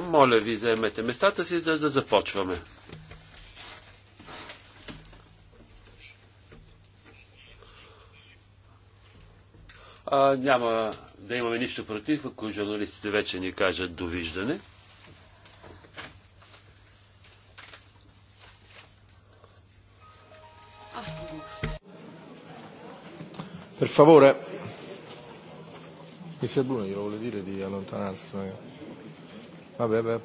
Моля ви, заемете местата си да, да започваме. А, няма да имаме нищо против, ако журналистите вече ни кажат довиждане. Per favore, mi sembra, Bruno glielo vuole dire di allontanarsi. Magari however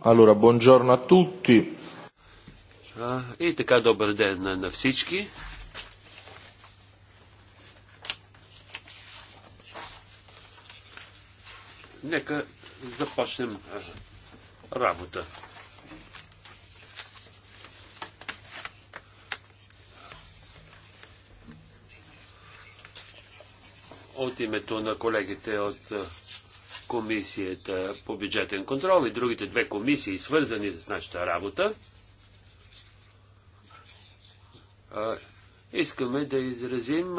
Allora, buongiorno a tutti. И така, добър ден на, на всички. Нека започнем работа. от името на колегите от Комисията по бюджетен контрол и другите две комисии, свързани с нашата работа, искаме да изразим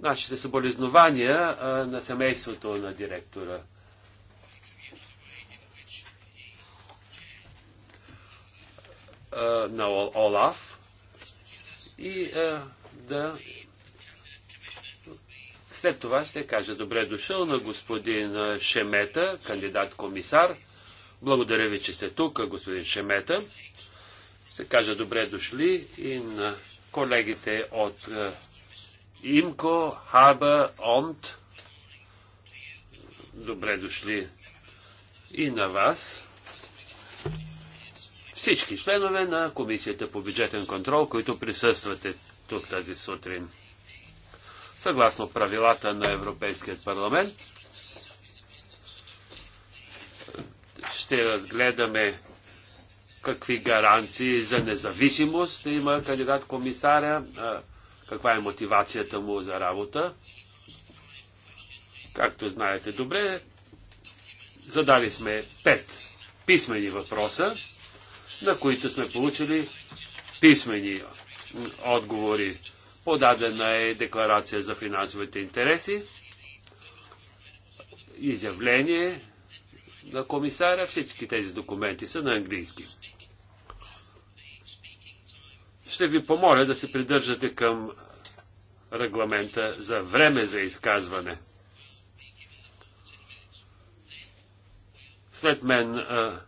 нашите съболезнования на семейството на директора. на Олаф и да след това ще кажа добре е дошъл на господин Шемета, кандидат-комисар. Благодаря ви, че сте тук, господин Шемета. Ще кажа добре дошли и на колегите от Имко, Хаба, Омт. Добре дошли и на вас. Всички членове на Комисията по бюджетен контрол, които присъствате тук тази сутрин съгласно правилата на Европейския парламент. Ще разгледаме какви гаранции за независимост има кандидат комисаря, каква е мотивацията му за работа. Както знаете добре, задали сме пет писмени въпроса, на които сме получили писмени отговори. Подадена е декларация за финансовите интереси, изявление на комисаря. Всички тези документи са на английски. Ще ви помоля да се придържате към регламента за време за изказване. След мен а,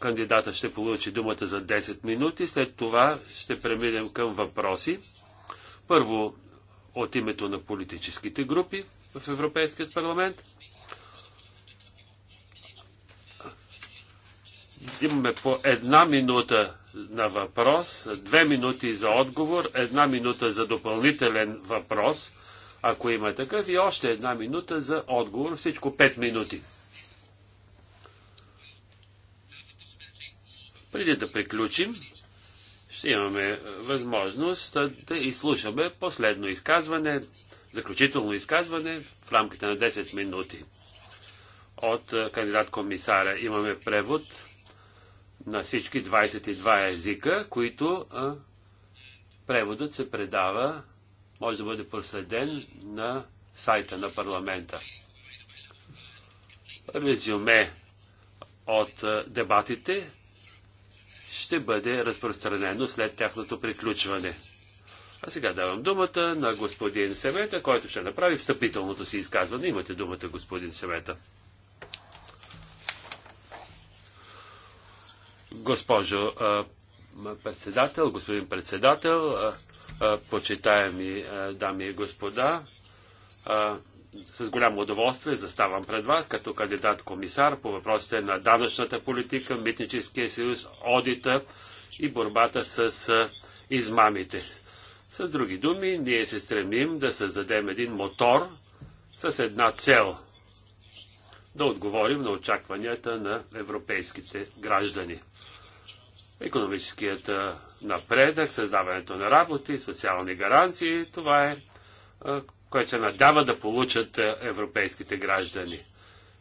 кандидата ще получи думата за 10 минути. След това ще преминем към въпроси. Първо от името на политическите групи в Европейският парламент. Имаме по една минута на въпрос, две минути за отговор, една минута за допълнителен въпрос, ако има такъв, и още една минута за отговор, всичко пет минути. Преди да приключим, ще имаме е, възможност да изслушаме последно изказване, заключително изказване в рамките на 10 минути. От е, кандидат комисара имаме превод на всички 22 езика, които преводът се предава, може да бъде проследен на сайта на парламента. Резюме от е, дебатите ще бъде разпространено след тяхното приключване. А сега давам думата на господин Семета, който ще направи встъпителното си изказване. Имате думата, господин Семета. Госпожо председател, господин председател, почитаеми дами и господа, с голямо удоволствие заставам пред вас като кандидат-комисар по въпросите на данъчната политика, митническия съюз, одита и борбата с измамите. С други думи, ние се стремим да създадем един мотор с една цел да отговорим на очакванията на европейските граждани. Економическият напредък, създаването на работи, социални гаранции, това е което се надява да получат е, европейските граждани.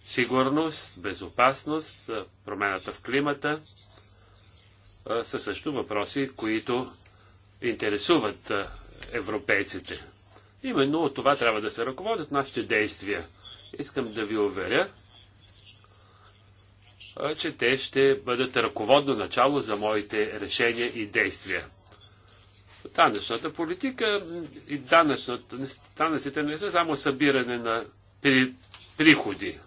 Сигурност, безопасност, е, промената в климата е, са също въпроси, които интересуват европейците. Именно от това трябва да се ръководят нашите действия. Искам да ви уверя, че те ще бъдат ръководно начало за моите решения и действия. Данъчната политика и данъчната, данъците не са само събиране на при, приходи.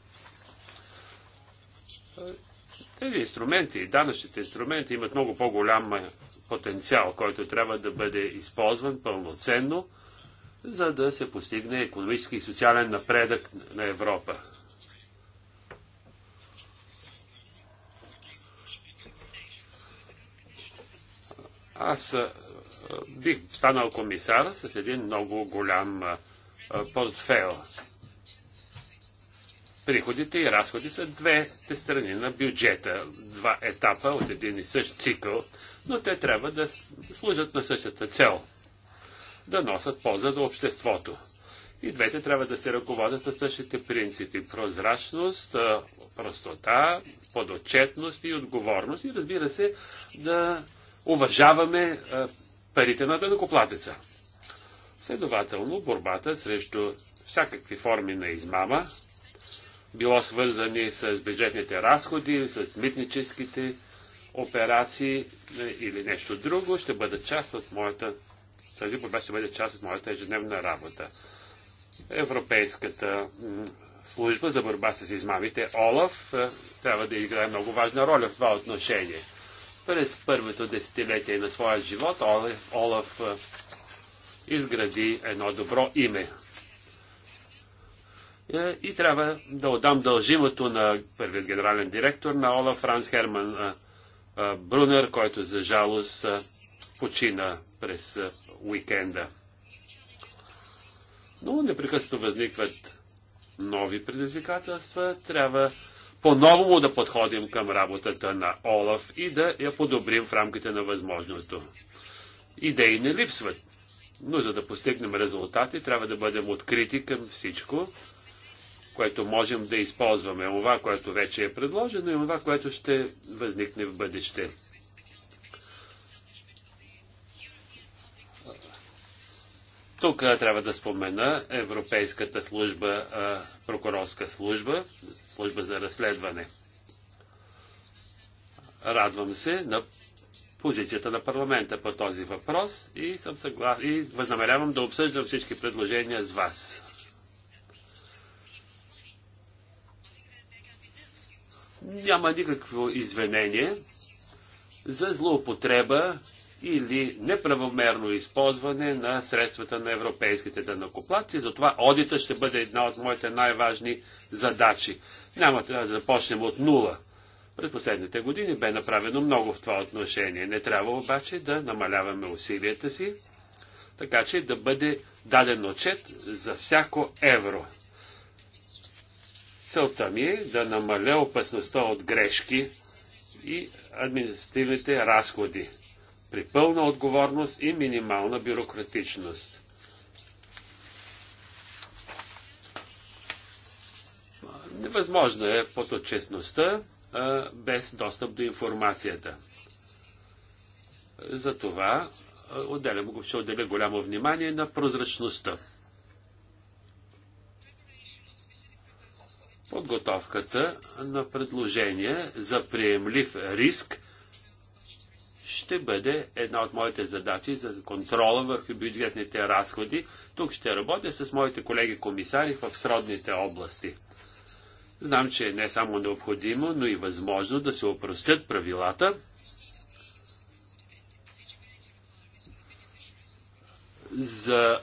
Тези инструменти, данъчните инструменти имат много по-голям потенциал, който трябва да бъде използван пълноценно, за да се постигне економически и социален напредък на Европа. Аз бих станал комисар с един много голям портфел. Приходите и разходи са двете страни на бюджета, два етапа от един и същ цикъл, но те трябва да служат на същата цел да носят полза за обществото. И двете трябва да се ръководят от същите принципи прозрачност, простота, подотчетност и отговорност. И разбира се, да уважаваме парите на дънокоплатеца. Следователно, борбата срещу всякакви форми на измама, било свързани с бюджетните разходи, с митническите операции е, или нещо друго, ще бъде част от моята, тази борба ще бъде част от моята ежедневна работа. Европейската служба за борба с измамите, ОЛАФ, е, трябва да играе много важна роля в това отношение. През първото десетилетие на своя живот Олаф, Олаф е, изгради едно добро име. Е, и трябва да отдам дължимото на първият генерален директор на Олаф Франц Херман е, Брунер, който за жалост почина през уикенда. Но непрекъснато възникват нови предизвикателства. Трябва по-ново да подходим към работата на Олаф и да я подобрим в рамките на възможността. Идеи не липсват, но за да постигнем резултати, трябва да бъдем открити към всичко, което можем да използваме, това, което вече е предложено и това, което ще възникне в бъдеще. Тук трябва да спомена Европейската служба, прокурорска служба, служба за разследване. Радвам се на позицията на парламента по този въпрос и съм съгласен и възнамерявам да обсъждам всички предложения с вас. Няма никакво извинение за злоупотреба или неправомерно използване на средствата на европейските данакоплаци. Затова одита ще бъде една от моите най-важни задачи. Няма трябва да започнем от нула. През последните години бе направено много в това отношение. Не трябва обаче да намаляваме усилията си, така че да бъде даден отчет за всяко евро. Целта ми е да намаля опасността от грешки и административните разходи при пълна отговорност и минимална бюрократичност. Невъзможно е под без достъп до информацията. Затова отделям, ще отделя голямо внимание на прозрачността. Подготовката на предложение за приемлив риск ще бъде една от моите задачи за контрола върху бюджетните разходи. Тук ще работя с моите колеги комисари в сродните области. Знам, че е не само необходимо, но и възможно да се опростят правилата, за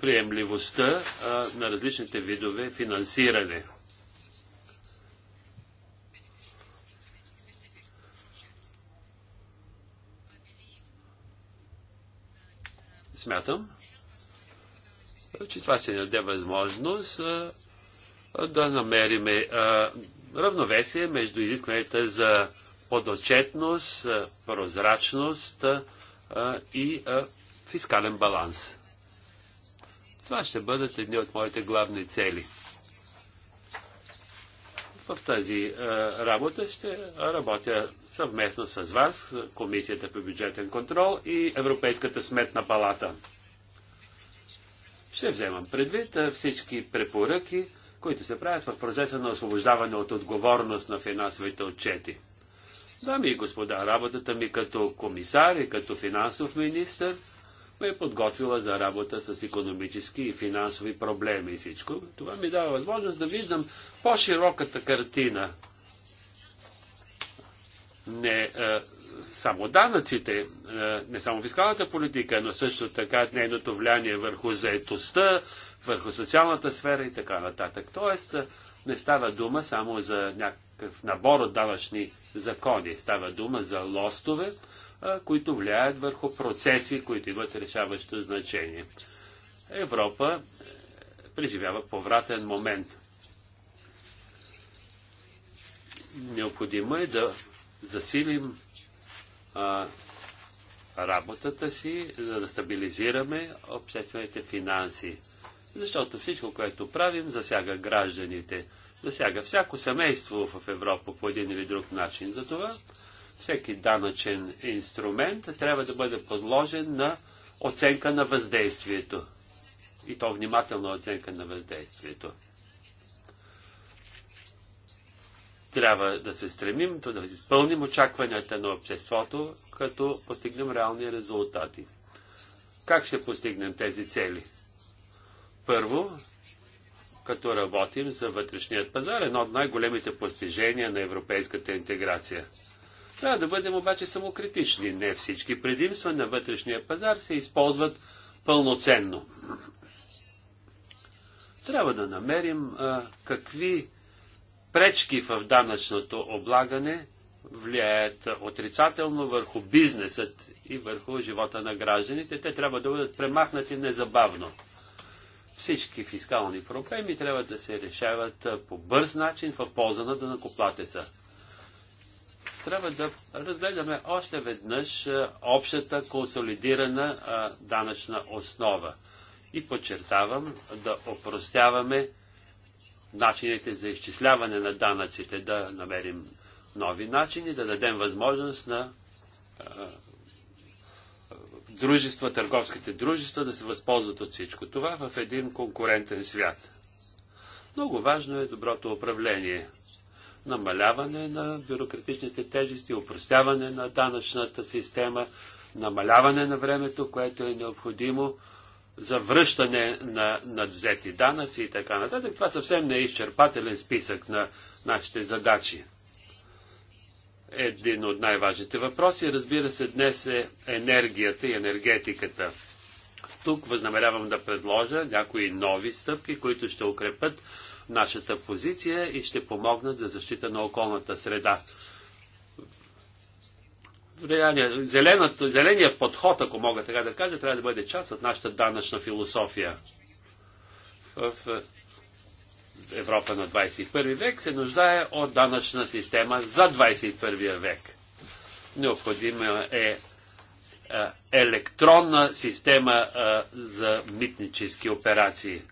приемливостта а, на различните видове финансиране. Смятам, че това ще ни даде възможност да намерим равновесие между изискванията за подотчетност, прозрачност и фискален баланс. Това ще бъдат едни от моите главни цели – в тази е, работа ще работя съвместно с вас, Комисията по бюджетен контрол и Европейската сметна палата. Ще вземам предвид е, всички препоръки, които се правят в процеса на освобождаване от отговорност на финансовите отчети. Дами и господа, работата ми като комисар и като финансов министр – ме е подготвила за работа с економически и финансови проблеми и всичко. Това ми дава възможност да виждам по-широката картина. Не е, само данъците, е, не само фискалната политика, но също така нейното влияние върху заетостта, върху социалната сфера и така нататък. Тоест, е, не става дума само за някакъв набор от данъчни закони. Става дума за лостове, които влияят върху процеси, които имат решаващо значение. Европа е, преживява повратен момент. Необходимо е да засилим а, работата си, за да стабилизираме обществените финанси. Защото всичко, което правим, засяга гражданите, засяга всяко семейство в Европа по един или друг начин. Затова всеки данъчен инструмент трябва да бъде подложен на оценка на въздействието. И то внимателна оценка на въздействието. Трябва да се стремим, да изпълним очакванията на обществото, като постигнем реални резултати. Как ще постигнем тези цели? Първо, като работим за вътрешният пазар, едно от най-големите постижения на европейската интеграция – трябва да бъдем обаче самокритични. Не всички предимства на вътрешния пазар се използват пълноценно. Трябва да намерим а, какви пречки в данъчното облагане влияят отрицателно върху бизнесът и върху живота на гражданите. Те трябва да бъдат премахнати незабавно. Всички фискални проблеми трябва да се решават по бърз начин в полза на данакоплатеца трябва да разгледаме още веднъж е, общата консолидирана е, данъчна основа. И подчертавам да опростяваме начините за изчисляване на данъците, да намерим нови начини, да дадем възможност на е, дружества, търговските дружества да се възползват от всичко това в един конкурентен свят. Много важно е доброто управление намаляване на бюрократичните тежести, упростяване на данъчната система, намаляване на времето, което е необходимо за връщане на надзети данъци и така нататък. Това съвсем не е изчерпателен списък на нашите задачи. Един от най-важните въпроси, разбира се, днес е енергията и енергетиката. Тук възнамерявам да предложа някои нови стъпки, които ще укрепят нашата позиция и ще помогнат за защита на околната среда. зеленото, зеления подход, ако мога така да кажа, трябва да бъде част от нашата данъчна философия. В Европа на 21 век се нуждае от данъчна система за 21 век. Необходима е, е електронна система е, за митнически операции.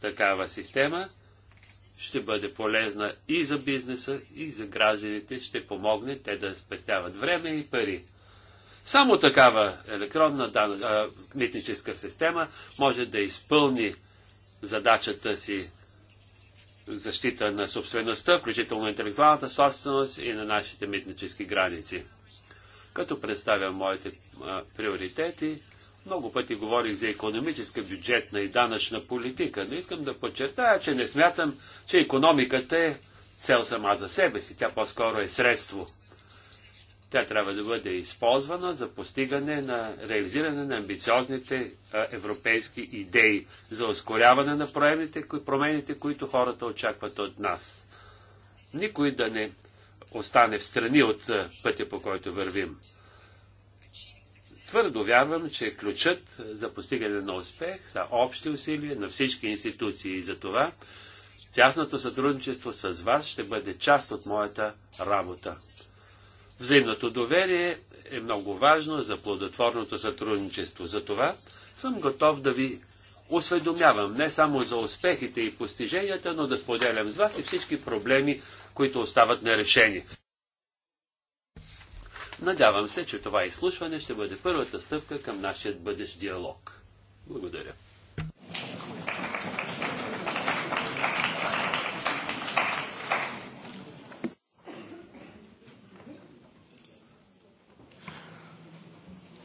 Такава система – ще бъде полезна и за бизнеса, и за гражданите, ще помогне те да спестяват време и пари. Само такава електронна дан... а, митническа система може да изпълни задачата си защита на собствеността, включително интелектуалната собственост и на нашите митнически граници. Като представя моите а, приоритети, много пъти говорих за економическа, бюджетна и данъчна политика, но искам да подчертая, че не смятам, че економиката е цел сама за себе си. Тя по-скоро е средство. Тя трябва да бъде използвана за постигане на реализиране на амбициозните европейски идеи, за ускоряване на промените, които хората очакват от нас. Никой да не остане в страни от пътя, по който вървим. Твърдо вярвам, че ключът за постигане на успех са общи усилия на всички институции и за това тясното сътрудничество с вас ще бъде част от моята работа. Взаимното доверие е много важно за плодотворното сътрудничество. За това съм готов да ви осведомявам не само за успехите и постиженията, но да споделям с вас и всички проблеми, които остават нерешени. Надявам се, че това изслушване ще бъде първата стъпка към нашия бъдещ диалог. Благодаря.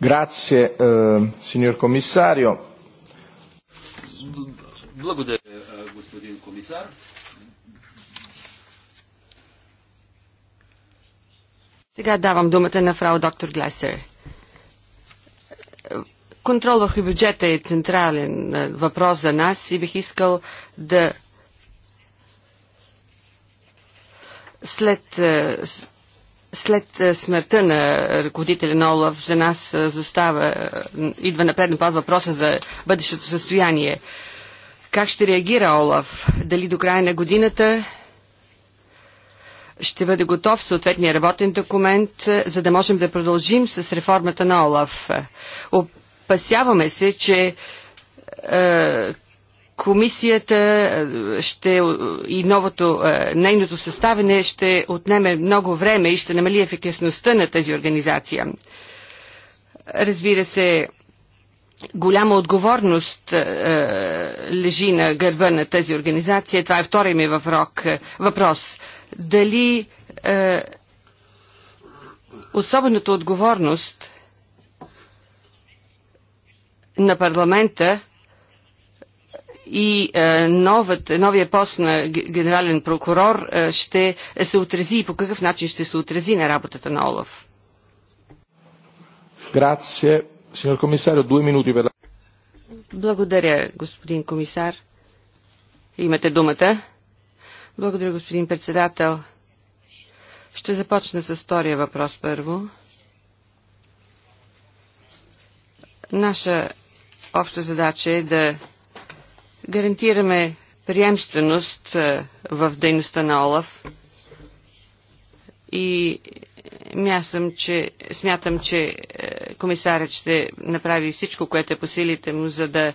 Grazie, eh, signor commissario. Благодаря, господин комисар. Сега давам думата на фрау доктор Глесер. Контрол върху бюджета е централен въпрос за нас и бих искал да след, след смъртта на ръководителя на Олаф за нас застава, идва напред на въпроса за бъдещото състояние. Как ще реагира Олаф? Дали до края на годината ще бъде готов съответния работен документ, е, за да можем да продължим с реформата на ОЛАФ. Опасяваме се, че е, комисията е, ще, е, и новото, е, нейното съставене ще отнеме много време и ще намали ефикасността на тази организация. Разбира се, голяма отговорност е, лежи на гърба на тази организация. Това е втори ми въпрос дали е, особената отговорност на парламента и е, новът, новия пост на генерален прокурор е, ще се отрази и по какъв начин ще се отрази на работата на Олаф. Грация. Сеньор комисар, две минути. Благодаря, господин комисар. Имате думата. Благодаря, господин председател. Ще започна с втория въпрос първо. Наша обща задача е да гарантираме приемственост е, в дейността на ОЛАФ и мясам, че, смятам, че е, комисарят ще направи всичко, което е по силите му, за да е,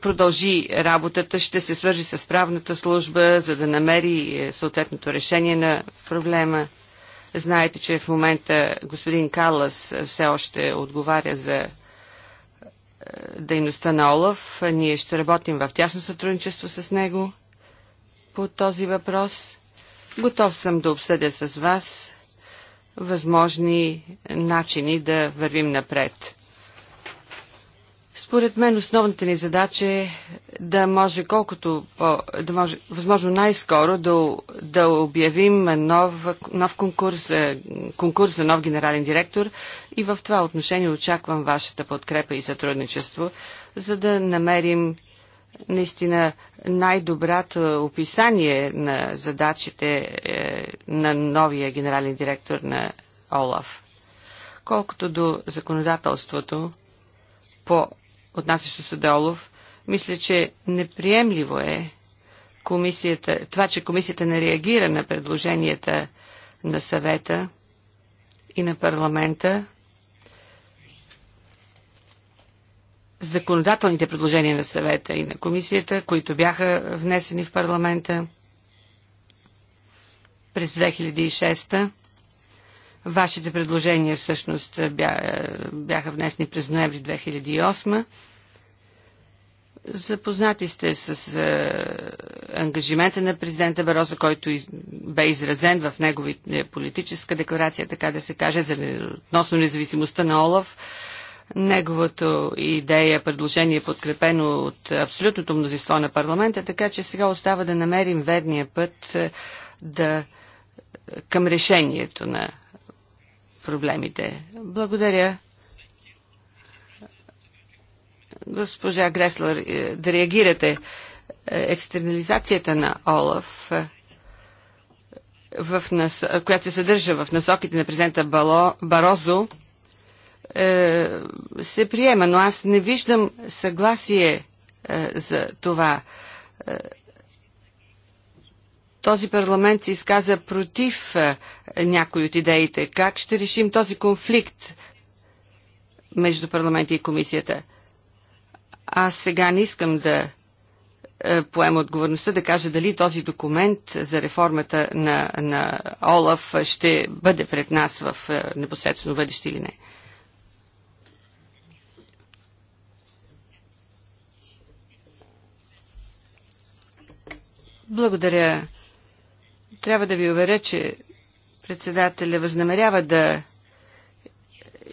продължи работата, ще се свържи с правната служба, за да намери е, съответното решение на проблема. Знаете, че в момента господин Калас е, все още отговаря за е, дейността на Олаф. Ние ще работим в тясно сътрудничество с него по този въпрос. Готов съм да обсъдя с вас възможни начини да вървим напред. Според мен основната ни задача е да може колкото по, да може, възможно най-скоро да, да обявим нов, нов конкурс, е, конкурс за нов генерален директор и в това отношение очаквам вашата подкрепа и сътрудничество, за да намерим наистина най-доброто описание на задачите е, на новия генерален директор на ОЛАФ. Колкото до законодателството, по отнасящо се до Олов, мисля, че неприемливо е комисията, това, че комисията не реагира на предложенията на съвета и на парламента, законодателните предложения на съвета и на комисията, които бяха внесени в парламента през 2006 Вашите предложения всъщност бяха внесени през ноември 2008 Запознати сте с е, ангажимента на президента Бароза, който из, бе изразен в неговите политическа декларация, така да се каже, за, относно независимостта на Олаф. Неговото идея, предложение е подкрепено от абсолютното мнозинство на парламента, така че сега остава да намерим верния път е, да, е, към решението на проблемите. Благодаря Госпожа Греслер, е, да реагирате. Е, екстернализацията на Олаф, е, в нас... която се съдържа в насоките на президента Бало... Барозо, се приема, но аз не виждам съгласие за това. Този парламент се изказа против някои от идеите. Как ще решим този конфликт между парламента и комисията? Аз сега не искам да е, поема отговорността да кажа дали този документ за реформата на, на Олаф ще бъде пред нас в е, непосредствено бъдеще или не. Благодаря. Трябва да ви уверя, че председателя възнамерява да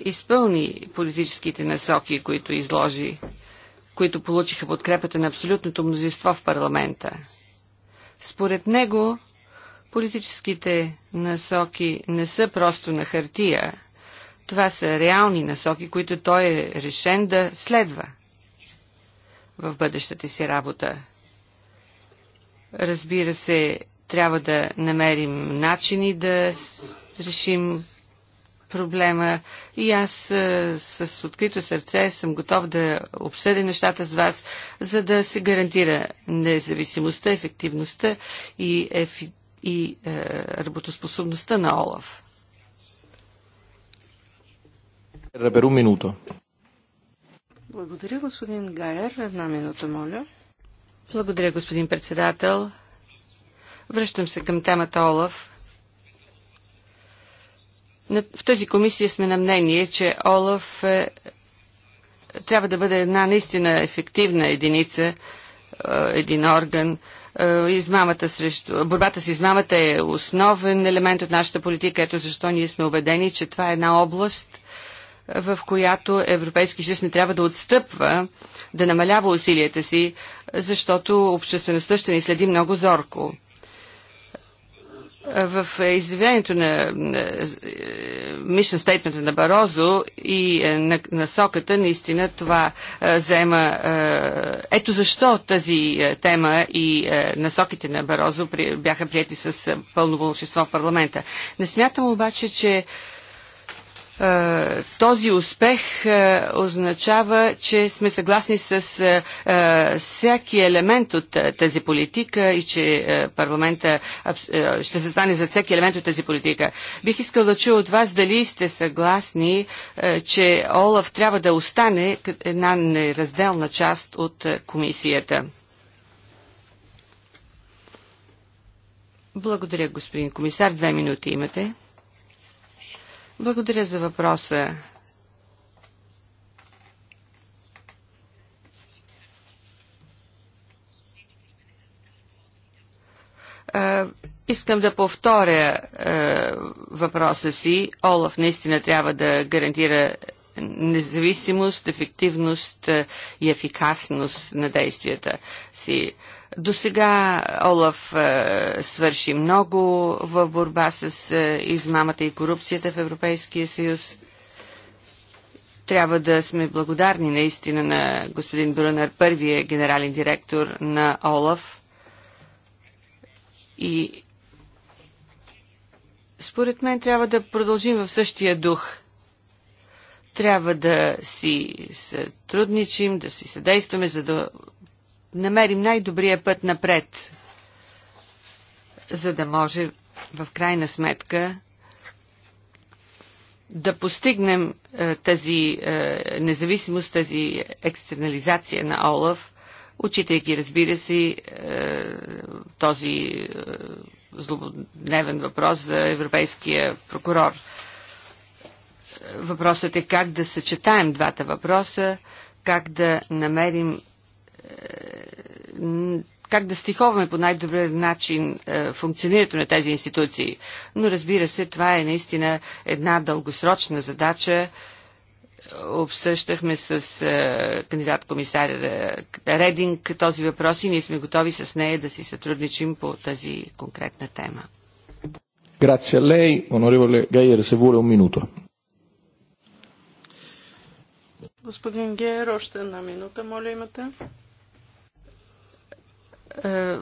изпълни политическите насоки, които изложи които получиха подкрепата на абсолютното мнозинство в парламента. Според него, политическите насоки не са просто на хартия. Това са реални насоки, които той е решен да следва в бъдещата си работа. Разбира се, трябва да намерим начини да решим проблема и аз а, е, с открито сърце съм готов да обсъдя нещата с вас, за да се гарантира независимостта, ефективността и, еф... и а, е, работоспособността на ОЛАФ. Благодаря, господин Гайер. Една минута, моля. Благодаря, господин председател. Връщам се към темата Олаф. В тази комисия сме на мнение, че Олаф е, трябва да бъде една наистина ефективна единица, е, един орган. Е, измамата срещу, борбата с измамата е основен елемент от нашата политика. Ето защо ние сме убедени, че това е една област, в която Европейски съюз не трябва да отстъпва, да намалява усилията си, защото обществеността ще ни следи много зорко. В е, изявлението на мишен стейтмента е, на Барозо и е, на насоката, наистина това заема... Ето защо тази тема и насоките на Барозо бяха прияти с пълно вълшество в парламента. Не смятам обаче, че този успех означава, че сме съгласни с всяки елемент от тази политика и че парламента ще се стане за всеки елемент от тази политика. Бих искал да чуя от вас дали сте съгласни, че Олаф трябва да остане една неразделна част от комисията. Благодаря, господин комисар. Две минути имате. Благодаря за въпроса. искам да повторя е, въпроса си. Олаф наистина трябва да гарантира независимост, ефективност и ефикасност на действията си. До сега Олаф е, свърши много в борба с е, измамата и корупцията в Европейския съюз. Трябва да сме благодарни наистина на господин Брунер, първия генерален директор на Олаф. И според мен трябва да продължим в същия дух – трябва да си сътрудничим, да си съдействаме, за да намерим най-добрия път напред, за да може в крайна сметка да постигнем е, тази е, независимост, тази екстернализация на Олаф, отчитайки, разбира се, е, този е, злободневен въпрос за европейския прокурор. Въпросът е как да съчетаем двата въпроса, как да намерим е, как да стиховаме по най добрия начин е, функционирането на тези институции. Но разбира се, това е наистина една дългосрочна задача. Обсъщахме с е, кандидат комисар е, Рединг този въпрос и ние сме готови с нея да си сътрудничим по тази конкретна тема. Грация Лей, lei, onorevole се воля vuole минута. Господин Гейер, още една минута, моля имате. Е,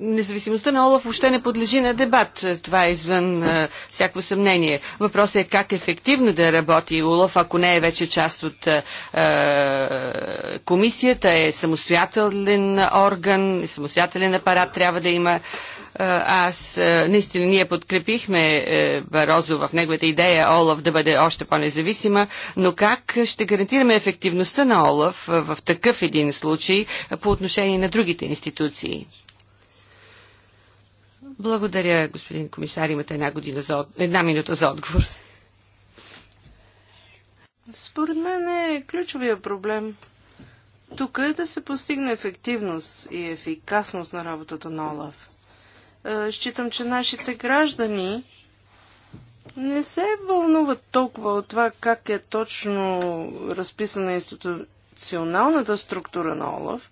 независимостта на Олаф въобще не подлежи на дебат. Това е извън а, е, всяко съмнение. Въпросът е как ефективно да работи Олаф, ако не е вече част от а, е, комисията, е самостоятелен орган, самостоятелен апарат трябва да има. А, аз наистина ние подкрепихме е, Барозо в неговата идея Олаф да бъде още по-независима, но как ще гарантираме ефективността на Олаф в такъв един случай по отношение на другите институции? Благодаря, господин комисар. Имате една, година за, една минута за отговор. Според мен е ключовия проблем тук е да се постигне ефективност и ефикасност на работата на Олаф. Е, считам, че нашите граждани не се вълнуват толкова от това как е точно разписана институционалната структура на Олаф,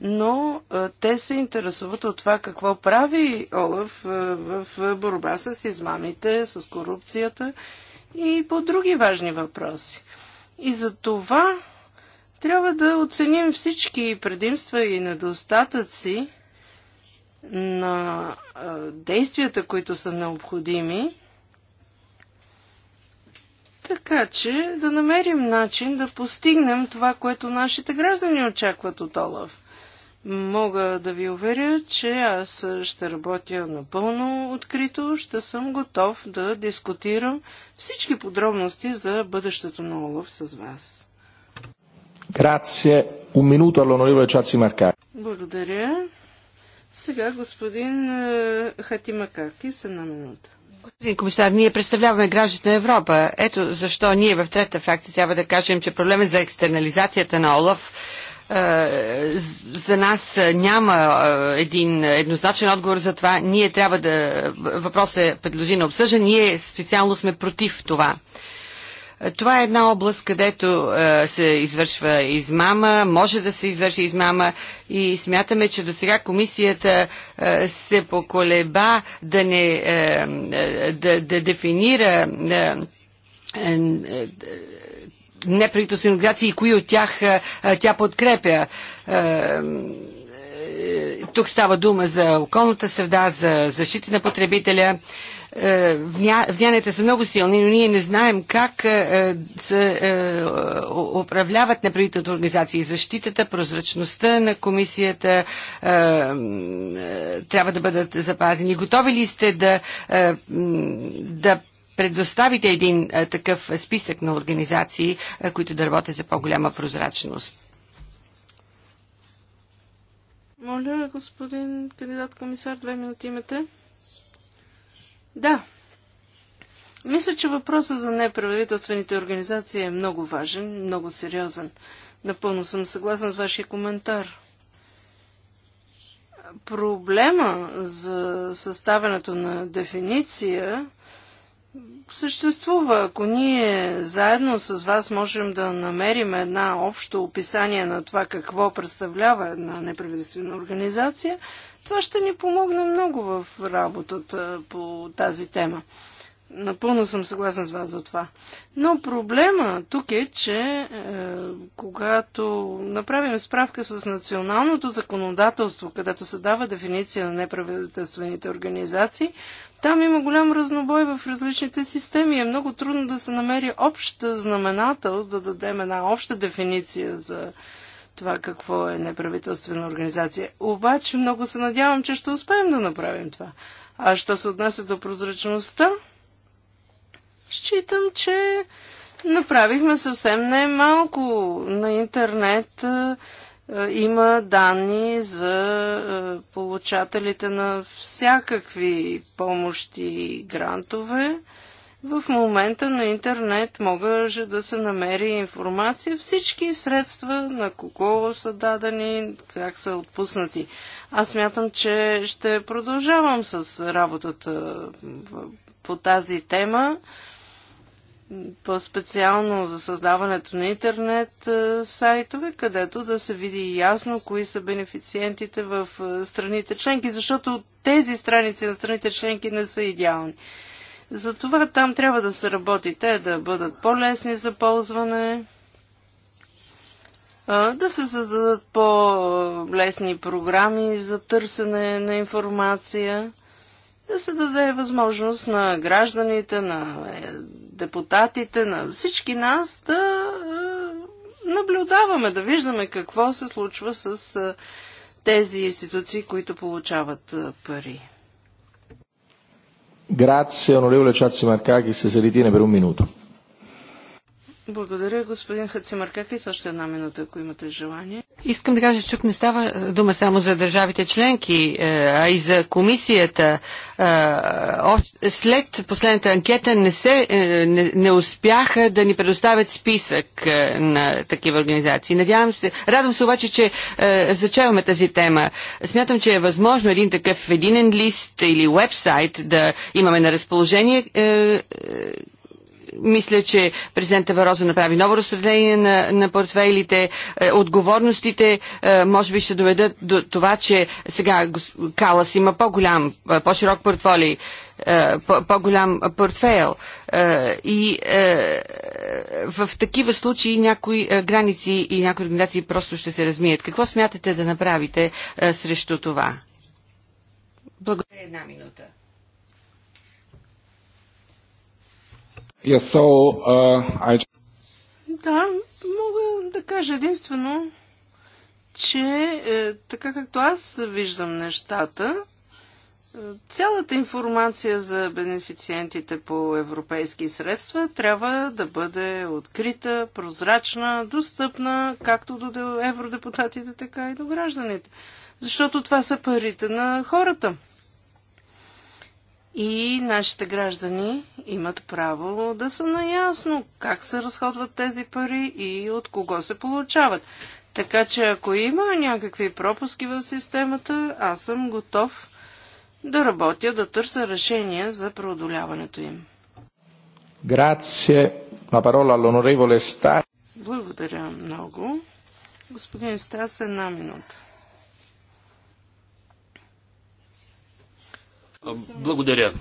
но е, те се интересуват от това какво прави Олаф е, в борба с измамите, с корупцията и по други важни въпроси. И за това трябва да оценим всички предимства и недостатъци на действията, които са необходими, така че да намерим начин да постигнем това, което нашите граждани очакват от Олаф. Мога да ви уверя, че аз ще работя напълно открито, ще съм готов да дискутирам всички подробности за бъдещето на Олаф с вас. Grazie. Un minuto all'onorevole Ciazzi Благодаря. Сега господин е, Хатимакаки са на минута. Господин комисар, ние представляваме гражданите на Европа. Ето защо ние в трета фракция трябва да кажем, че проблемът за екстернализацията на ОЛАФ е, за нас няма е, един еднозначен отговор за това. Ние трябва да... Въпросът е предложи на обсъждане. Ние специално сме против това. Това е една област, където е, се извършва измама, може да се извърши измама и смятаме, че до сега комисията е, се поколеба да не е, да, да дефинира неправителствени организации и кои от тях тя подкрепя тук става дума за околната среда, за защита на потребителя. Е, вняните са много силни, но ние не знаем как е, е, се управляват неправителните организации. Защитата, прозрачността на комисията трябва да бъдат запазени. Готови ли сте да, да предоставите един такъв списък на организации, които да работят за по-голяма прозрачност? Моля, господин кандидат комисар, две минути имате. Да. Мисля, че въпросът за неправителствените организации е много важен, много сериозен. Напълно съм съгласен с вашия коментар. Проблема за съставянето на дефиниция съществува. Ако ние заедно с вас можем да намерим една общо описание на това какво представлява една неправителствена организация, това ще ни помогне много в работата по тази тема. Напълно съм съгласна с вас за това. Но проблема тук е, че е, когато направим справка с националното законодателство, където се дава дефиниция на неправителствените организации, там има голям разнобой в различните системи. Е много трудно да се намери общ знаменател, да дадем една обща дефиниция за това какво е неправителствена организация. Обаче много се надявам, че ще успеем да направим това. А що се отнася до прозрачността, считам, че направихме съвсем не малко на интернет. Е, е, има данни за е, получателите на всякакви помощи и грантове. В момента на интернет може да се намери информация всички средства, на кого са дадени, как са отпуснати. Аз смятам, че ще продължавам с работата по тази тема по-специално за създаването на интернет е, сайтове, където да се види ясно кои са бенефициентите в е, страните членки, защото тези страници на страните членки не са идеални. Затова там трябва да се работи те, да бъдат по-лесни за ползване, да се създадат по-лесни програми за търсене на информация, да се даде възможност на гражданите, на е, депутатите, на всички нас да е, наблюдаваме, да виждаме какво се случва с е, тези институции, които получават пари. Grazie onorevole Ciazzi Marcakis se ritiene per un minuto. Благодаря, господин Хацимаркакис. Още една минута, ако имате желание. Искам да кажа, че тук не става е, дума само за държавите членки, е, а и за комисията. Е, след последната анкета не, се, не, не успяха да ни предоставят списък на такива организации. Надявам се, радвам се обаче, че зачеваме тази тема. Смятам, че е възможно един такъв единен лист или вебсайт да имаме на разположение, мисля, че президента Вароза направи ново разпределение на, на портфейлите. Е, отговорностите е, може би ще доведат до това, че сега Калас има по-голям, е, по-широк портфолий по-голям портфейл. И в такива случаи някои граници и някои организации просто ще се размият. Какво смятате да направите срещу това? Благодаря една минута. so, uh, I... Да, мога да кажа единствено, че е, така както аз виждам нещата, е, Цялата информация за бенефициентите по европейски средства трябва да бъде открита, прозрачна, достъпна както до евродепутатите, така и до гражданите. Защото това са парите на хората и нашите граждани имат право да са наясно как се разходват тези пари и от кого се получават. Така че ако има някакви пропуски в системата, аз съм готов да работя, да търся решения за преодоляването им. La parola all'onorevole Sta. Благодаря много. Господин Стас, една минута. Благодаря,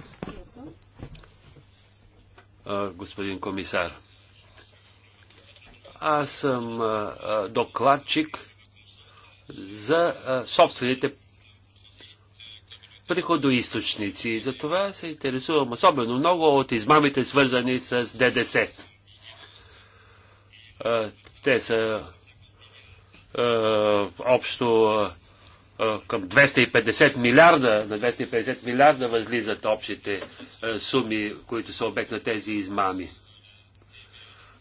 господин комисар. Аз съм докладчик за собствените приходоисточници за това се интересувам особено много от измамите, свързани с ДДС. Те са общо към 250 милиарда, на 250 милиарда възлизат общите суми, които са обект на тези измами.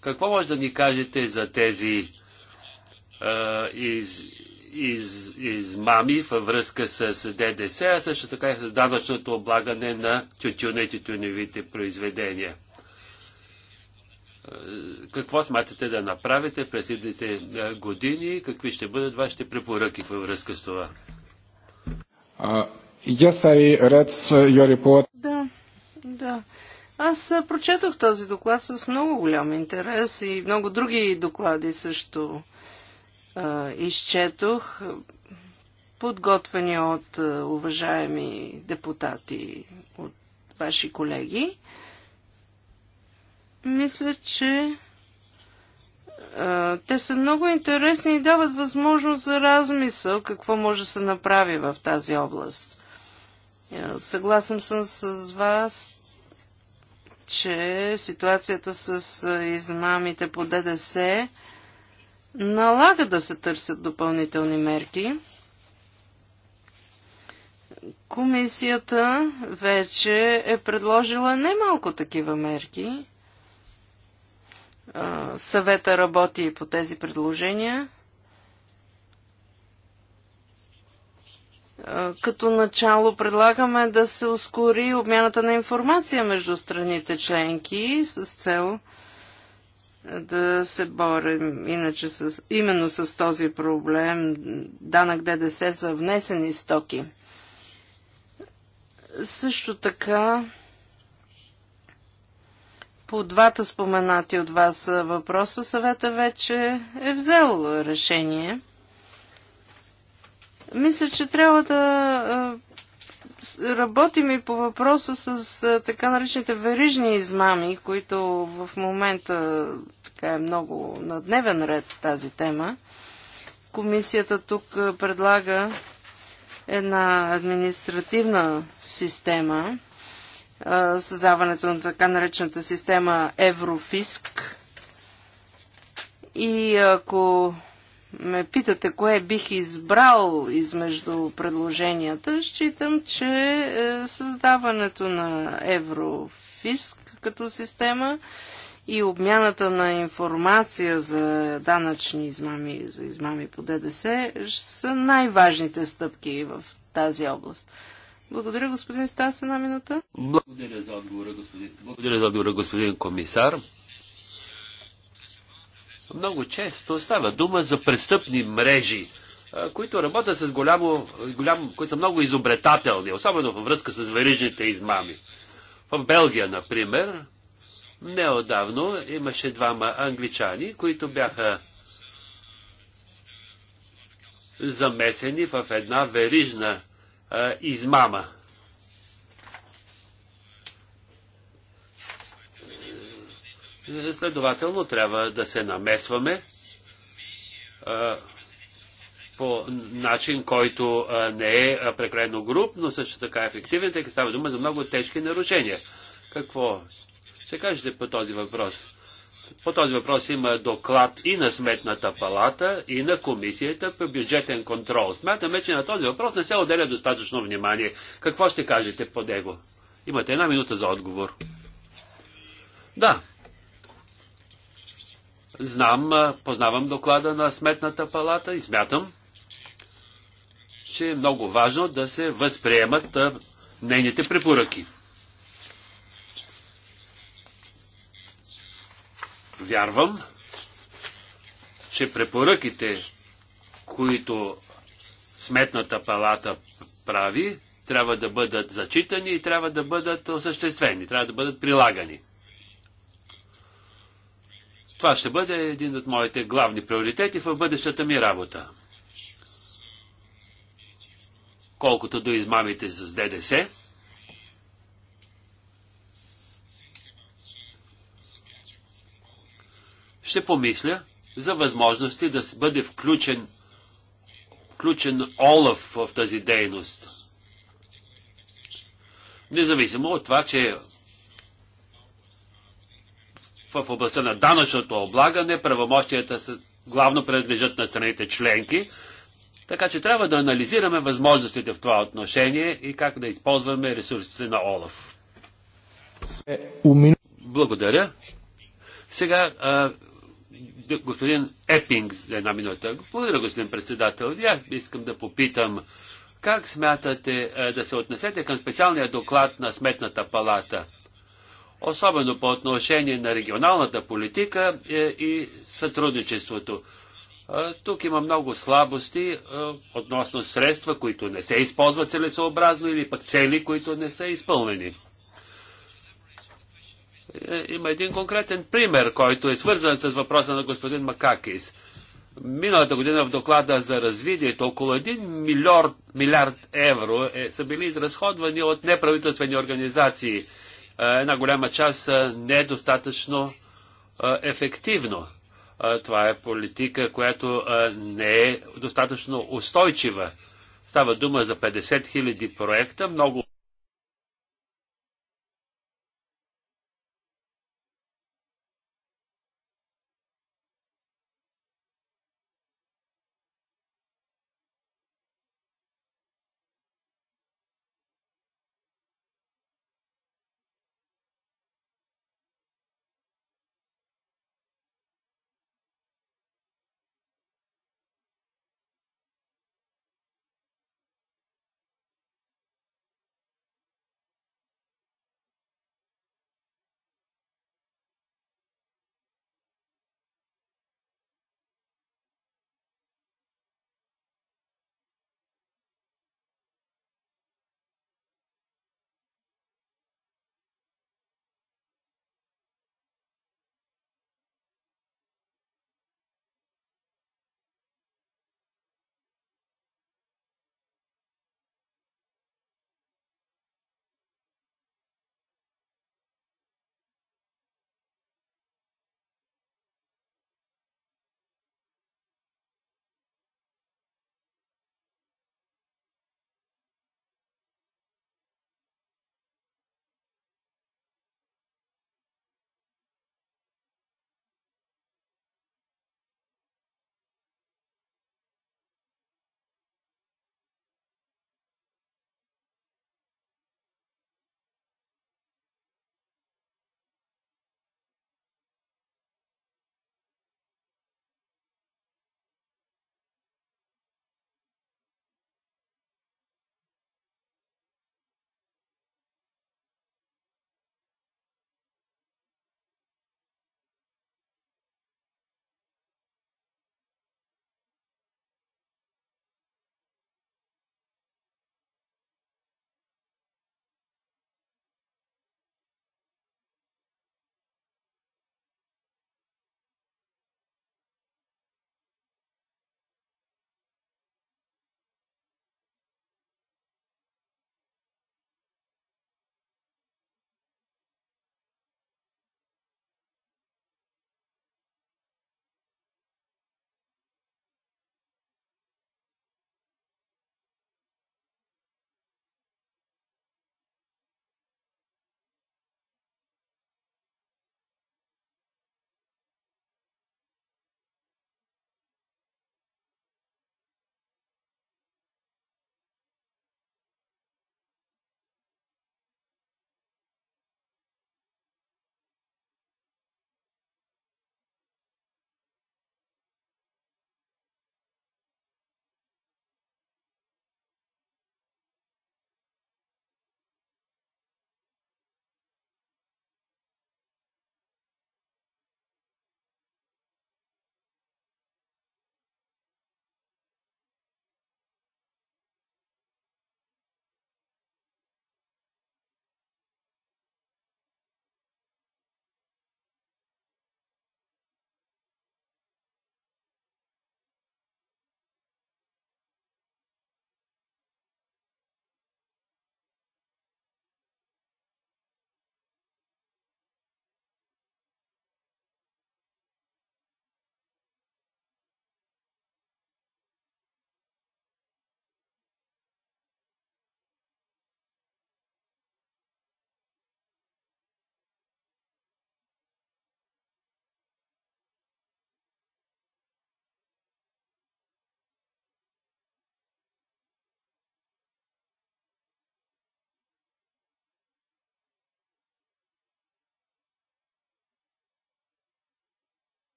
Какво може да ни кажете за тези из, из, измами във връзка с ДДС, а също така и с данъчното облагане на тютюна и тютюневите произведения? какво смятате да направите през идните години? Какви ще бъдат вашите препоръки във връзка с това? Да, да. Аз прочетох този доклад с много голям интерес и много други доклади също а, изчетох, подготвени от а, уважаеми депутати, от ваши колеги. А, мисля, че а, те са много интересни и дават възможност за размисъл какво може да се направи в тази област. Съгласен съм с вас, че ситуацията с измамите по ДДС налага да се търсят допълнителни мерки. Комисията вече е предложила немалко такива мерки Съвета работи по тези предложения. Като начало предлагаме да се ускори обмяната на информация между страните членки с цел да се борим иначе с, именно с този проблем данък ДДС за внесени стоки. Също така по двата споменати от вас въпроса съвета вече е взел решение. Мисля, че трябва да работим и по въпроса с така наречените верижни измами, които в момента така е много на дневен ред тази тема. Комисията тук предлага една административна система – създаването на така наречената система Еврофиск. И ако ме питате кое бих избрал измежду предложенията, считам, че е, създаването на Еврофиск като система и обмяната на информация за данъчни измами, за измами по ДДС са най-важните стъпки в тази област. Благодаря, господин Стас, една минута. Благодаря за отговора, господин, Благодаря за отговора, господин комисар. Много често става дума за престъпни мрежи, които работят с голямо, голям, които са много изобретателни, особено във връзка с верижните измами. В Белгия, например, неодавно имаше двама англичани, които бяха замесени в една верижна а, измама. Следователно трябва да се намесваме а, по начин, който а, не е прекалено груб, но също така ефективен, тъй като става дума за много тежки нарушения. Какво ще кажете по този въпрос? По този въпрос има доклад и на Сметната палата, и на Комисията по бюджетен контрол. Смятаме, че на този въпрос не се отделя достатъчно внимание. Какво ще кажете по него? Имате една минута за отговор. Да. Знам, познавам доклада на Сметната палата и смятам, че е много важно да се възприемат нейните препоръки. вярвам, че препоръките, които Сметната палата прави, трябва да бъдат зачитани и трябва да бъдат осъществени, трябва да бъдат прилагани. Това ще бъде един от моите главни приоритети в бъдещата ми работа. Колкото до измамите с ДДС, ще помисля за възможности да бъде включен, включен Олаф в тази дейност. Независимо от това, че в областта на данъчното облагане правомощията са главно принадлежат на страните членки, така че трябва да анализираме възможностите в това отношение и как да използваме ресурсите на Олаф. Е, Благодаря. Сега господин Епинг за една минута. Благодаря, господин председател. Я искам да попитам как смятате е, да се отнесете към специалния доклад на Сметната палата, особено по отношение на регионалната политика е, и сътрудничеството. Е, тук има много слабости относно средства, които не се използват целесообразно или пък цели, които не са изпълнени. Е, има един конкретен пример, който е свързан с въпроса на господин Макакис. Миналата година в доклада за развитието около 1 милиард, милиард евро е, са били изразходвани от неправителствени организации. Е, една голяма част не е достатъчно ефективно. Е, това е политика, която не е достатъчно устойчива. Става дума за 50 хиляди проекта, много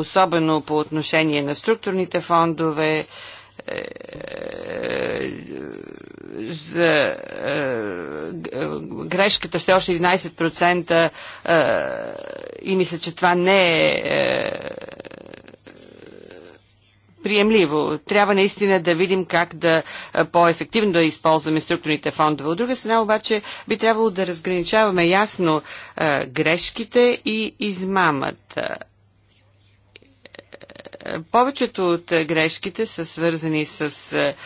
особено по отношение на структурните фондове, е, за е, грешката все още 11% е, и мисля, че това не е приемливо. Трябва наистина да видим как да по-ефективно да използваме структурните фондове. От друга страна обаче би трябвало да разграничаваме ясно грешките и измамата повечето от грешките са свързани с е,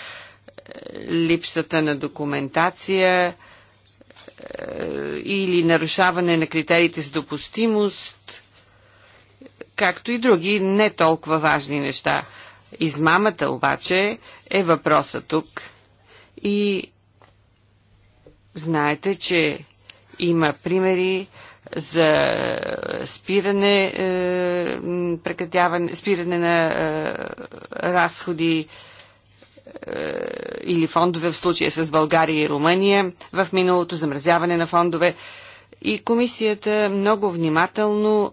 липсата на документация е, или нарушаване на критериите с допустимост, както и други не толкова важни неща. Измамата обаче е въпроса тук и знаете, че има примери за е, спиране, е, прекратяване, спиране на е, разходи или фондове в случая с България и Румъния в миналото, замразяване на фондове. И комисията много внимателно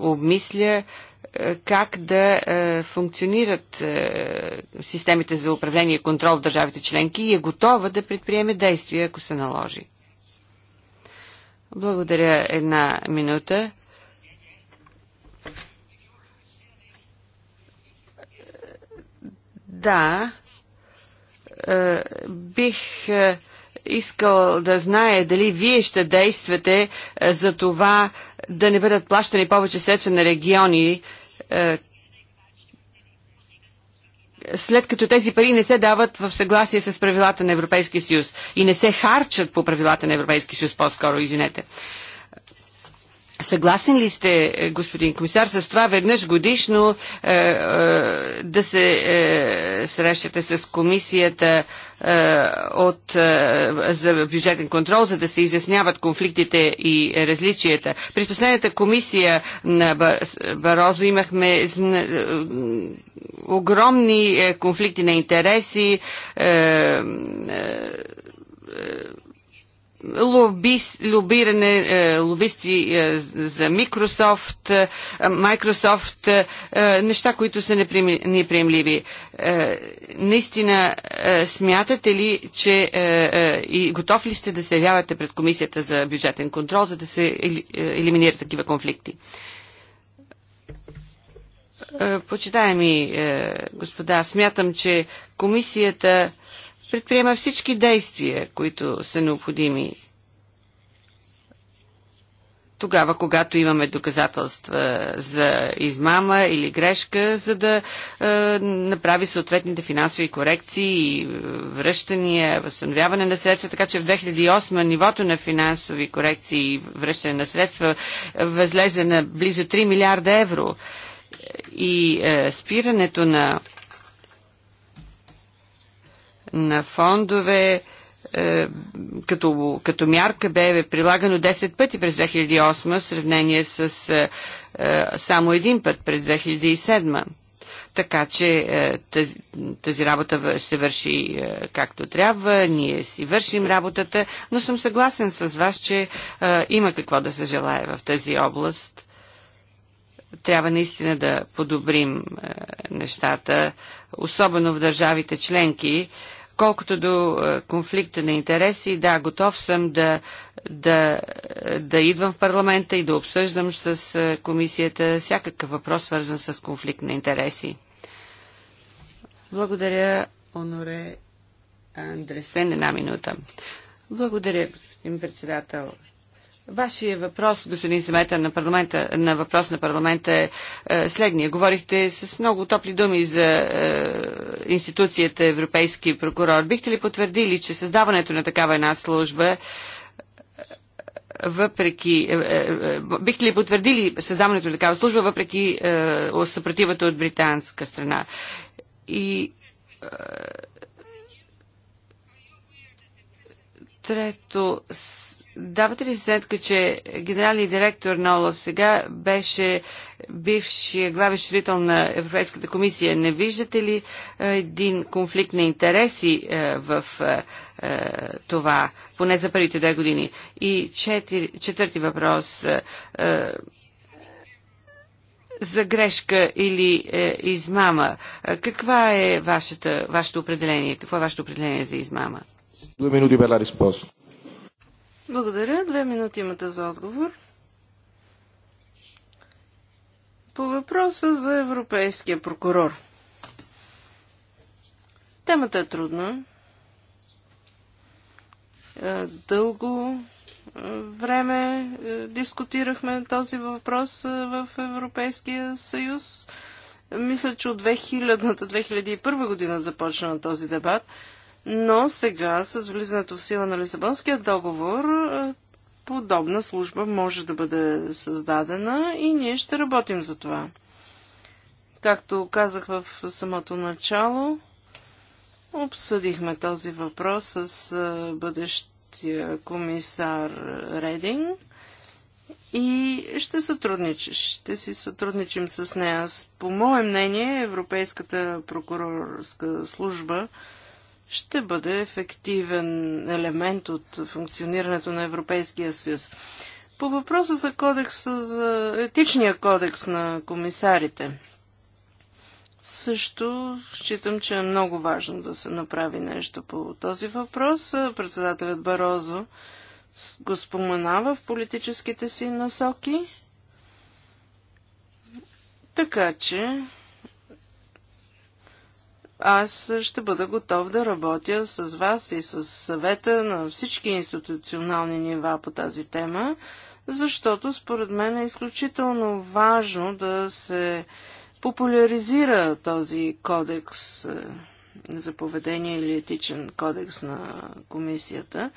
обмисля как да функционират системите за управление и контрол в държавите членки и е готова да предприеме действия, ако се наложи. Благодаря една минута. Да, е, бих е, искал да знае дали вие ще действате е, за това да не бъдат плащани повече средства на региони, след като тези пари не се дават в съгласие с правилата на Европейския съюз и не се харчат по правилата на Европейския съюз, по-скоро, извинете. Съгласен ли сте, е, господин комисар, с това веднъж годишно е, е, да се е, срещате с комисията е, от, е, за бюджетен контрол, за да се изясняват конфликтите и различията? При последната комисия на Барозо имахме зна... Е, огромни е, конфликти на интереси. Е, е, лобис, лобиране, е, лобисти е, за Microsoft, е, Microsoft, неща, които са неприемливи. Наистина смятате ли, че и готов ли сте да се явявате пред Комисията за бюджетен контрол, за да се елиминират такива конфликти? Почитаеми господа, смятам, че комисията предприема всички действия, които са необходими тогава, когато имаме доказателства за измама или грешка, за да е, направи съответните финансови корекции, и е, връщания, възстановяване на средства, така че в 2008 нивото на финансови корекции и връщане на средства възлезе на близо 3 милиарда евро. И е, спирането на на фондове е, като, като мярка бе прилагано 10 пъти през 2008 в сравнение с е, е, само един път през 2007 така че тази, тази работа се върши както трябва, ние си вършим работата, но съм съгласен с вас, че има какво да се желая в тази област. Трябва наистина да подобрим нещата, особено в държавите членки, Колкото до е, конфликта на интереси, да, готов съм да, да, да идвам в парламента и да обсъждам с е, комисията всякакъв въпрос, свързан с конфликт на интереси. Благодаря, Оноре Андресен, една минута. Благодаря, господин председател. Вашия въпрос, господин Семета, на, парламента, на въпрос на парламента е, е следния. Говорихте с много топли думи за е, институцията Европейски прокурор. Бихте ли потвърдили, че създаването на такава една служба въпреки... Е, е, е бихте ли потвърдили създаването на такава служба въпреки е, съпротивата от британска страна? И трето, Давате ли се сметка, че генералният директор на Олаф сега беше бившия главен счетоводител на Европейската комисия? Не виждате ли е, един конфликт на интереси е, в е, това, поне за първите две години? И четир... четвърти въпрос за грешка или е, измама. Каква е вашата, вашето определение? Какво е вашето определение за измама? Две минути бе la благодаря. Две минути имате за отговор. По въпроса за европейския прокурор. Темата е трудна. Е, дълго е, време е, дискутирахме този въпрос в Европейския съюз. Мисля, че от 2000-2001 година започна този дебат но сега с влизането в сила на Лисабонския договор е, подобна служба може да бъде създадена и ние ще работим за това. Както казах в самото начало, обсъдихме този въпрос с е, бъдещия комисар Рединг и ще сътрудничиш. Ще си сътрудничим с нея. По мое мнение, Европейската прокурорска служба ще бъде ефективен елемент от функционирането на Европейския съюз. По въпроса за, кодекса, за етичния кодекс на комисарите, също считам, че е много важно да се направи нещо по този въпрос. Председателят Барозо го споменава в политическите си насоки. Така че аз ще бъда готов да работя с вас и с съвета на всички институционални нива по тази тема, защото според мен е изключително важно да се популяризира този кодекс е, за поведение или етичен кодекс на комисията.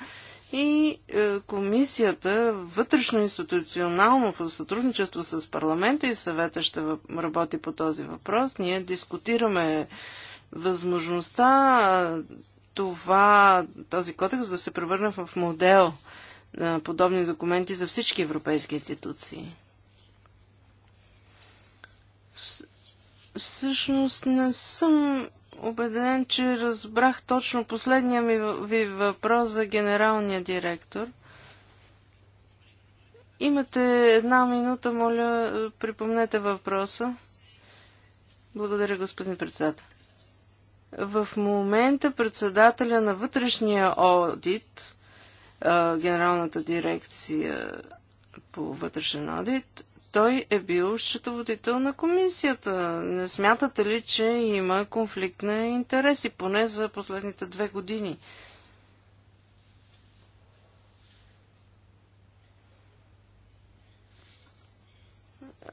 И е, комисията вътрешно институционално в сътрудничество с парламента и съвета ще работи по този въпрос. Ние дискутираме възможността това, този кодекс да се превърне в модел на подобни документи за всички европейски институции. Всъщност не съм убеден, че разбрах точно последния ми ви въпрос за генералния директор. Имате една минута, моля, припомнете въпроса. Благодаря, господин председател. В момента председателя на вътрешния одит, генералната дирекция по вътрешен одит, той е бил счетоводител на комисията. Не смятате ли, че има конфликт на интереси, поне за последните две години?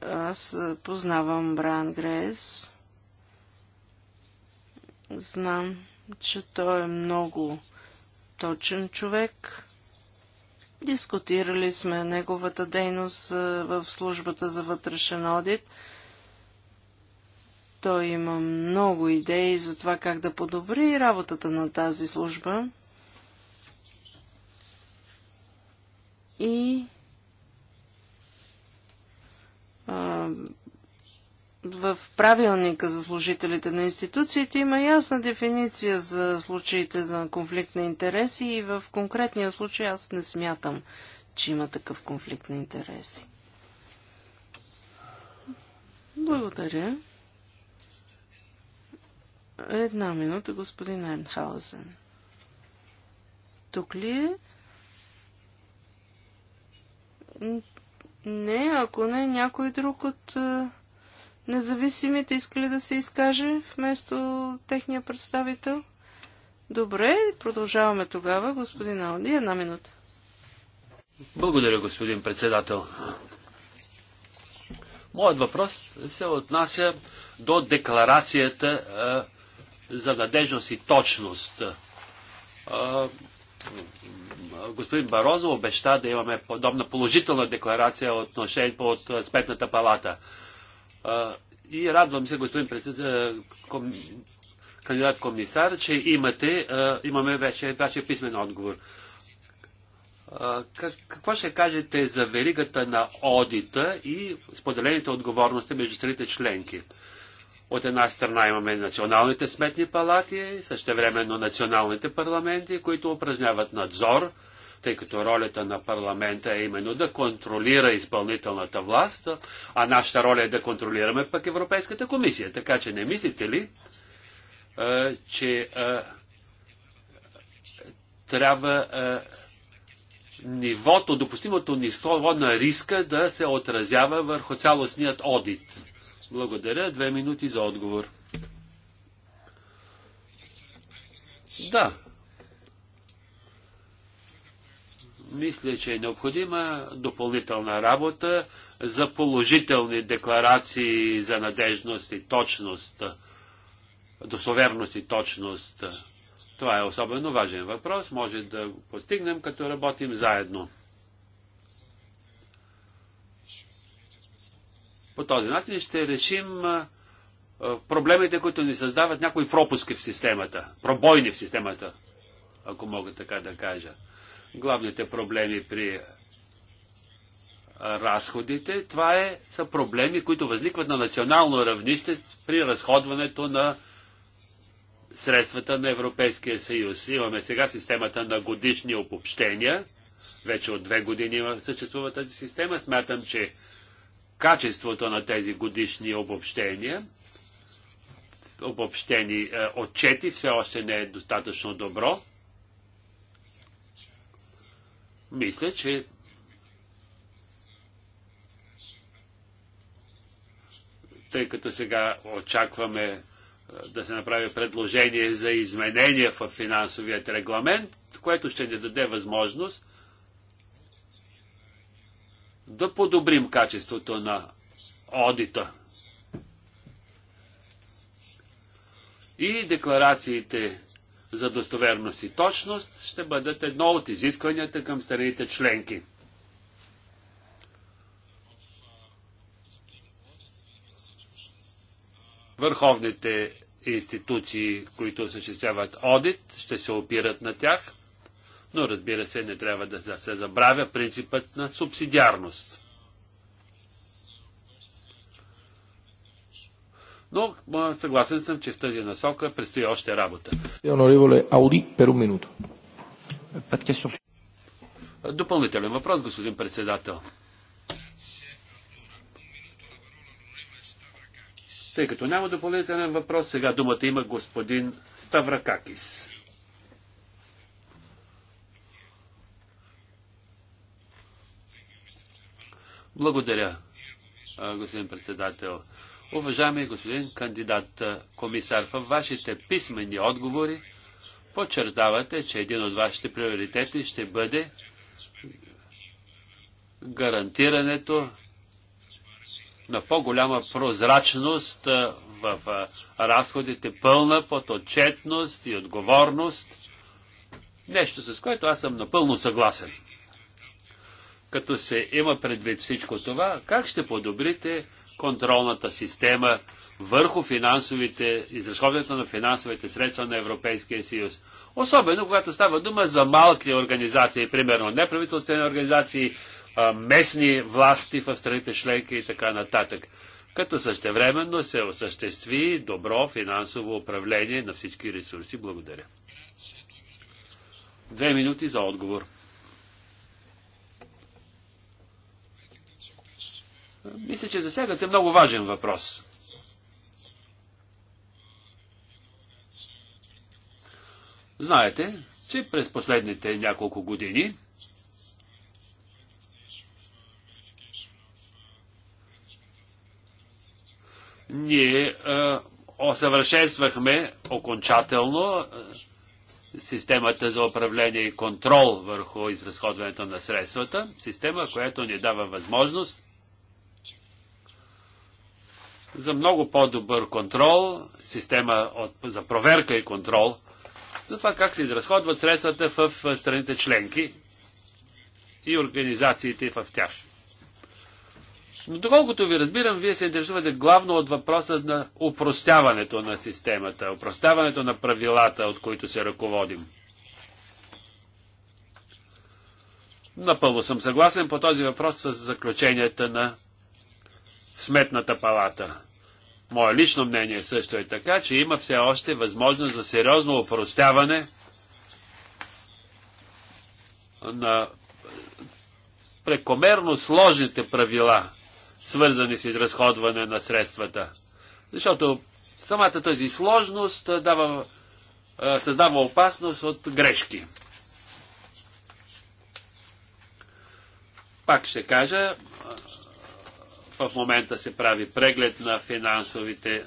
Аз познавам Бран Грес. Знам, че той е много точен човек. Дискутирали сме неговата дейност в службата за вътрешен одит. Той има много идеи за това как да подобри работата на тази служба. И а, в правилника за служителите на институциите има ясна дефиниция за случаите на конфликт на интереси и в конкретния случай аз не смятам, че има такъв конфликт на интереси. Благодаря. Една минута, господин Ернхаузен. Тук ли е? Не, ако не, някой друг от Независимите искали да се изкаже вместо техния представител? Добре, продължаваме тогава. Господин Ауди, една минута. Благодаря, господин председател. Моят въпрос се отнася до декларацията а, за надежност и точност. А, господин Барозо обеща да имаме подобна положителна декларация от, от Сметната палата. И радвам се, господин председател, ком... кандидат комисар, че имате, имаме вече вашия писмен отговор. Какво ще кажете за веригата на одита и споделените отговорности между страните членки? От една страна имаме националните сметни палати, също времено националните парламенти, които упражняват надзор тъй като ролята на парламента е именно да контролира изпълнителната власт, а нашата роля е да контролираме пък Европейската комисия. Така че не мислите ли, че трябва нивото, допустимото ниво на риска да се отразява върху цялостният одит. Благодаря. Две минути за отговор. Да, мисля, че е необходима допълнителна работа за положителни декларации за надежност и точност, достоверност и точност. Това е особено важен въпрос. Може да го постигнем, като работим заедно. По този начин ще решим проблемите, които ни създават някои пропуски в системата, пробойни в системата, ако мога така да кажа главните проблеми при разходите, това е, са проблеми, които възникват на национално равнище при разходването на средствата на Европейския съюз. Имаме сега системата на годишни обобщения. Вече от две години съществува тази система. Смятам, че качеството на тези годишни обобщения, обобщени е, отчети, все още не е достатъчно добро. Мисля, че тъй като сега очакваме да се направи предложение за изменение в финансовият регламент, което ще ни даде възможност да подобрим качеството на одита. И декларациите за достоверност и точност ще бъдат едно от изискванията към страните членки. Върховните институции, които осъществяват одит, ще се опират на тях, но разбира се, не трябва да се забравя принципът на субсидиарност. Но съгласен съм, че в тази насока предстои още работа. Е, ауди, перу минуто. Допълнителен въпрос, господин председател. Тъй като няма допълнителен въпрос, сега думата има господин Ставракакис. Благодаря, господин председател. Уважаеми господин кандидат комисар, във вашите писмени отговори подчертавате, че един от вашите приоритети ще бъде гарантирането на по-голяма прозрачност в разходите, пълна подотчетност и отговорност. Нещо, с което аз съм напълно съгласен. Като се има предвид всичко това, как ще подобрите контролната система върху финансовите, изразходването на финансовите средства на Европейския съюз. Особено когато става дума за малки организации, примерно неправителствени организации, местни власти в страните членки и така нататък. Като същевременно се осъществи добро финансово управление на всички ресурси. Благодаря. Две минути за отговор. Мисля, че засягате много важен въпрос. Знаете, че през последните няколко години ние а, осъвършенствахме окончателно системата за управление и контрол върху изразходването на средствата, система, която ни дава възможност за много по-добър контрол, система от, за проверка и контрол, за това как се изразходват средствата в страните членки и организациите в тях. Но доколкото ви разбирам, вие се интересувате главно от въпроса на упростяването на системата, упростяването на правилата, от които се ръководим. Напълно съм съгласен по този въпрос с заключенията на Сметната палата. Мое лично мнение също е така, че има все още възможност за сериозно опростяване на прекомерно сложните правила, свързани с изразходване на средствата. Защото самата тази сложност дава, създава опасност от грешки. Пак ще кажа, в момента се прави преглед на финансовите е,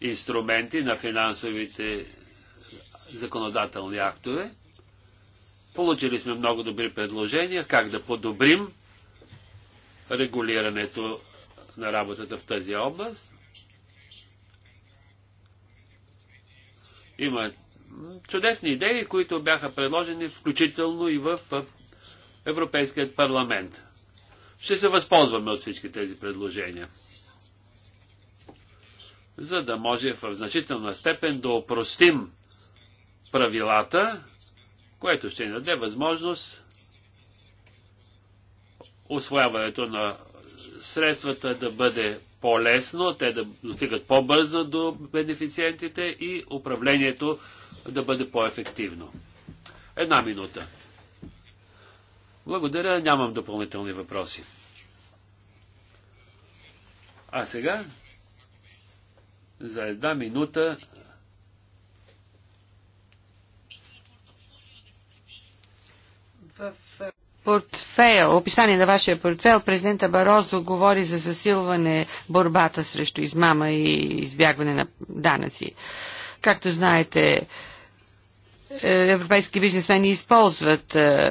инструменти, на финансовите законодателни актове. Получили сме много добри предложения как да подобрим регулирането на работата в тази област. Има чудесни идеи, които бяха предложени включително и в Европейският парламент. Ще се възползваме от всички тези предложения, за да може в значителна степен да опростим правилата, което ще ни даде възможност освояването на средствата да бъде по-лесно, те да достигат по-бързо до бенефициентите и управлението да бъде по-ефективно. Една минута. Благодаря, нямам допълнителни въпроси. А сега, за една минута, в е, портфейл, описание на вашия портфейл, президента Барозо говори за засилване борбата срещу измама и избягване на данъци. Както знаете, е, европейски бизнесмени използват е,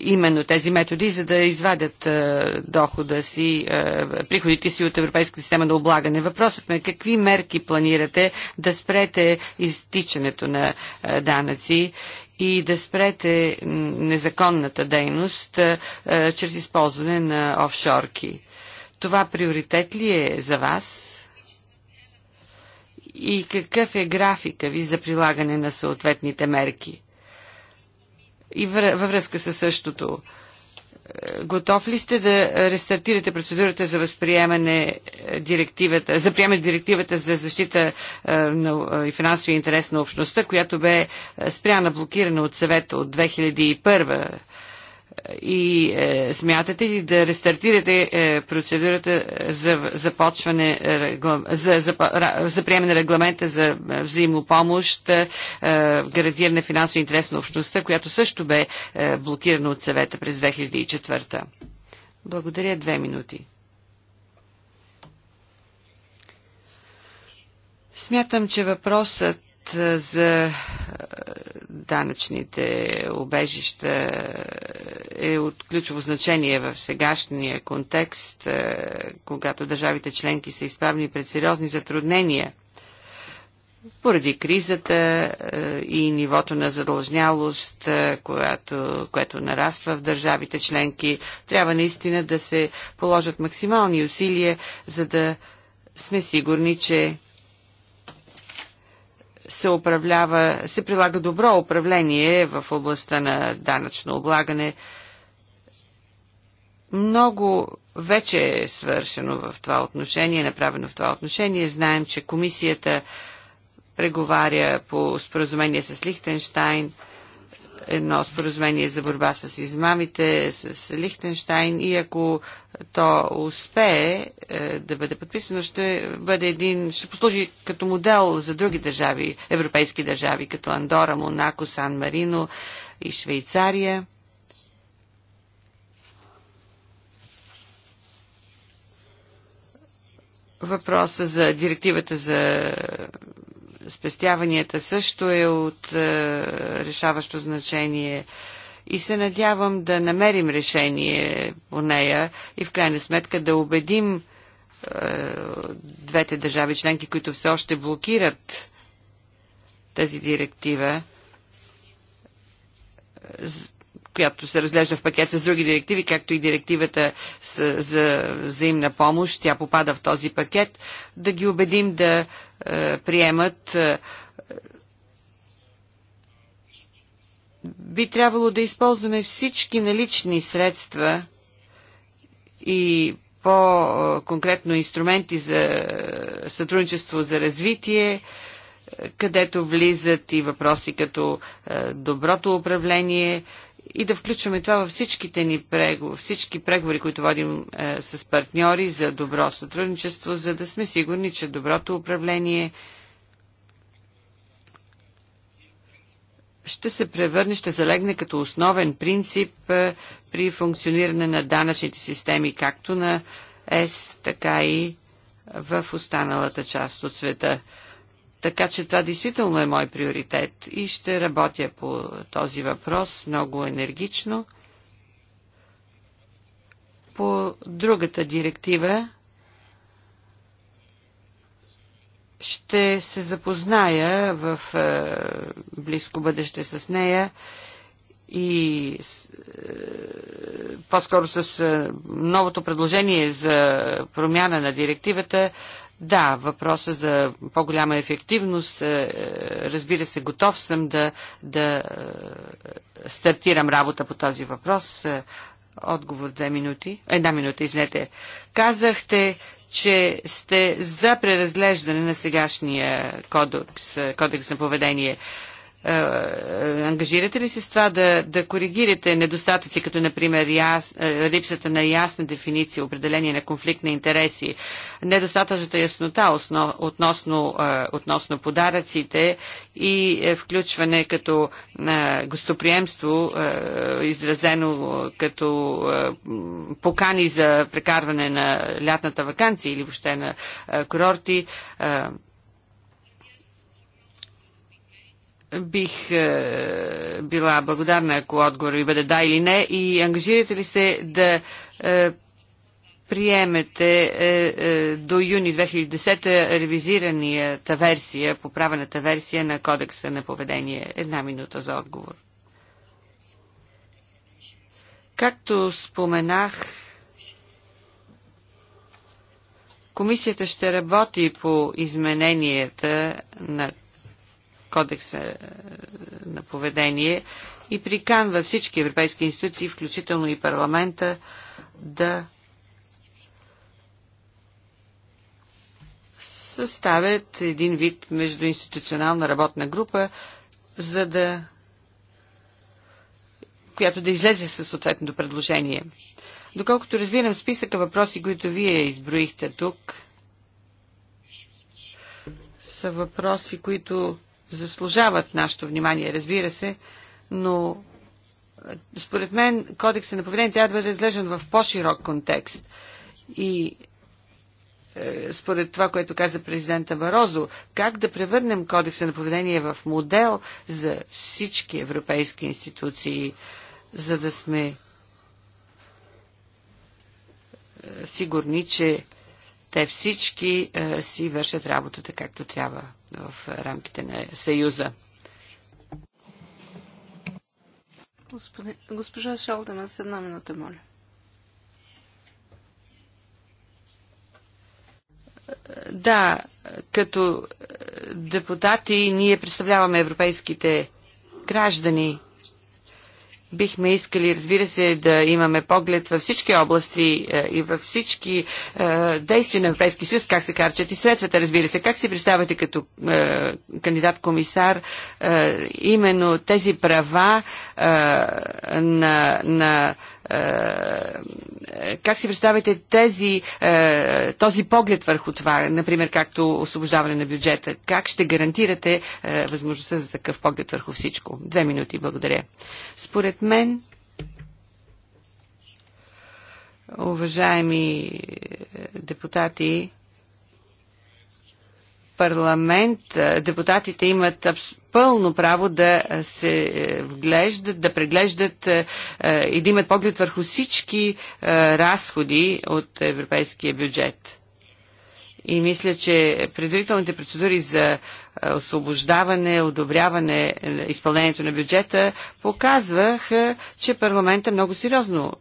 именно тези методи, за да извадят е, дохода си, е, приходите си от европейската система на облагане. Въпросът ми е какви мерки планирате да спрете изтичането на е, данъци и да спрете незаконната дейност е, е чрез използване на офшорки. Това приоритет ли е за вас? и какъв е графика ви за прилагане на съответните мерки? И във връзка със същото, е, готов ли сте да рестартирате процедурата за възприемане е, директивата, за приемане директивата за защита е, на, и финансови интерес на общността, която бе спряна, блокирана от съвета от 2001 и е, смятате ли да рестартирате е, процедурата за започване е, за, за, за приемане на регламента за е, взаимопомощ, е, гарантиране финансово интерес на общността, която също бе е, блокирана от съвета през 2004. Благодаря. Две минути. Смятам, че въпросът е, за данъчните обежища е от ключово значение в сегашния контекст, е, когато държавите членки са изправни пред сериозни затруднения поради кризата е, и нивото на задължнялост, е, което, което нараства в държавите членки, трябва наистина да се положат максимални усилия, за да сме сигурни, че се управлява, се прилага добро управление в областта на данъчно облагане. Много вече е свършено в това отношение, направено в това отношение. Знаем, че комисията преговаря по споразумение с Лихтенштайн – едно споразумение за борба с измамите, с Лихтенштайн и ако то успее е, да бъде подписано, ще бъде един, ще послужи като модел за други държави, европейски държави, като Андора, Монако, Сан Марино и Швейцария. Въпроса за директивата за спестяванията също е от е, решаващо значение и се надявам да намерим решение по нея и в крайна сметка да убедим е, двете държави членки, които все още блокират тази директива, е, която се разглежда в пакет с други директиви, както и директивата за взаимна помощ, тя попада в този пакет, да ги убедим да приемат, е, би трябвало да използваме всички налични средства и по-конкретно инструменти за сътрудничество за развитие, където влизат и въпроси като е, доброто управление, и да включваме това във всичките ни преговори, всички преговори, които водим е, с партньори за добро сътрудничество, за да сме сигурни, че доброто управление ще се превърне, ще залегне като основен принцип е, при функциониране на данъчните системи, както на ЕС, така и в останалата част от света. Така че това действително е мой приоритет и ще работя по този въпрос много енергично. По другата директива ще се запозная в е, близко бъдеще с нея и е, по-скоро с е, новото предложение за промяна на директивата да, въпроса за по-голяма ефективност, е, е, разбира се, готов съм да, да е, стартирам работа по този въпрос. Отговор две минути. Една минута, извинете. Казахте, че сте за преразглеждане на сегашния кодекс, кодекс на поведение. Е, е, ангажирате ли се с това да, да коригирате недостатъци, като например яс, е, липсата на ясна дефиниция, определение на конфликт на интереси, недостатъчната яснота основ, относно, относно подаръците и включване като гостоприемство, изразено като покани за прекарване на лятната вакансия или въобще на курорти, Бих е, била благодарна, ако отговор ви бъде да или не. И ангажирате ли се да е, приемете е, е, до юни 2010 ревизираната версия, поправената версия на кодекса на поведение? Една минута за отговор. Както споменах, комисията ще работи по измененията на кодекса е, на поведение и приканва всички европейски институции, включително и парламента, да съставят един вид междуинституционална работна група, за да която да излезе със съответното предложение. Доколкото разбирам списъка въпроси, които вие изброихте тук, са въпроси, които заслужават нашето внимание, разбира се, но според мен кодекса на поведение трябва да бъде разглеждан в по-широк контекст. И е, според това, което каза президента Варозо, как да превърнем кодекса на поведение в модел за всички европейски институции, за да сме е, сигурни, че те всички е, си вършат работата както трябва в рамките на Съюза. Господи, госпожа Шолдема, с една минута, моля. Да, като е, депутати ние представляваме европейските граждани Бихме искали, разбира се, да имаме поглед във всички области е, и във всички е, действия на Европейски съюз, как се карчат и средствата, разбира се. Как си представяте като е, кандидат-комисар е, именно тези права е, на, на е, как си представите тези, е, този поглед върху това, например, както освобождаване на бюджета? Как ще гарантирате е, възможността за такъв поглед върху всичко? Две минути, благодаря. Според мен, уважаеми депутати, парламент, депутатите имат пълно право да се е, вглеждат, да преглеждат е, е, и да имат поглед върху всички разходи от европейския бюджет. И мисля, че предварителните процедури за освобождаване, одобряване изпълнението на бюджета показвах, че парламента много сериозно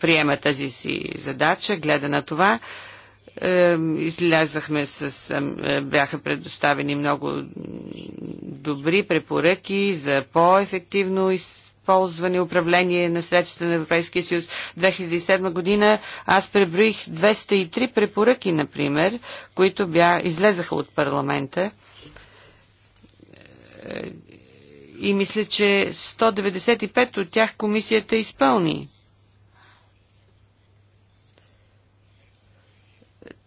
приема тази си задача, гледа на това излязахме с... Е, бяха предоставени много добри препоръки за по-ефективно използване и управление на средствата на Европейския съюз. 2007 година аз преброих 203 препоръки, например, които бя... излезаха от парламента е, и мисля, че 195 от тях комисията изпълни.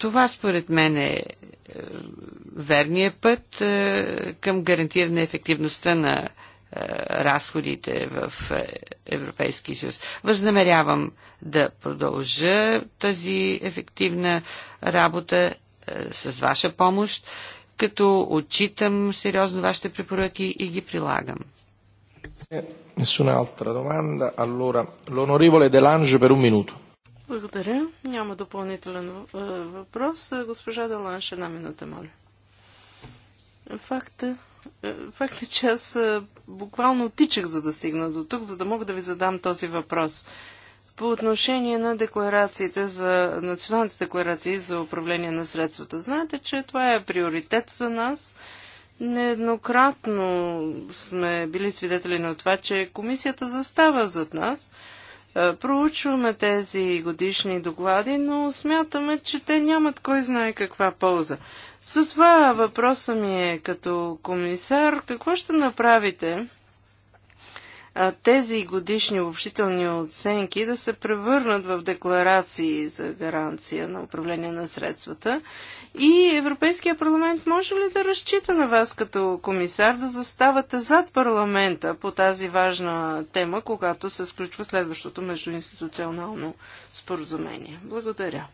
Това според мен е, е верния път е, към гарантиране ефективността на е, разходите в Европейския съюз. Възнамерявам да продължа тази ефективна работа с ваша помощ, като отчитам сериозно вашите препоръки и ги прилагам. Nessuna altra domanda. Allora, l'onorevole Delange per un minuto. Благодаря. Няма допълнителен е, въпрос. Госпожа Даланш, една минута, моля. Факт е, е факт е, че аз е, буквално тичах, за да стигна до тук, за да мога да ви задам този въпрос. По отношение на декларациите за националните декларации за управление на средствата, знаете, че това е приоритет за нас. Нееднократно сме били свидетели на това, че комисията застава зад нас – е, проучваме тези годишни доклади, но смятаме, че те нямат кой знае каква полза. Затова въпросът ми е като комисар, какво ще направите, тези годишни общителни оценки да се превърнат в декларации за гаранция на управление на средствата. И Европейския парламент може ли да разчита на вас като комисар да заставате зад парламента по тази важна тема, когато се сключва следващото междуинституционално споразумение? Благодаря.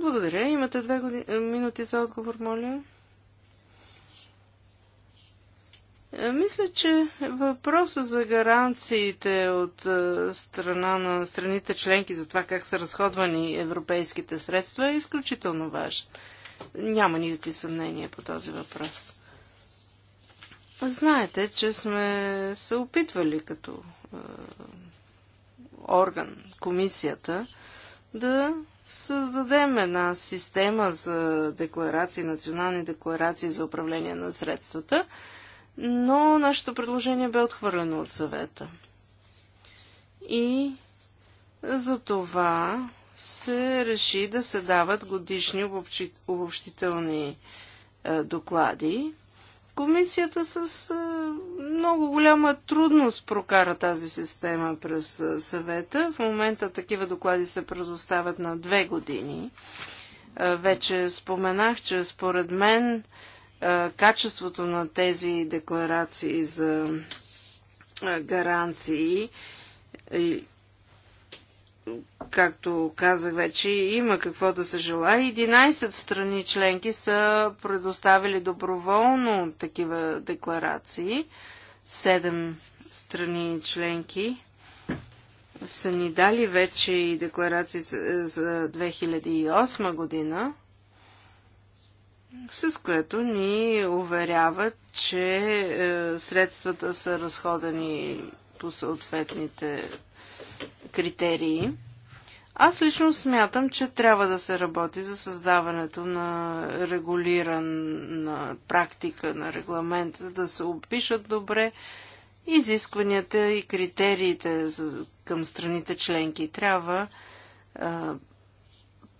Благодаря. Имате две минути за отговор, моля. Мисля, че въпроса за гаранциите от страна на страните членки за това как са разходвани европейските средства е изключително важен. Няма никакви съмнения по този въпрос. Знаете, че сме се опитвали като е, орган, комисията, да създадем една система за декларации, национални декларации за управление на средствата – но нашето предложение бе отхвърлено от съвета. И за това се реши да се дават годишни обобщителни е, доклади. Комисията с е, много голяма трудност прокара тази система през е, съвета. В момента такива доклади се предоставят на две години. Вече споменах, че според мен качеството на тези декларации за гаранции, както казах вече, има какво да се желая. 11 страни членки са предоставили доброволно такива декларации. 7 страни членки са ни дали вече и декларации за 2008 година с което ни уверяват, че е, средствата са разходени по съответните критерии. Аз лично смятам, че трябва да се работи за създаването на регулирана практика, на регламент, за да се опишат добре изискванията и критериите към страните членки. Трябва е,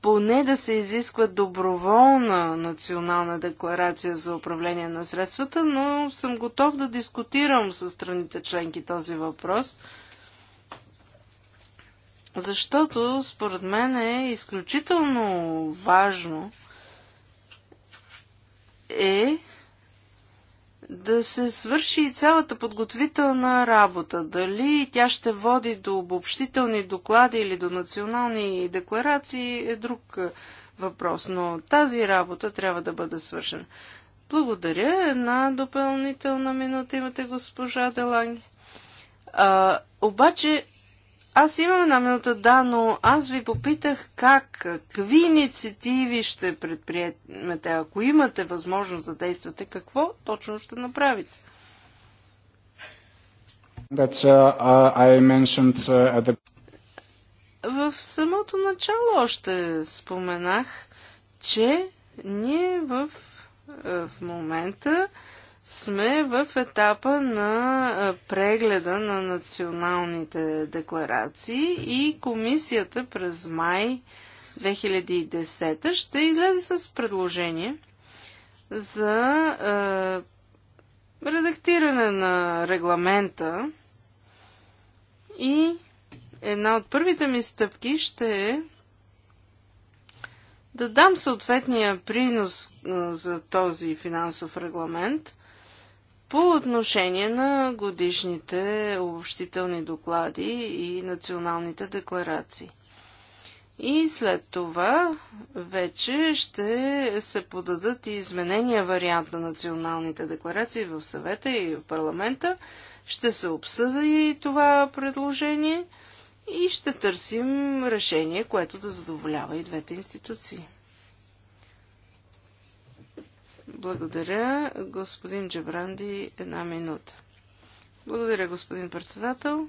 поне да се изисква доброволна национална декларация за управление на средствата, но съм готов да дискутирам с страните членки този въпрос, защото според мен е изключително важно е да се свърши цялата подготвителна работа. Дали тя ще води до обобщителни доклади или до национални декларации е друг е, въпрос, но тази работа трябва да бъде свършена. Благодаря. Една допълнителна минута имате госпожа Деланги. А, обаче аз имам една минута, да, но аз ви попитах как, какви инициативи ще предприемете, ако имате възможност да действате, какво точно ще направите? That, uh, uh I mentioned, uh, at the... В самото начало още споменах, че ние в, в момента uh, сме в етапа на прегледа на националните декларации и комисията през май 2010 ще излезе с предложение за е, редактиране на регламента и една от първите ми стъпки ще е да дам съответния принос за този финансов регламент по отношение на годишните обобщителни доклади и националните декларации. И след това вече ще се подадат и изменения вариант на националните декларации в съвета и в парламента. Ще се обсъди това предложение и ще търсим решение, което да задоволява и двете институции. Благодаря. Господин Джебранди, една минута. Благодаря, господин председател.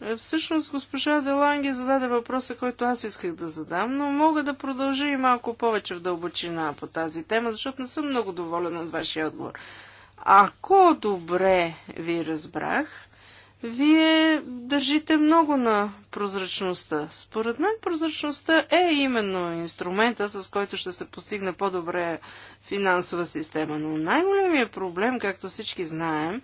Е, всъщност госпожа Деланге зададе въпроса, който аз исках да задам, но мога да продължа и малко повече в дълбочина по тази тема, защото не съм много доволен от вашия отговор. Ако добре ви разбрах, вие държите много на прозрачността. Според мен прозрачността е именно инструмента, с който ще се постигне по-добре финансова система. Но най-големият проблем, както всички знаем,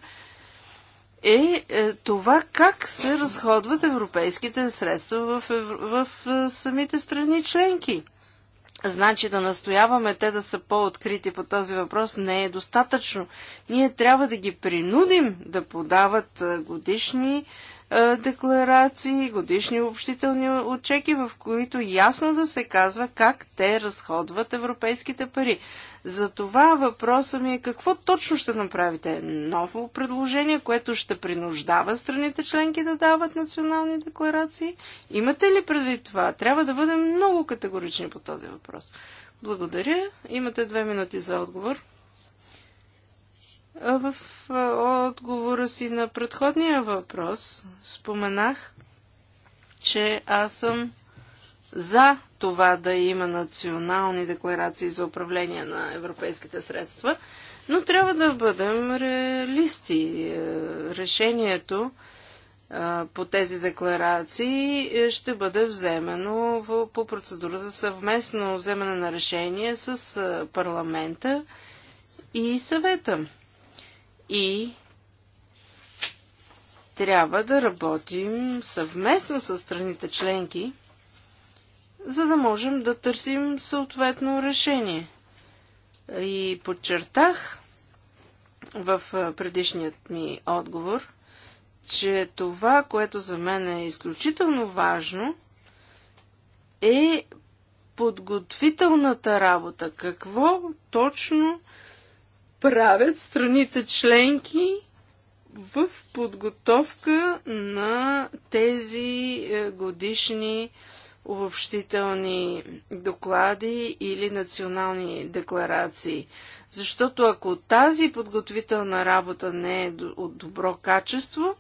е, е това как се разходват европейските средства в, в, в е, самите страни членки. Значи да настояваме те да са по-открити по този въпрос не е достатъчно. Ние трябва да ги принудим да подават годишни е, декларации, годишни общителни отчеки, в които ясно да се казва как те разходват европейските пари. За това въпросът ми е какво точно ще направите? Ново предложение, което ще принуждава страните членки да дават национални декларации? Имате ли предвид това? Трябва да бъдем много категорични по този въпрос. Благодаря. Имате две минути за отговор. В отговора си на предходния въпрос споменах, че аз съм за това да има национални декларации за управление на европейските средства, но трябва да бъдем реалисти. Е, решението по тези декларации е, ще бъде вземено по процедура за съвместно вземане на решение с парламента и съвета и трябва да работим съвместно с страните членки, за да можем да търсим съответно решение. И подчертах в предишният ми отговор, че това, което за мен е изключително важно, е подготвителната работа. Какво точно правят страните членки в подготовка на тези е, годишни обобщителни доклади или национални декларации. Защото ако тази подготовителна работа не е от добро качество,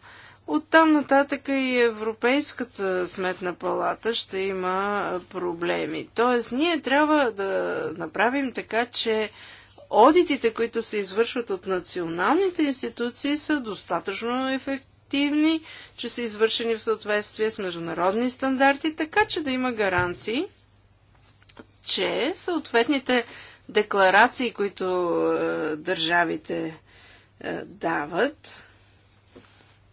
оттам нататък и Европейската сметна палата ще има проблеми. Тоест, ние трябва да направим така, че одитите, които се извършват от националните институции, са достатъчно ефективни, че са извършени в съответствие с международни стандарти, така че да има гаранции, че съответните декларации, които е, държавите е, дават,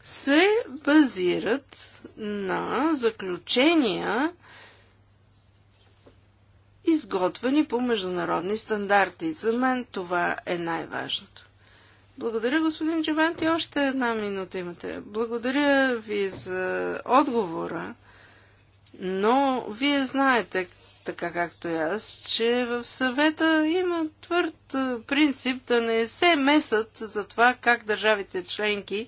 се базират на заключения, изготвени по международни стандарти. За мен това е най-важното. Благодаря, господин и Още една минута имате. Благодаря ви за отговора, но вие знаете, така както и аз, че в съвета има твърд принцип да не се месат за това как държавите членки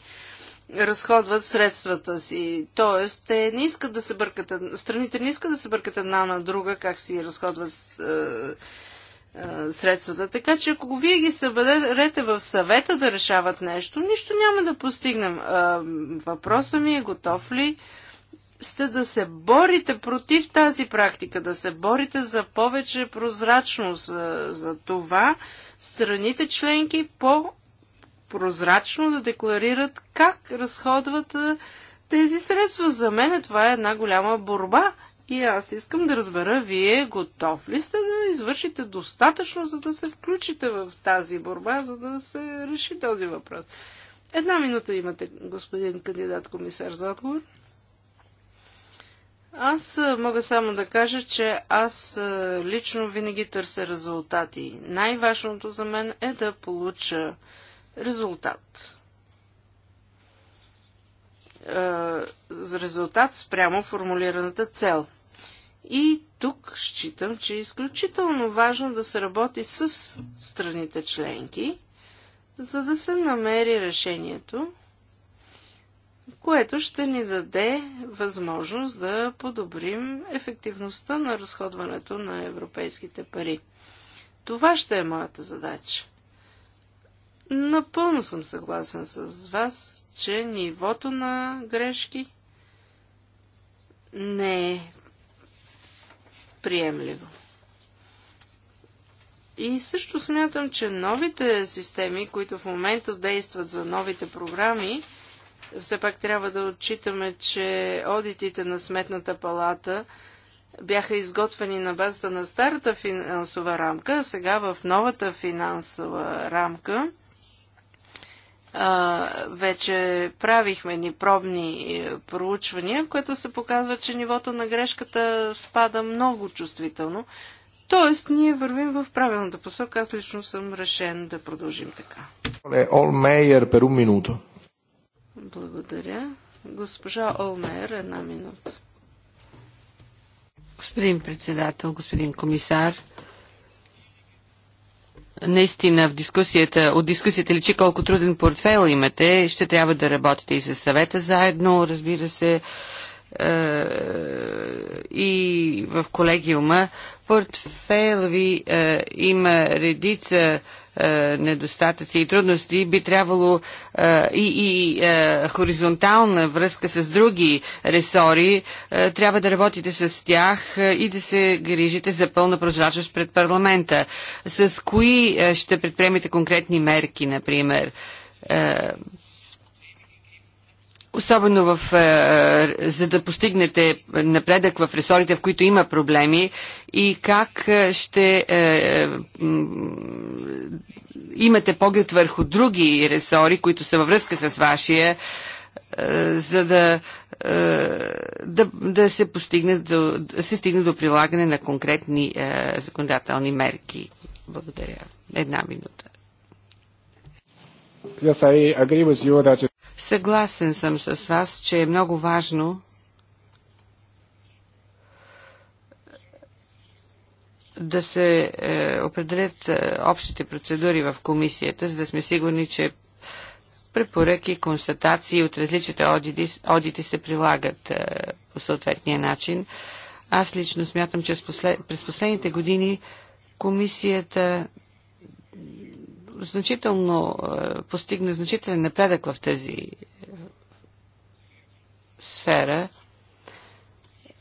разходват средствата си. Тоест, те не искат да се бъркат, страните не искат да се бъркат една на друга, как си разходват е, е, средствата. Така че, ако вие ги съберете в съвета да решават нещо, нищо няма да постигнем. Е, въпроса въпросът ми е готов ли сте да се борите против тази практика, да се борите за повече прозрачност, за това страните членки по прозрачно да декларират как разходват тези средства. За мен това е една голяма борба. И аз искам да разбера, вие готов ли сте да извършите достатъчно, за да се включите в тази борба, за да се реши този въпрос? Една минута имате, господин кандидат комисар, за отговор. Аз мога само да кажа, че аз лично винаги търся резултати. Най-важното за мен е да получа резултат. За резултат спрямо формулираната цел. И тук считам, че е изключително важно да се работи с страните членки, за да се намери решението, което ще ни даде възможност да подобрим ефективността на разходването на европейските пари. Това ще е моята задача. Напълно съм съгласен с вас, че нивото на грешки не е приемливо. И също смятам, че новите системи, които в момента действат за новите програми, все пак трябва да отчитаме, че одитите на Сметната палата бяха изготвени на базата на старата финансова рамка, а сега в новата финансова рамка – вече правихме ни пробни е, проучвания, което се показва, че нивото на грешката спада много чувствително. Тоест, ние вървим в правилната посока. Аз лично съм решен да продължим така. Олмейер, перу Благодаря. Госпожа Олмейер, една минута. Господин председател, господин комисар, наистина в дискусията, от дискусията личи колко труден портфейл имате. Ще трябва да работите и с съвета заедно, разбира се, е, и в колегиума. Портфейл ви е, има редица е, недостатъци и трудности, би трябвало е, и, и е, хоризонтална връзка с други ресори, трябва да работите с тях и да се грижите за пълна прозрачност пред парламента. С кои ще предприемете конкретни мерки, например? Особено в, е, е, за да постигнете напредък в ресорите, в които има проблеми и как е, ще имате поглед върху други ресори, които са във връзка с вашия, за да, да, да, се постигне да се стигне до прилагане на конкретни законодателни мерки. Благодаря. Една минута. Yes, I agree with you that Съгласен съм с вас, че е много важно да се е, определят е, общите процедури в комисията, за да сме сигурни, че препоръки, констатации от различните одити, одити се прилагат е, по съответния начин. Аз лично смятам, че през последните години комисията значително е, постигне значителен напредък в тази е, сфера.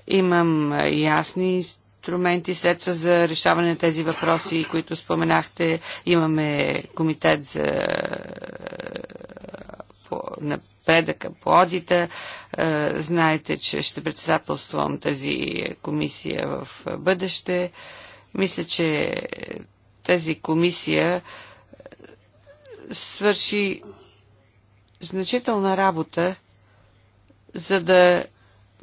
Имам е, ясни инструменти, средства за решаване на тези въпроси, които споменахте. Имаме комитет за напредъка по одита. Знаете, че ще председателствам тази комисия в бъдеще. Мисля, че тази комисия свърши значителна работа, за да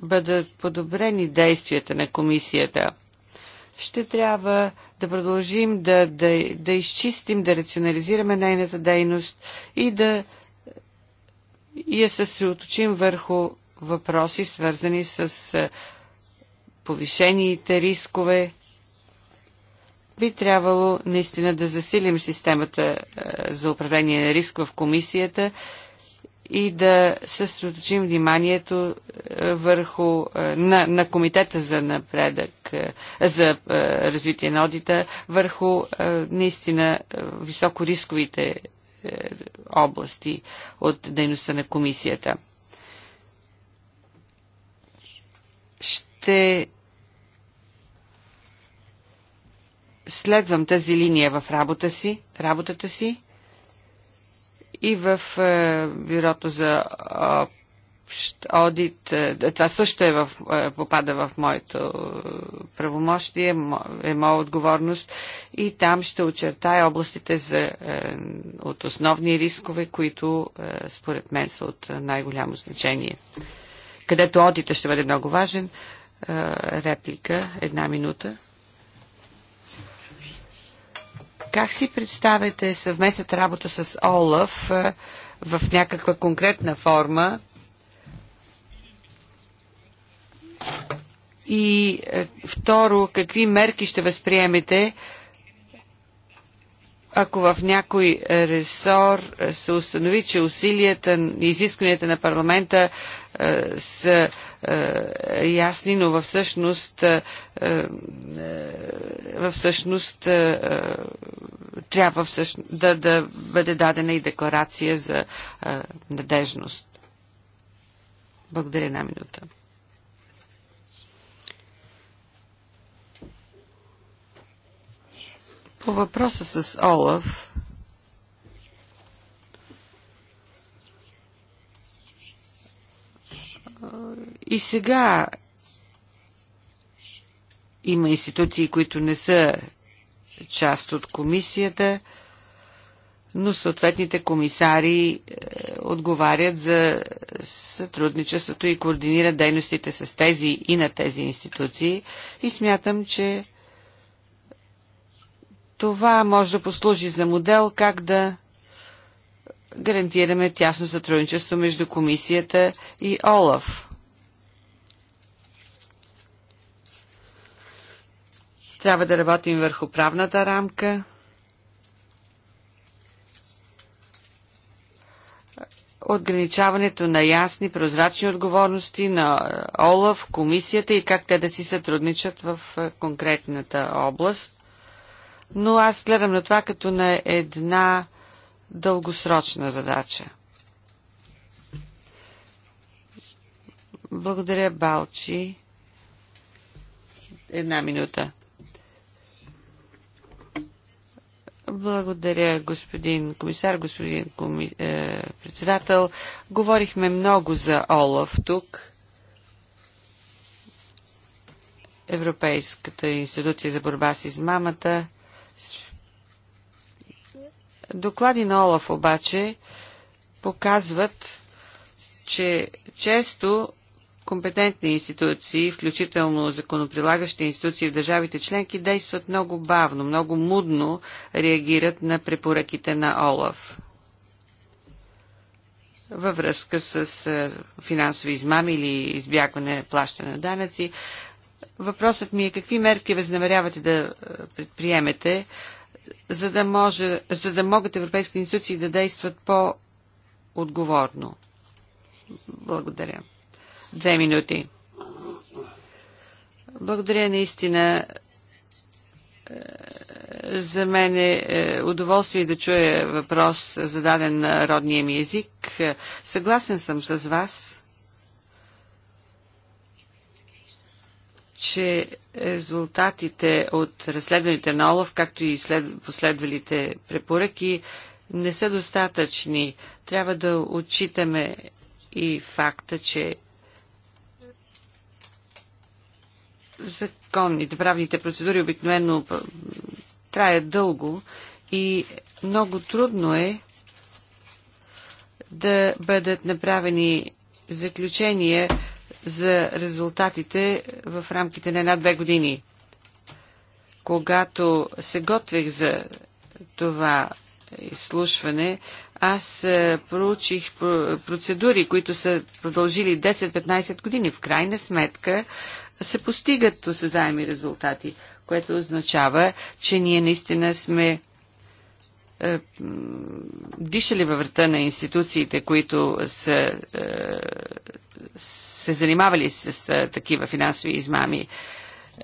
бъдат подобрени действията на комисията. Ще трябва да продължим да, да, да изчистим, да рационализираме нейната дейност и да я съсредоточим върху въпроси, свързани с повишените рискове, би трябвало наистина да засилим системата е, за управление на риск в комисията и да съсредоточим вниманието е, върху е, на, на Комитета за напредък, за развитие на одита, върху наистина високорисковите области от дейността на комисията. Ще следвам тази линия в работа си, работата си и в е, бюрото за одит. Е, това също е в, е, попада в моето е, правомощие, е моя отговорност и там ще очертая областите за, е, от основни рискове, които е, според мен са от най-голямо значение. Където одита ще бъде много важен. Е, реплика, една минута. Как си представяте съвместната работа с Олаф е, в някаква конкретна форма? И е, второ, какви мерки ще възприемете, ако в някой ресор се установи, че усилията и изискванията на парламента е, са е, ясни, но всъщност, във всъщност е, е, трябва всъщност, да, да бъде дадена и декларация за надежност. Благодаря една минута. По въпроса с Олаф, И сега има институции, които не са част от комисията, но съответните комисари е, отговарят за сътрудничеството и координират дейностите с тези и на тези институции. И смятам, че това може да послужи за модел как да гарантираме тясно сътрудничество между комисията и ОЛАФ. Трябва да работим върху правната рамка. Отграничаването на ясни, прозрачни отговорности на ОЛАВ, комисията и как те да си сътрудничат в е, конкретната област. Но аз гледам на това като на една дългосрочна задача. Благодаря, Балчи. Една минута. Благодаря, господин комисар, господин коми... е, председател. Говорихме много за Олаф тук. Европейската институция за борба с измамата. Доклади на Олаф обаче показват, че често компетентни институции, включително законоприлагащи институции в държавите членки, действат много бавно, много мудно реагират на препоръките на ОЛАФ във връзка с е, финансови измами или избягване плащане на данъци. Въпросът ми е какви мерки възнамерявате да е, предприемете, за да, може, за да могат европейски институции да действат по-отговорно. Благодаря. Две минути. Благодаря наистина. Е, за мен е, е удоволствие да чуя въпрос, зададен на родния ми език. Е, съгласен съм с вас, че резултатите от разследваните на Олов, както и след, последвалите препоръки, не са достатъчни. Трябва да отчитаме и факта, че законните, правните процедури обикновено траят дълго и много трудно е да бъдат направени заключения за резултатите в рамките на една-две години. Когато се готвих за това изслушване, аз е, проучих процедури, които са продължили 10-15 години. В крайна сметка се постигат осезаеми резултати, което означава, че ние наистина сме е, дишали във врата на институциите, които са е, се занимавали с, с е, такива финансови измами.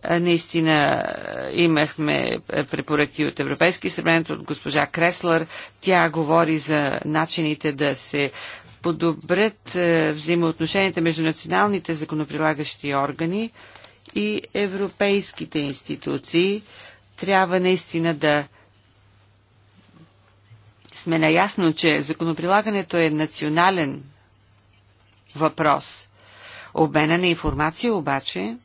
Е, наистина е, имахме препоръки от Европейски съвет, от госпожа Креслър. Тя говори за начините да се подобрят е, взаимоотношенията между националните законоприлагащи органи и европейските институции. Трябва наистина да сме наясно, че законоприлагането е национален въпрос. Обмена на информация обаче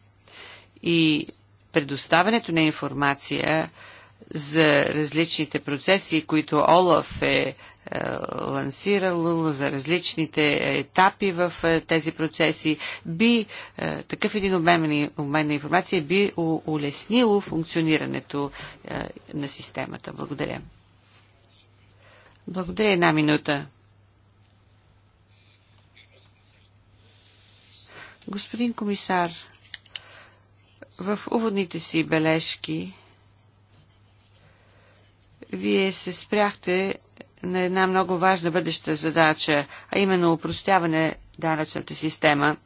и предоставянето на информация за различните процеси, които Олаф е е, лансирало, за различните етапи в е, тези процеси, би е, такъв един обмен, обмен на информация би улеснило функционирането на системата. Благодаря. Благодаря една минута. Господин комисар, в уводните си бележки вие се спряхте на една много важна бъдеща задача, а именно упростяване данъчната система,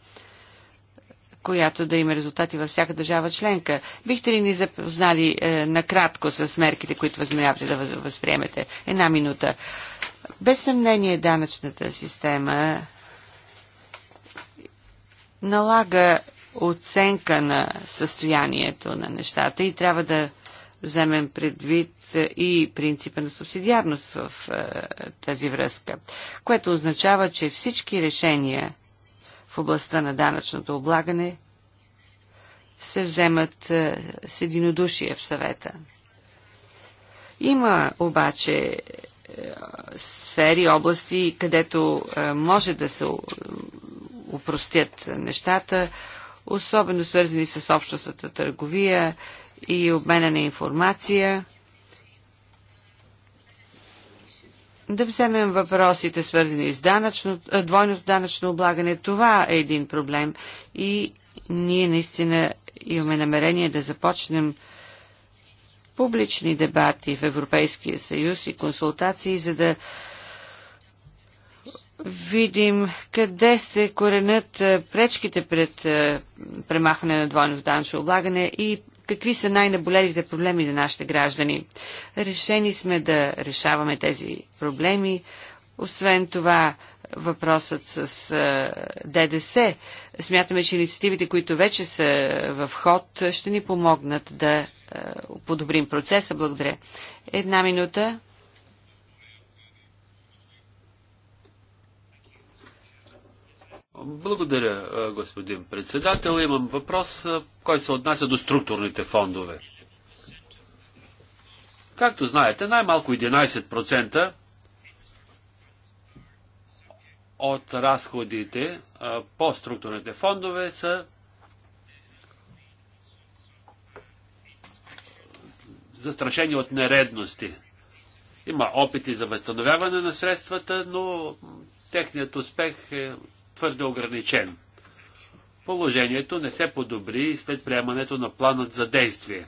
която да има резултати във всяка държава членка. Бихте ли ни запознали е, накратко с мерките, които възмеявате да възприемете? Една минута. Без съмнение данъчната система налага оценка на състоянието на нещата и трябва да вземем предвид е, и принципа на субсидиарност в е, тази връзка, което означава, че всички решения в областта на данъчното облагане се вземат е, с единодушие в съвета. Има обаче сфери, области, където може да се упростят нещата, особено свързани с общностната търговия и обмена на информация. Да вземем въпросите, свързани с данъчно, двойното данъчно облагане. Това е един проблем и ние наистина имаме намерение да започнем публични дебати в Европейския съюз и консултации, за да видим къде се коренят пречките пред премахване на двойното данъчно облагане и какви са най-наболелите проблеми на нашите граждани. Решени сме да решаваме тези проблеми. Освен това, въпросът с ДДС. Смятаме, че инициативите, които вече са в ход, ще ни помогнат да подобрим процеса. Благодаря. Една минута. Благодаря, господин председател. Имам въпрос, който се отнася до структурните фондове. Както знаете, най-малко 11% от разходите по структурните фондове са застрашени от нередности. Има опити за възстановяване на средствата, но техният успех е твърде ограничен. Положението не се подобри след приемането на планът за действие.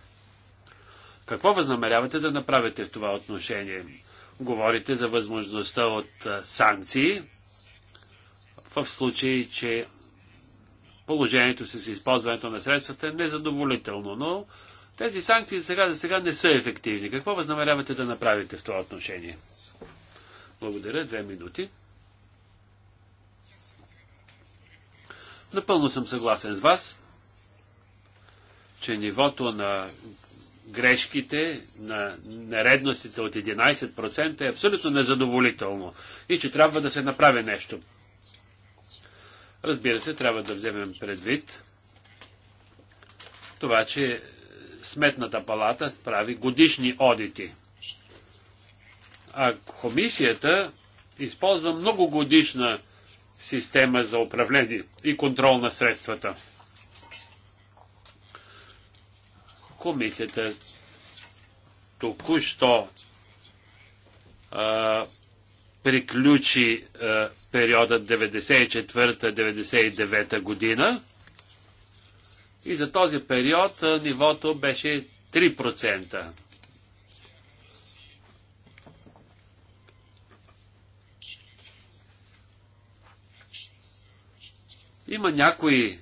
Какво възнамерявате да направите в това отношение? Говорите за възможността от санкции в случай, че положението с използването на средствата е незадоволително, но тези санкции сега за сега не са ефективни. Какво възнамерявате да направите в това отношение? Благодаря. Две минути. Напълно съм съгласен с вас, че нивото на грешките, на нередностите от 11% е абсолютно незадоволително и че трябва да се направи нещо. Разбира се, трябва да вземем предвид това, че Сметната палата прави годишни одити. А комисията използва много годишна система за управление и контрол на средствата. Комисията току-що приключи а, периода 94-99 година и за този период а, нивото беше 3%. Има някои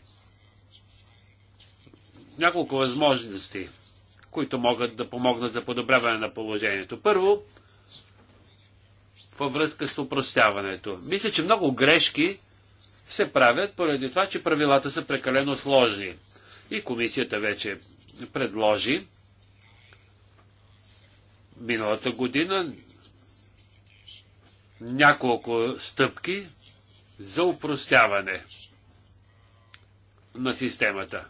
няколко възможности, които могат да помогнат за подобряване на положението. Първо, във връзка с упростяването. Мисля, че много грешки се правят поради това, че правилата са прекалено сложни. И комисията вече предложи миналата година няколко стъпки за упростяване на системата.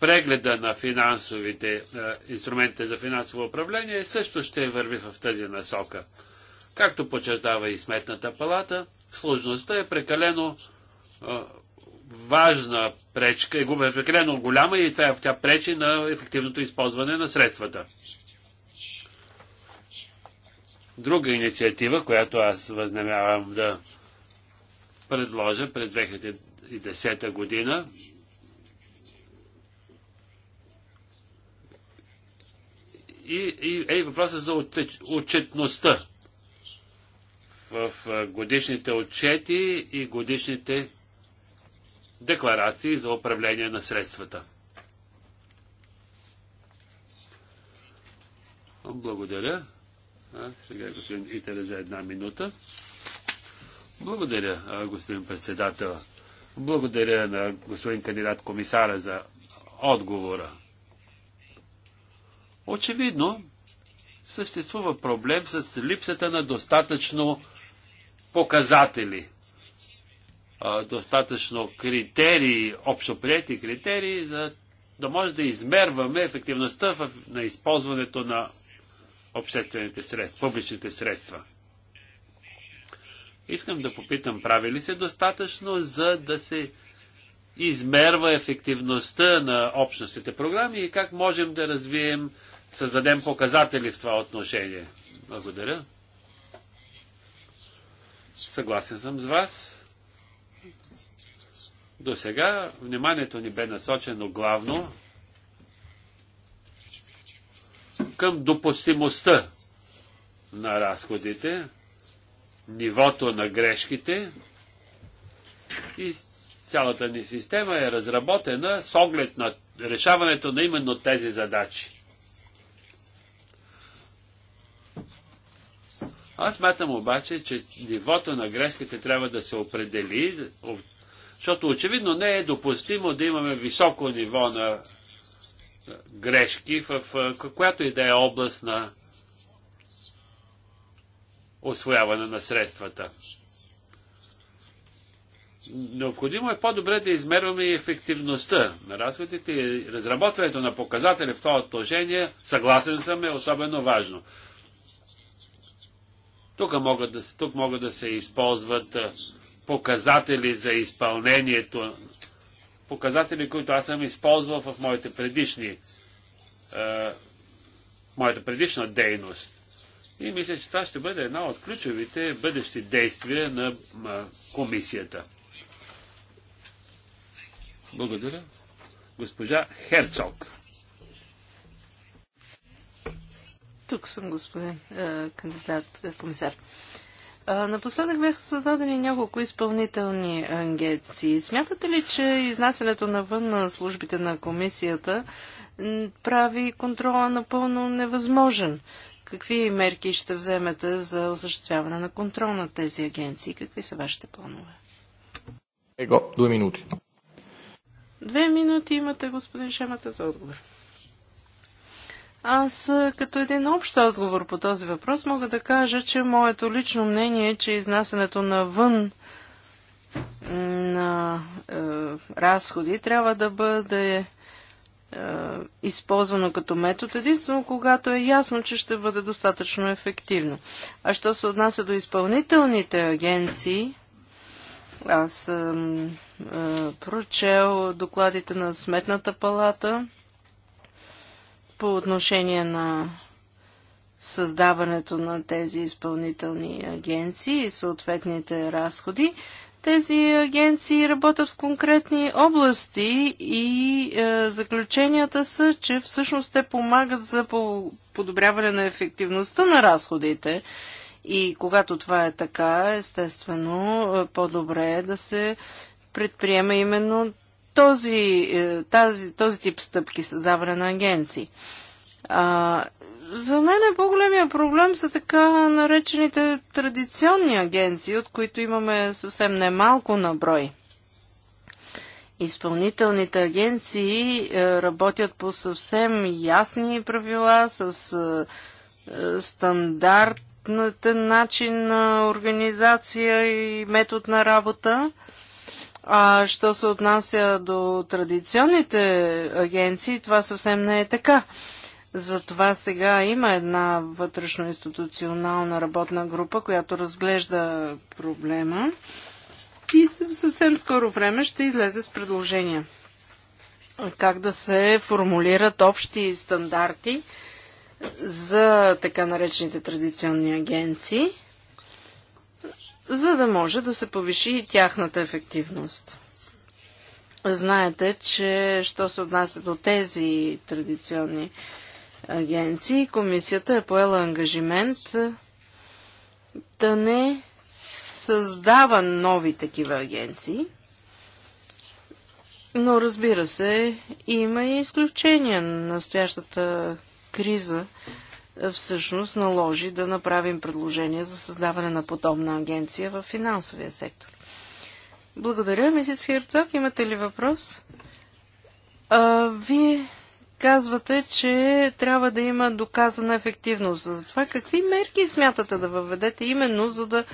Прегледа на финансовите е, инструментите за финансово управление също ще върви в тази насока. Както подчертава и Сметната палата, сложността е прекалено е, важна пречка, е прекалено голяма и това, тя пречи на ефективното използване на средствата. Друга инициатива, която аз възнамявам да предложа през 2010 година. И, и е въпросът за отчетността в годишните отчети и годишните декларации за управление на средствата. Благодаря. А, сега господин Ителе за една минута. Благодаря, господин председател. Благодаря на господин кандидат комисара за отговора. Очевидно, съществува проблем с липсата на достатъчно показатели, достатъчно критерии, общоприяти критерии, за да може да измерваме ефективността на използването на обществените средства, публичните средства. Искам да попитам, прави ли се достатъчно, за да се измерва ефективността на общностите програми и как можем да развием, създадем показатели в това отношение? Благодаря. Съгласен съм с вас. До сега вниманието ни бе насочено главно към допустимостта на разходите, нивото на грешките и цялата ни система е разработена с оглед на решаването на именно тези задачи. Аз мятам обаче, че нивото на грешките трябва да се определи, защото очевидно не е допустимо да имаме високо ниво на грешки в която и да е област на освояване на средствата. Необходимо е по-добре да измерваме и ефективността на разходите и разработването на показатели в това отложение, съгласен съм, е особено важно. Тук могат да, тук могат да се използват показатели за изпълнението, показатели, които аз съм използвал в моите предишни, е, моята предишна дейност. И мисля, че това ще бъде една от ключовите бъдещи действия на комисията. Благодаря. Госпожа Херцог. Тук съм, господин е, кандидат е, комисар. Напоследък бяха създадени няколко изпълнителни ангеции. Смятате ли, че изнасянето навън на службите на комисията прави контрола напълно невъзможен? Какви мерки ще вземете за осъществяване на контрол на тези агенции? Какви са вашите планове? Его, две минути. Две минути имате, господин Шемата, за отговор. Аз като един общ отговор по този въпрос мога да кажа, че моето лично мнение е, че изнасянето навън на е, разходи трябва да бъде е, използвано като метод, единствено когато е ясно, че ще бъде достатъчно ефективно. А що се отнася до изпълнителните агенции, аз съм е, прочел докладите на Сметната палата по отношение на създаването на тези изпълнителни агенции и съответните разходи. Тези агенции работят в конкретни области и е, заключенията са, че всъщност те помагат за подобряване на ефективността на разходите. И когато това е така, естествено, е, по-добре е да се предприема именно този, е, тази, този тип стъпки, създаване на агенции. А, за мен е по-големия проблем са така наречените традиционни агенции, от които имаме съвсем немалко на брой. Изпълнителните агенции е, работят по съвсем ясни правила, с е, стандартен начин на организация и метод на работа. А що се отнася до традиционните агенции, това съвсем не е така. Затова сега има една вътрешно-институционална работна група, която разглежда проблема и съвсем скоро време ще излезе с предложения. Как да се формулират общи стандарти за така наречените традиционни агенции, за да може да се повиши и тяхната ефективност. Знаете, че що се отнася до тези традиционни агенции, агенции. Комисията е поела ангажимент да не създава нови такива агенции. Но разбира се, има и изключения. Настоящата криза всъщност наложи да направим предложение за създаване на подобна агенция в финансовия сектор. Благодаря, мисис Херцог. Имате ли въпрос? А, вие казвате, че трябва да има доказана ефективност. За това какви мерки смятате да въведете именно за да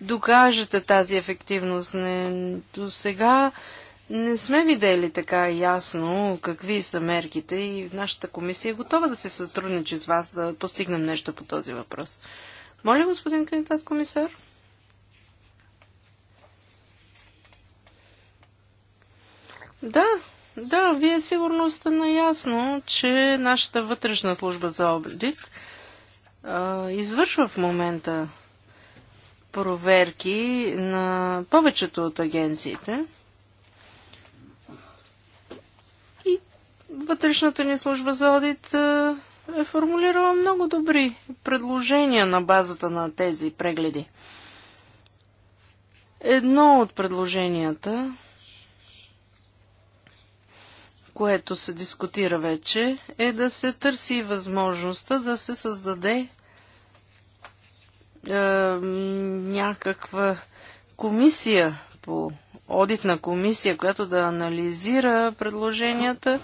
докажете тази ефективност? Не, до сега не сме видели така ясно какви са мерките и нашата комисия е готова да се сътрудничи с вас да постигнем нещо по този въпрос. Моля, господин кандидат комисар. Да, да, вие сигурно сте наясно, че нашата вътрешна служба за обдит извършва в момента проверки на повечето от агенциите. И вътрешната ни служба за одит е формулирала много добри предложения на базата на тези прегледи. Едно от предложенията което се дискутира вече, е да се търси възможността да се създаде е, някаква комисия по одитна комисия, която да анализира предложенията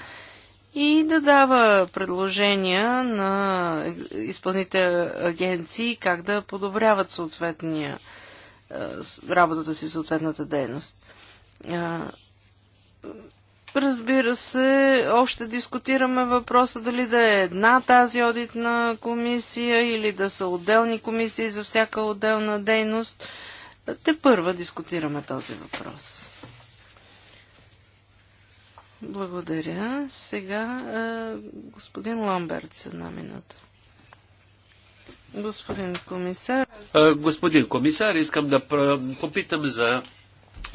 и да дава предложения на изпълните агенции как да подобряват съответния е, работата си в съответната дейност. Е, Разбира се, още дискутираме въпроса дали да е една тази одитна комисия или да са отделни комисии за всяка отделна дейност. Те първа дискутираме този въпрос. Благодаря. Сега е, господин Ламберт с една минута. Господин комисар. Е, господин комисар, искам да попитам за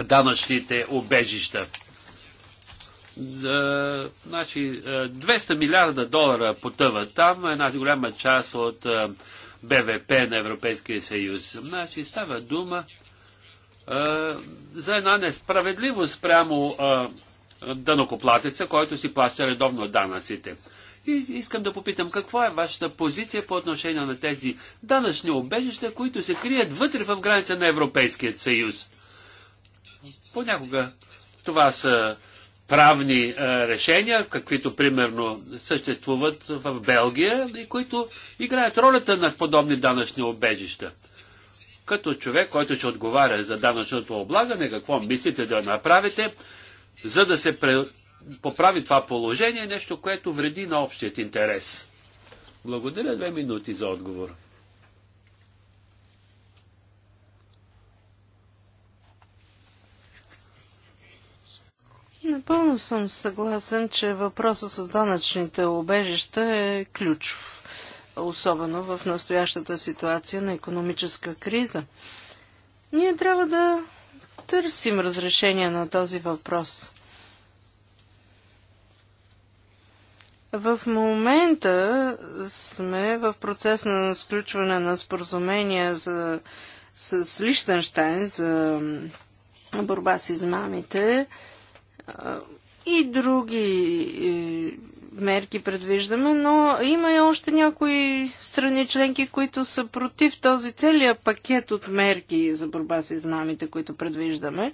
данъчните обежища значи, 200 е, милиарда долара потъват там, една голяма част от е, БВП на Европейския съюз. Значи става дума а, е, за една несправедливост прямо дънокоплатеца, който си плаща редовно данъците. И искам да попитам, каква е вашата позиция по отношение на тези данъчни обежища, които се крият вътре в граница на Европейския съюз? Понякога това са правни е, решения, каквито примерно съществуват в Белгия и които играят ролята на подобни данъчни обежища. Като човек, който ще отговаря за данъчното облагане, какво мислите да направите, за да се поправи това положение, нещо, което вреди на общият интерес? Благодаря две минути за отговор. Напълно съм съгласен, че въпросът с данъчните обежища е ключов, особено в настоящата ситуация на економическа криза. Ние трябва да търсим разрешение на този въпрос. В момента сме в процес на сключване на споразумения за, с Лихтенштайн за борба с измамите и други е, мерки предвиждаме, но има и още някои страни членки, които са против този целият пакет от мерки за борба с измамите, които предвиждаме.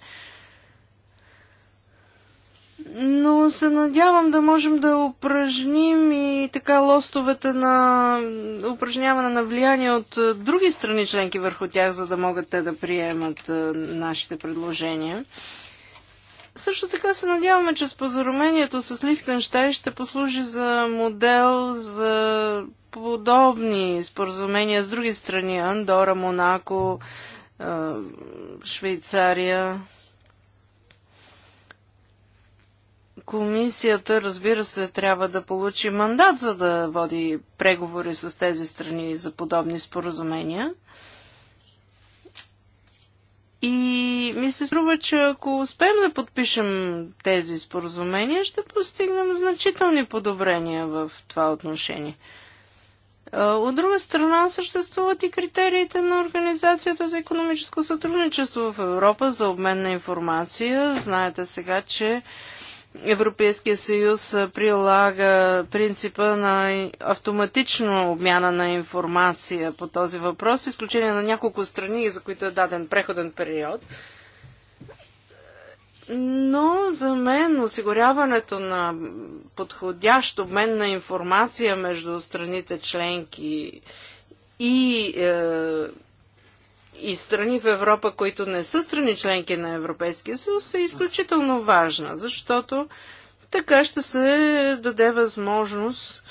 Но се надявам да можем да упражним и така лостовете на упражняване на влияние от е, други страни членки върху тях, за да могат те да приемат е, нашите предложения. Също така се надяваме, че споразумението с Лихтенштайн ще послужи за модел за подобни споразумения с други страни Андора, Монако, Швейцария. Комисията, разбира се, трябва да получи мандат, за да води преговори с тези страни за подобни споразумения. И ми се струва, че ако успеем да подпишем тези споразумения, ще постигнем значителни подобрения в това отношение. От друга страна съществуват и критериите на Организацията за економическо сътрудничество в Европа за обмен на информация. Знаете сега, че Европейския съюз прилага принципа на автоматична обмяна на информация по този въпрос, изключение на няколко страни, за които е даден преходен период. Но за мен осигуряването на подходящ обмен на информация между страните членки и е, и страни в Европа, които не са страни членки на Европейския съюз, е изключително важна, защото така ще се даде възможност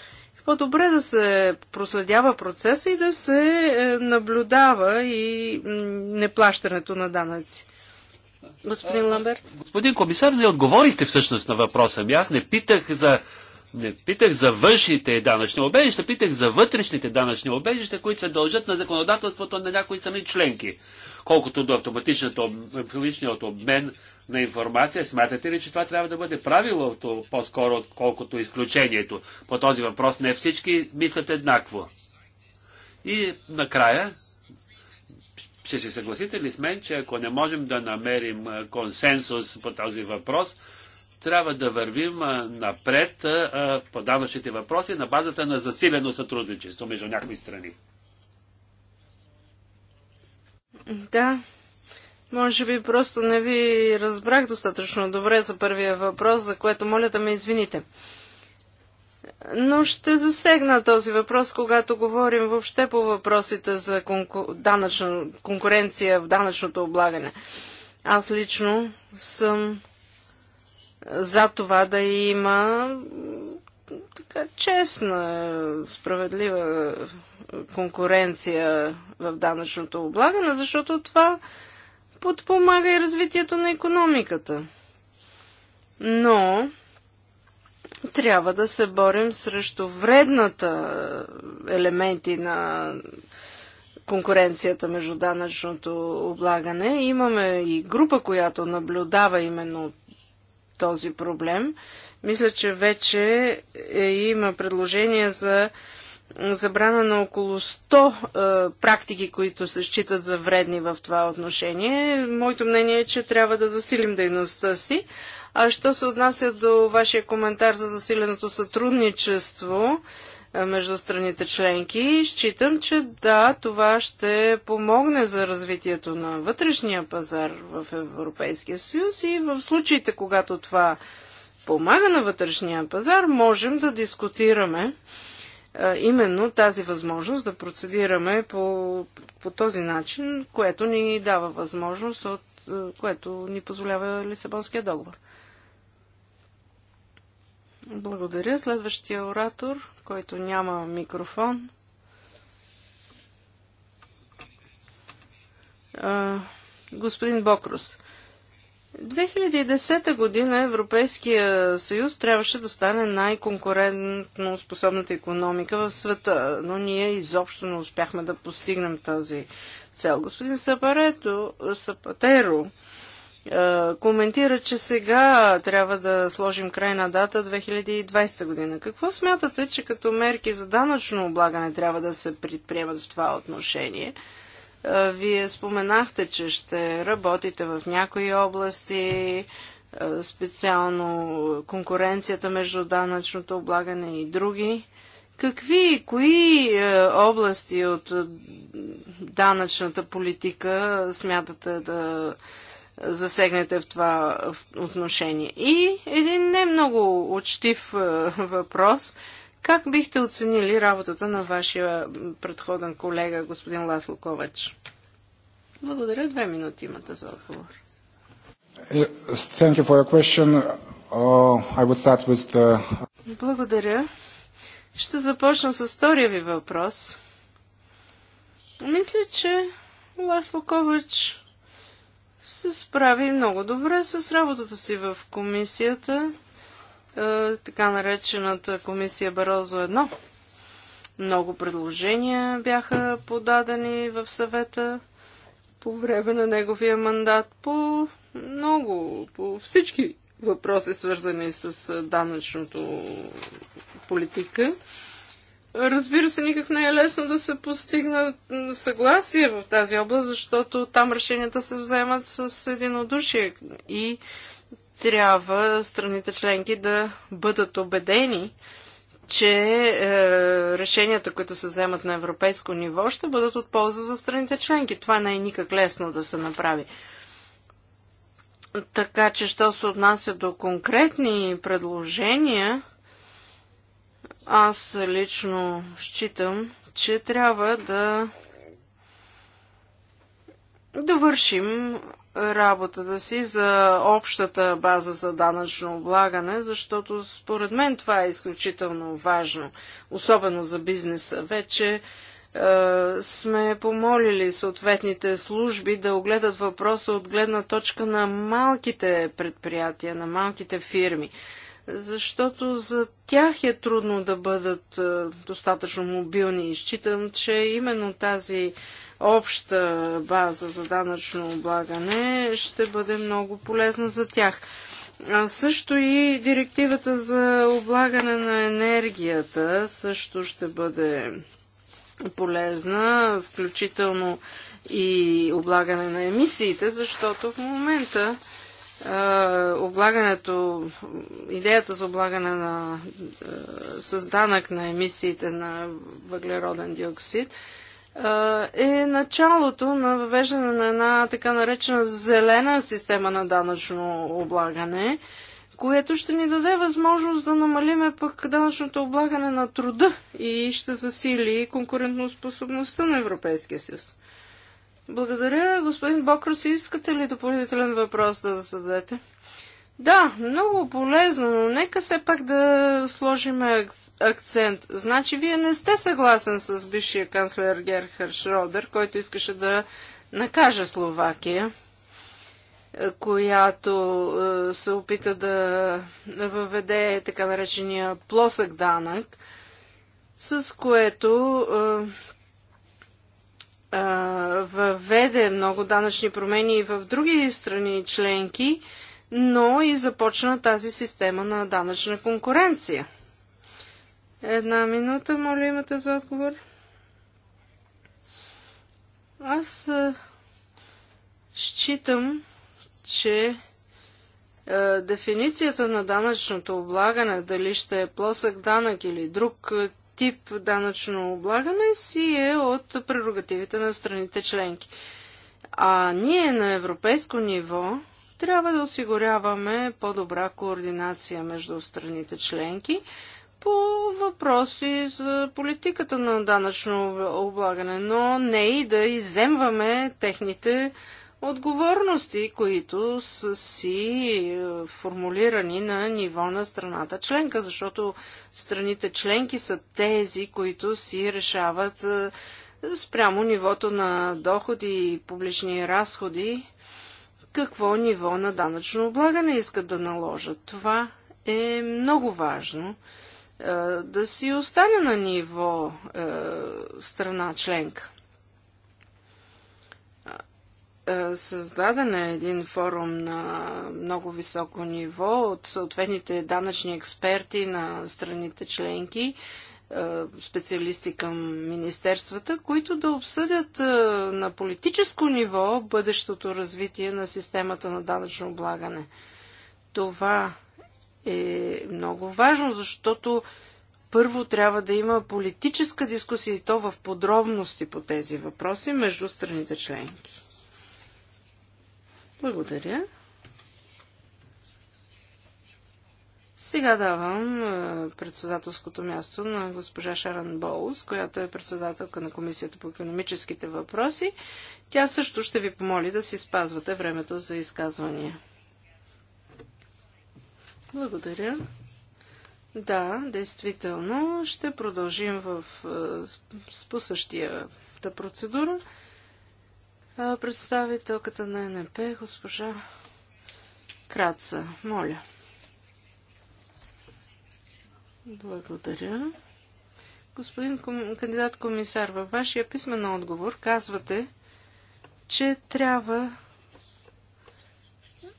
по-добре да се проследява процеса и да се е, наблюдава и неплащането на данъци. Господин Ламберт. Господин комисар, не отговорихте всъщност на въпроса ми. Аз не питах за не питах за външните данъчни обежища, питах за вътрешните данъчни обежища, които се дължат на законодателството на някои страни членки. Колкото до автоматичният обмен на информация, смятате ли, че това трябва да бъде правилото по-скоро, отколкото изключението? По този въпрос не всички мислят еднакво. И накрая, ще се съгласите ли с мен, че ако не можем да намерим консенсус по този въпрос, трябва да вървим напред по данъчните въпроси на базата на засилено сътрудничество между някои страни. Да, може би просто не ви разбрах достатъчно добре за първия въпрос, за което моля да ме извините. Но ще засегна този въпрос, когато говорим въобще по въпросите за конку... данъчна... конкуренция в данъчното облагане. Аз лично съм за това да има така честна, справедлива конкуренция в данъчното облагане, защото това подпомага и развитието на економиката. Но трябва да се борим срещу вредната елементи на конкуренцията между данъчното облагане. Имаме и група, която наблюдава именно този проблем. Мисля, че вече е, има предложение за забрана на около 100 е, практики, които се считат за вредни в това отношение. Моето мнение е, че трябва да засилим дейността си. А що се отнася до вашия коментар за засиленото сътрудничество, е, е, между страните членки и считам, че да, това ще помогне за развитието на вътрешния пазар в Европейския съюз и в случаите, когато това помага на вътрешния пазар, можем да дискутираме е, именно тази възможност да процедираме по, по този начин, което ни дава възможност, от, е, което ни позволява Лисабонския договор. Благодаря. Следващия оратор който няма микрофон. А, господин Бокрус, 2010 година Европейския съюз трябваше да стане най-конкурентно способната економика в света, но ние изобщо не успяхме да постигнем тази цел. Господин Сапарето, Сапатеро е, коментира, че сега трябва да сложим крайна дата 2020 година. Какво смятате, че като мерки за данъчно облагане трябва да се предприемат в това отношение? Е, вие споменахте, че ще работите в някои области, е, специално конкуренцията между данъчното облагане и други. Какви, кои области от данъчната политика смятате да засегнете в това отношение. И един не много учтив е, въпрос. Как бихте оценили работата на вашия предходен колега, господин Ласло Ковач? Благодаря. Две минути имате за отговор. Е, thank you for your question. Uh, I would start with the... Благодаря. Ще започна с втория ви въпрос. Мисля, че Ласло Ковач се справи много добре с работата си в комисията, е, така наречената комисия Барозо 1. Много предложения бяха подадени в съвета по време на неговия мандат по много, по всички въпроси, свързани с данъчното политика. Разбира се, никак не е лесно да се постигна съгласие в тази област, защото там решенията се вземат с единодушие и трябва страните членки да бъдат убедени, че е, решенията, които се вземат на европейско ниво, ще бъдат от полза за страните членки. Това не е никак лесно да се направи. Така че, що се отнася до конкретни предложения, аз лично считам, че трябва да довършим работата си за общата база за данъчно облагане, защото според мен това е изключително важно, особено за бизнеса. Вече е, сме помолили съответните служби да огледат въпроса от гледна точка на малките предприятия, на малките фирми защото за тях е трудно да бъдат е, достатъчно мобилни. И считам, че именно тази обща база за данъчно облагане ще бъде много полезна за тях. А също и директивата за облагане на енергията също ще бъде полезна, включително и облагане на емисиите, защото в момента облагането, идеята за облагане на, с данък на емисиите на въглероден диоксид е началото на въвеждане на една така наречена зелена система на данъчно облагане, което ще ни даде възможност да намалиме пък данъчното облагане на труда и ще засили конкурентоспособността на Европейския съюз. Благодаря. Господин Бокрос, искате ли допълнителен въпрос да зададете? Да, много полезно, но нека все пак да сложим акцент. Значи, вие не сте съгласен с бившия канцлер Герхар Шродер, който искаше да накаже Словакия, която е, се опита да въведе така наречения плосък данък, с което е, въведе много данъчни промени и в други страни членки, но и започна тази система на данъчна конкуренция. Една минута, моля, имате за отговор. Аз считам, че дефиницията на данъчното облагане, дали ще е плосък данък или друг тип данъчно облагане си е от прерогативите на страните членки. А ние на европейско ниво трябва да осигуряваме по-добра координация между страните членки по въпроси за политиката на данъчно облагане, но не и да иземваме техните отговорности, които са си е, формулирани на ниво на страната членка, защото страните членки са тези, които си решават е, спрямо нивото на доходи и публични разходи, какво ниво на данъчно облагане искат да наложат. Това е много важно е, да си остане на ниво страна членка. Е, създаден е един форум на много високо ниво от съответните данъчни експерти на страните членки, е, специалисти към министерствата, които да обсъдят е, на политическо ниво бъдещото развитие на системата на данъчно облагане. Това е много важно, защото първо трябва да има политическа дискусия и то в подробности по тези въпроси между страните членки. Благодаря. Сега давам председателското място на госпожа Шаран Боулс, която е председателка на Комисията по економическите въпроси. Тя също ще ви помоли да си спазвате времето за изказвания. Благодаря. Да, действително ще продължим в, по същията процедура. Представителката на НП, госпожа Краца, моля. Благодаря. Господин кандидат комисар, във вашия писмен отговор казвате, че трябва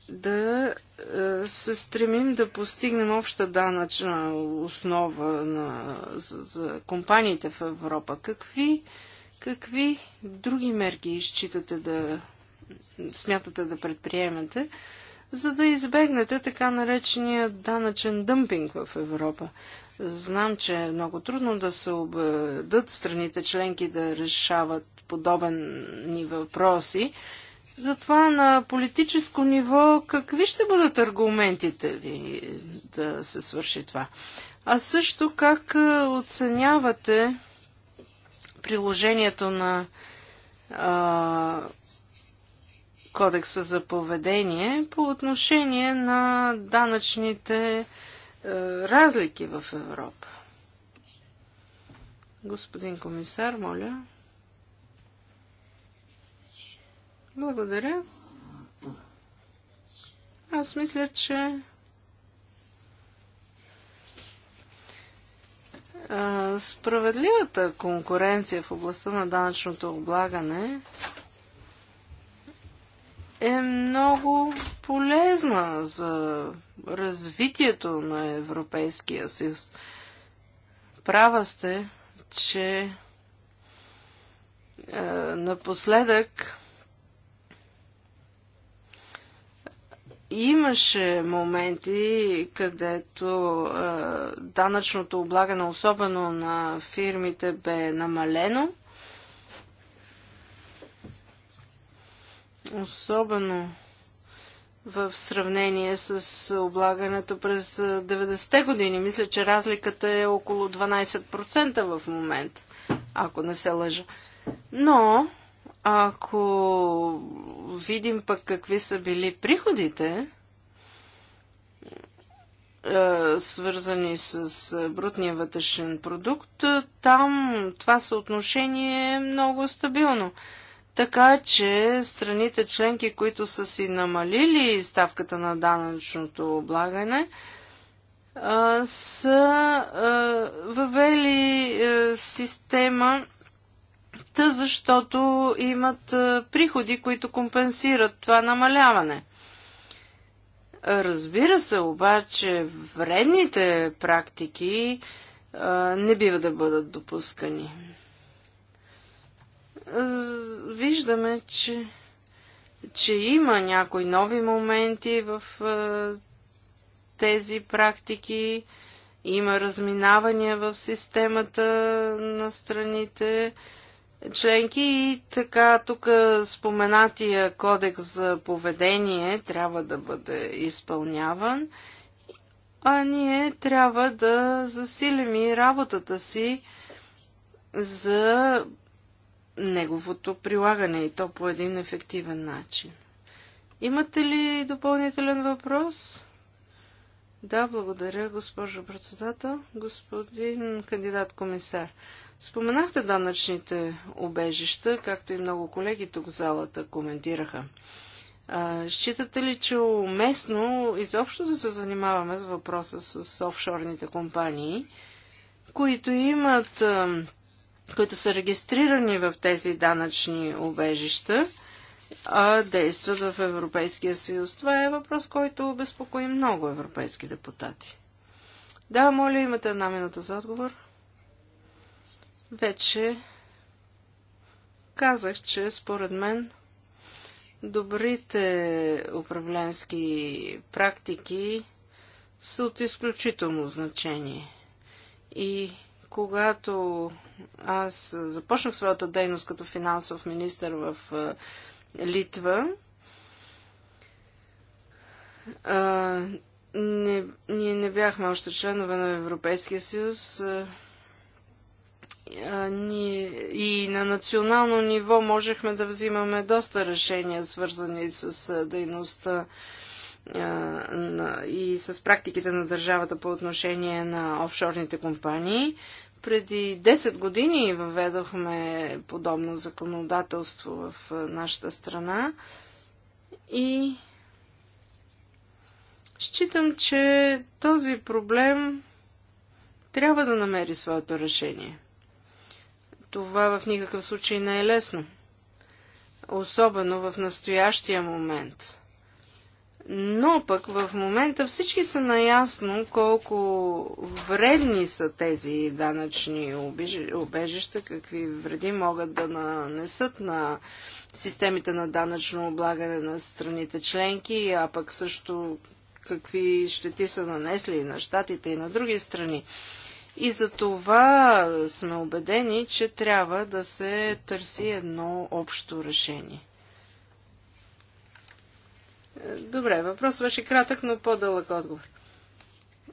да е, се стремим да постигнем обща данъчна основа на, за, за компаниите в Европа. Какви Какви други мерки изчитате да смятате да предприемете, за да избегнете така наречения данъчен дъмпинг в Европа? Знам, че е много трудно да се убедат страните членки да решават подобни въпроси. Затова на политическо ниво какви ще бъдат аргументите ви да се свърши това? А също как оценявате приложението на а, кодекса за поведение по отношение на данъчните а, разлики в Европа. Господин комисар, моля. Благодаря. Аз мисля, че Справедливата конкуренция в областта на данъчното облагане е много полезна за развитието на Европейския съюз. Права сте, че е, напоследък имаше моменти, където а, данъчното облагане, особено на фирмите, бе намалено. Особено в сравнение с облагането през 90-те години. Мисля, че разликата е около 12% в момента, ако не се лъжа. Но ако видим пък какви са били приходите, е, свързани с е, брутния вътрешен продукт, е, там това съотношение е много стабилно. Така че страните членки, които са си намалили ставката на данъчното облагане, са въвели система защото имат приходи, които компенсират това намаляване. Разбира се, обаче, вредните практики не бива да бъдат допускани. Виждаме, че, че има някои нови моменти в тези практики. Има разминавания в системата на страните членки и така тук споменатия кодекс за поведение трябва да бъде изпълняван, а ние трябва да засилим и работата си за неговото прилагане и то по един ефективен начин. Имате ли допълнителен въпрос? Да, благодаря, госпожо председател, господин кандидат комисар. Споменахте данъчните обежища, както и много колеги тук в залата коментираха. А, считате ли, че е уместно изобщо да се занимаваме с въпроса с офшорните компании, които имат, а, които са регистрирани в тези данъчни обежища, а действат в Европейския съюз? Това е въпрос, който безпокои много европейски депутати. Да, моля, имате една минута за отговор. Вече казах, че според мен добрите управленски практики са от изключително значение. И когато аз започнах своята дейност като финансов министр в Литва, а, не, ние не бяхме още членове на Европейския съюз и на национално ниво можехме да взимаме доста решения, свързани с дейността и с практиките на държавата по отношение на офшорните компании. Преди 10 години въведохме подобно законодателство в нашата страна и считам, че този проблем трябва да намери своето решение. Това в никакъв случай не е лесно. Особено в настоящия момент. Но пък в момента всички са наясно колко вредни са тези данъчни обежища, какви вреди могат да нанесат на системите на данъчно облагане на страните членки, а пък също какви щети са нанесли и на щатите и на други страни. И за това сме убедени, че трябва да се търси едно общо решение. Добре, въпрос беше кратък, но по-дълъг отговор.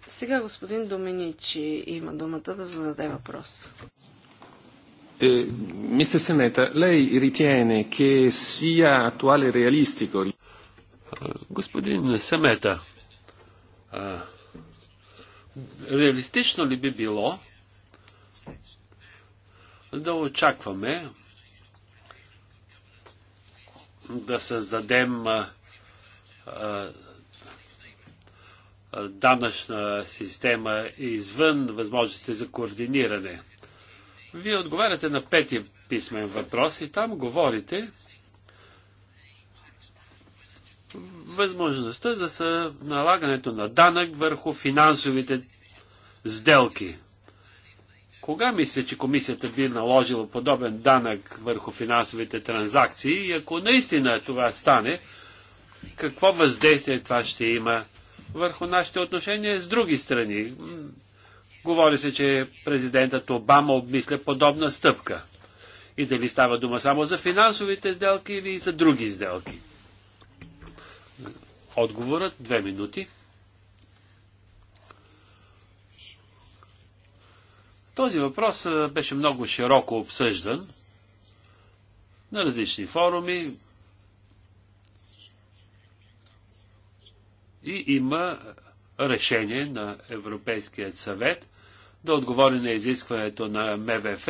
Сега господин Доминичи има думата да зададе въпрос. Е, мистер Сенета, лей ритиене, че сия атуале реалистико? Господин Семета, реалистично ли би било да очакваме да създадем а, а, данъчна система извън възможностите за координиране. Вие отговаряте на пети писмен въпрос и там говорите, възможността за налагането на данък върху финансовите сделки. Кога мисля, че комисията би наложила подобен данък върху финансовите транзакции и ако наистина това стане, какво въздействие това ще има върху нашите отношения с други страни? Говори се, че президентът Обама обмисля подобна стъпка. И дали става дума само за финансовите сделки или и за други сделки? Отговорът две минути. Този въпрос беше много широко обсъждан на различни форуми и има решение на Европейският съвет да отговори на изискването на МВФ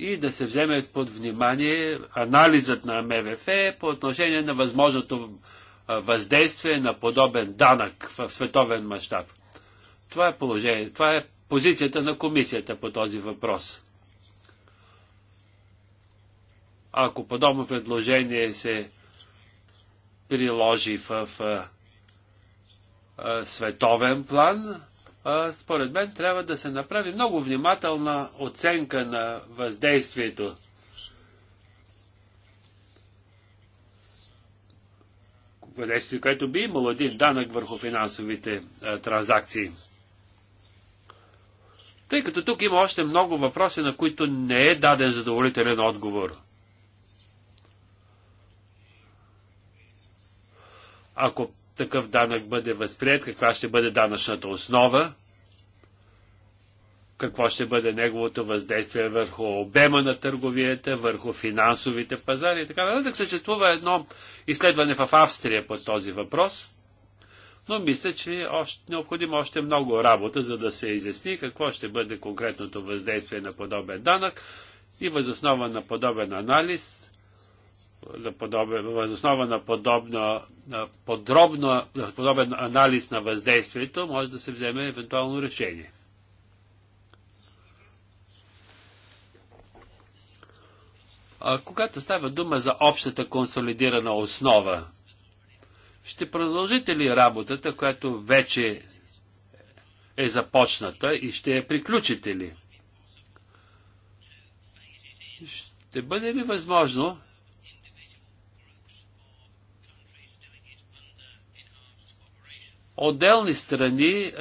и да се вземе под внимание анализът на МВФ по отношение на възможното въздействие на подобен данък в световен мащаб. Това е положение, това е позицията на комисията по този въпрос. Ако подобно предложение се приложи в, в, в световен план, според мен трябва да се направи много внимателна оценка на въздействието. Въздействие, което би имало един данък върху финансовите а, транзакции. Тъй като тук има още много въпроси, на които не е даден задоволителен отговор. Ако такъв данък бъде възприят, каква ще бъде данъчната основа, какво ще бъде неговото въздействие върху обема на търговията, върху финансовите пазари и така нататък. Съществува едно изследване в Австрия по този въпрос, но мисля, че още, необходимо още много работа, за да се изясни какво ще бъде конкретното въздействие на подобен данък и възоснова на подобен анализ на подобен, на подобно, на подробно, на подобен анализ на въздействието, може да се вземе евентуално решение. А, когато става дума за общата консолидирана основа, ще продължите ли работата, която вече е започната и ще я приключите ли? Ще бъде ли възможно отделни страни е,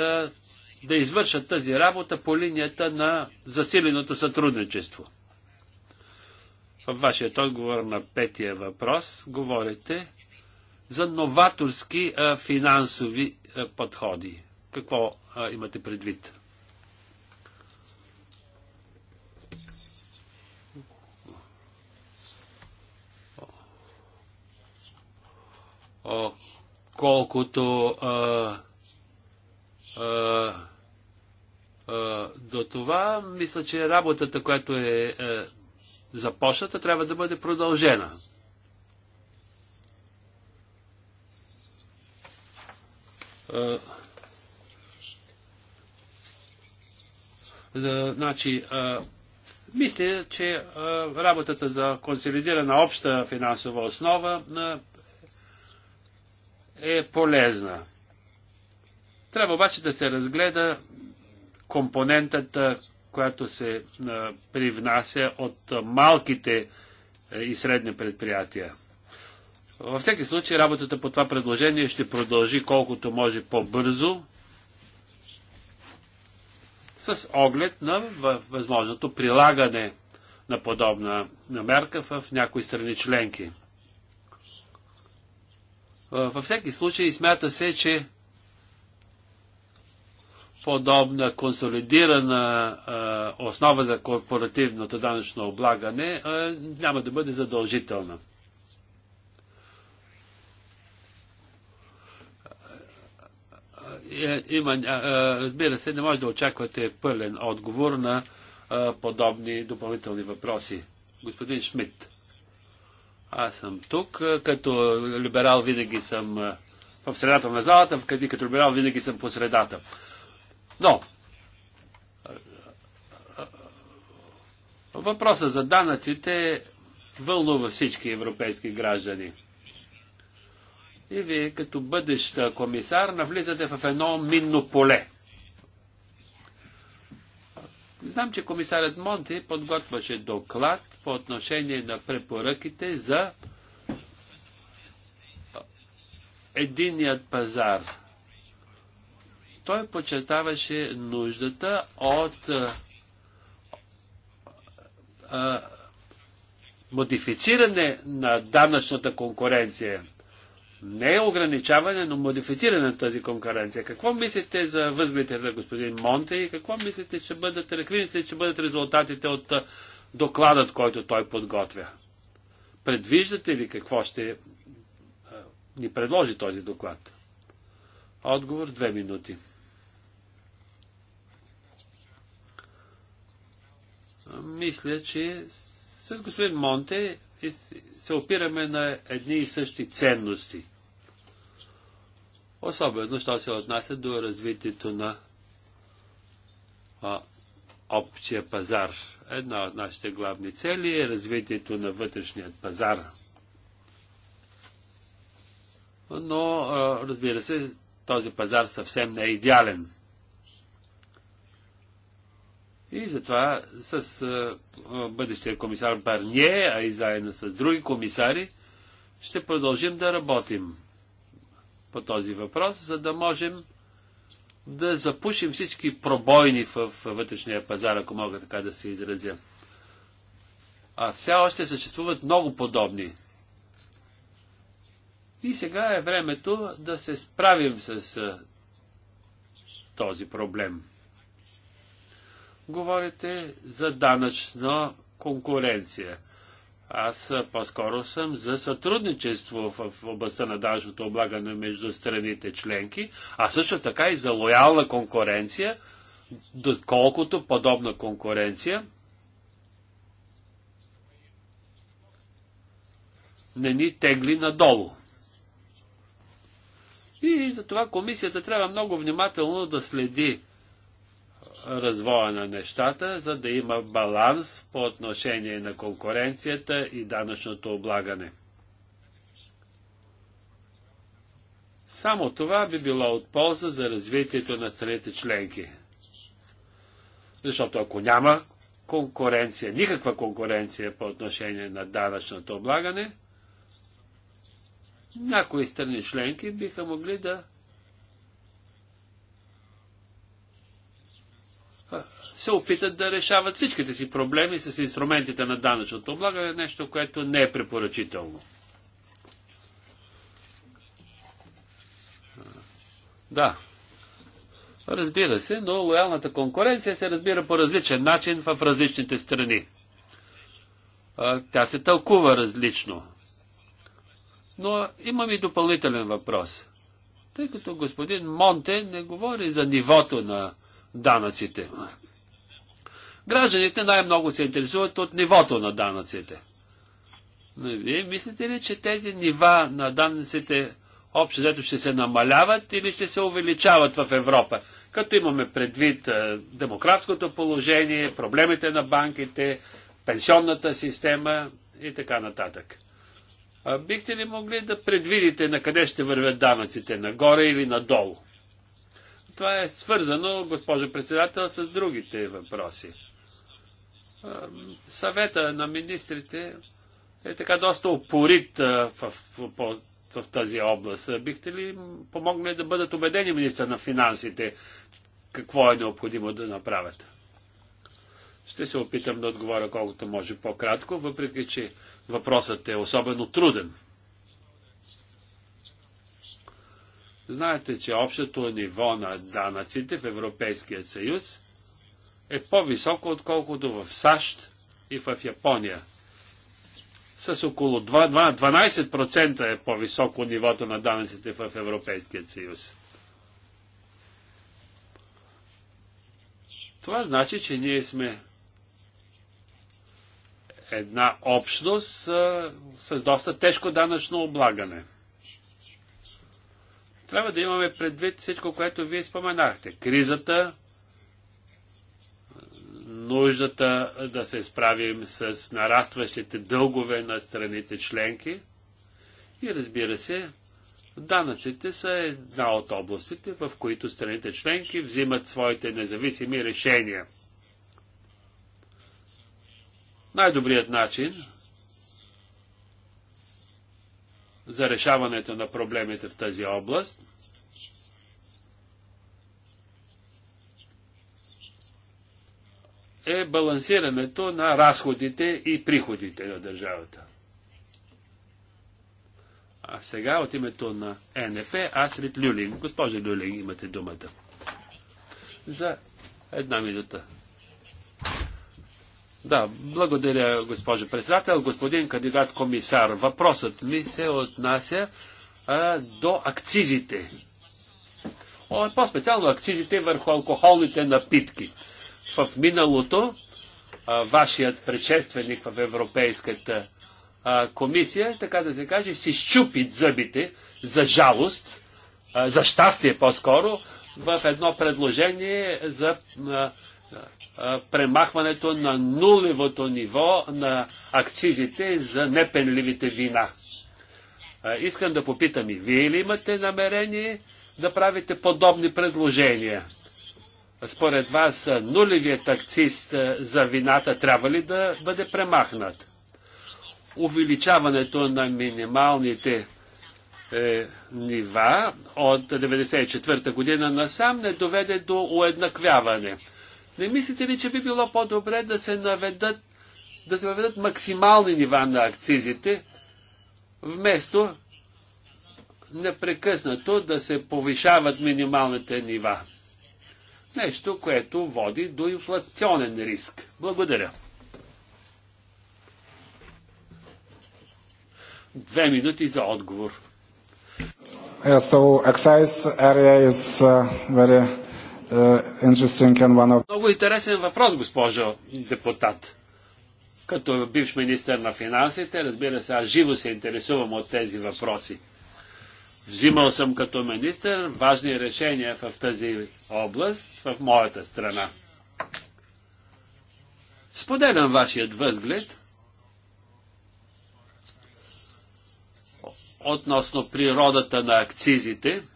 да извършат тази работа по линията на засиленото сътрудничество. Във вашият отговор на петия въпрос говорите за новаторски е, финансови е, подходи. Какво имате предвид? О, колкото а, а, а, до това, мисля, че работата, която е, е започната, трябва да бъде продължена. А, да, значи, а, мисля, че а, работата за консолидирана обща финансова основа а, е полезна. Трябва обаче да се разгледа компонентата, която се привнася от малките и средни предприятия. Във всеки случай работата по това предложение ще продължи колкото може по-бързо с оглед на възможното прилагане на подобна мерка в някои страни членки. Във всеки случай смята се, че подобна консолидирана основа за корпоративното данъчно облагане няма да бъде задължителна. Е, има, разбира се, не може да очаквате пълен отговор на подобни допълнителни въпроси. Господин Шмидт. Аз съм тук. Като либерал винаги съм в средата на залата, къде като либерал винаги съм по средата. Но, въпроса за данъците вълнува всички европейски граждани. И вие като бъдещ комисар навлизате в едно минно поле. Знам, че комисарят Монти подготвяше доклад по отношение на препоръките за единният пазар. Той почетаваше нуждата от а, а, модифициране на данъчната конкуренция не е ограничаване, но модифициране на тази конкуренция. Какво мислите за възгледите за господин Монте и какво мислите, че бъдат, реквизите, мислите, ще бъдат резултатите от докладът, който той подготвя? Предвиждате ли какво ще ни предложи този доклад? Отговор две минути. Мисля, че с господин Монте се опираме на едни и същи ценности. Особено, що се отнася до развитието на а, общия пазар. Една от нашите главни цели е развитието на вътрешният пазар. Но, а, разбира се, този пазар съвсем не е идеален. И затова с бъдещия комисар Барние, а и заедно с други комисари, ще продължим да работим по този въпрос, за да можем да запушим всички пробойни в вътрешния пазар, ако мога така да се изразя. А все още съществуват много подобни. И сега е времето да се справим с този проблем. Говорите за данъчна конкуренция. Аз по-скоро съм за сътрудничество в областта на данъчното облагане между страните членки, а също така и за лоялна конкуренция, доколкото подобна конкуренция не ни тегли надолу. И затова комисията трябва много внимателно да следи развоя на нещата, за да има баланс по отношение на конкуренцията и данъчното облагане. Само това би било от полза за развитието на страните членки. Защото ако няма конкуренция, никаква конкуренция по отношение на данъчното облагане, някои страни членки биха могли да се опитат да решават всичките си проблеми с инструментите на данъчното облагане, нещо, което не е препоръчително. Да. Разбира се, но лоялната конкуренция се разбира по различен начин в различните страни. Тя се тълкува различно. Но имам и допълнителен въпрос. Тъй като господин Монте не говори за нивото на данъците. Гражданите най-много се интересуват от нивото на данъците. Но вие мислите ли, че тези нива на данъците общо взето ще се намаляват или ще се увеличават в Европа? Като имаме предвид е, демократското положение, проблемите на банките, пенсионната система и така нататък. А бихте ли могли да предвидите на къде ще вървят данъците, нагоре или надолу? Това е свързано, госпожо председател, с другите въпроси. Съвета на министрите е така доста опорит в, в, в, в тази област. Бихте ли помогнали да бъдат убедени министър на финансите какво е необходимо да направят? Ще се опитам да отговоря колкото може по-кратко, въпреки че въпросът е особено труден. Знаете, че общото ниво на данъците в Европейския съюз е по-високо, отколкото в САЩ и в Япония. С около 12% е по-високо нивото на данъците в Европейския съюз. Това значи, че ние сме една общност с доста тежко данъчно облагане трябва да имаме предвид всичко, което вие споменахте. Кризата, нуждата да се справим с нарастващите дългове на страните членки и разбира се, данъците са една от областите, в които страните членки взимат своите независими решения. Най-добрият начин за решаването на проблемите в тази област. е балансирането на разходите и приходите на държавата. А сега от името на НП Астрид Люлин. Госпожа Люлин, имате думата. За една минута. Да, благодаря, госпожо председател. Господин кандидат комисар, въпросът ми се отнася а, до акцизите. По-специално акцизите върху алкохолните напитки. В миналото а, вашият предшественик в Европейската а, комисия, така да се каже, си щупи зъбите за жалост, а, за щастие по-скоро, в едно предложение за а, премахването на нулевото ниво на акцизите за непенливите вина. Искам да попитам и вие ли имате намерение да правите подобни предложения? Според вас нулевият акциз за вината трябва ли да бъде премахнат? Увеличаването на минималните е, нива от 1994 година насам не доведе до уеднаквяване. Не мислите ли, че би било по-добре да се наведат, да се въведат максимални нива на акцизите, вместо непрекъснато да се повишават минималните нива? Нещо, което води до инфлационен риск. Благодаря. Две минути за отговор. Yeah, so excise area is uh, very е, Много интересен въпрос, госпожо депутат. Като бивш министър на финансите, разбира се, аз живо се интересувам от тези въпроси. Взимал съм като министър важни решения в тази област, в моята страна. Споделям вашият възглед относно природата на акцизите –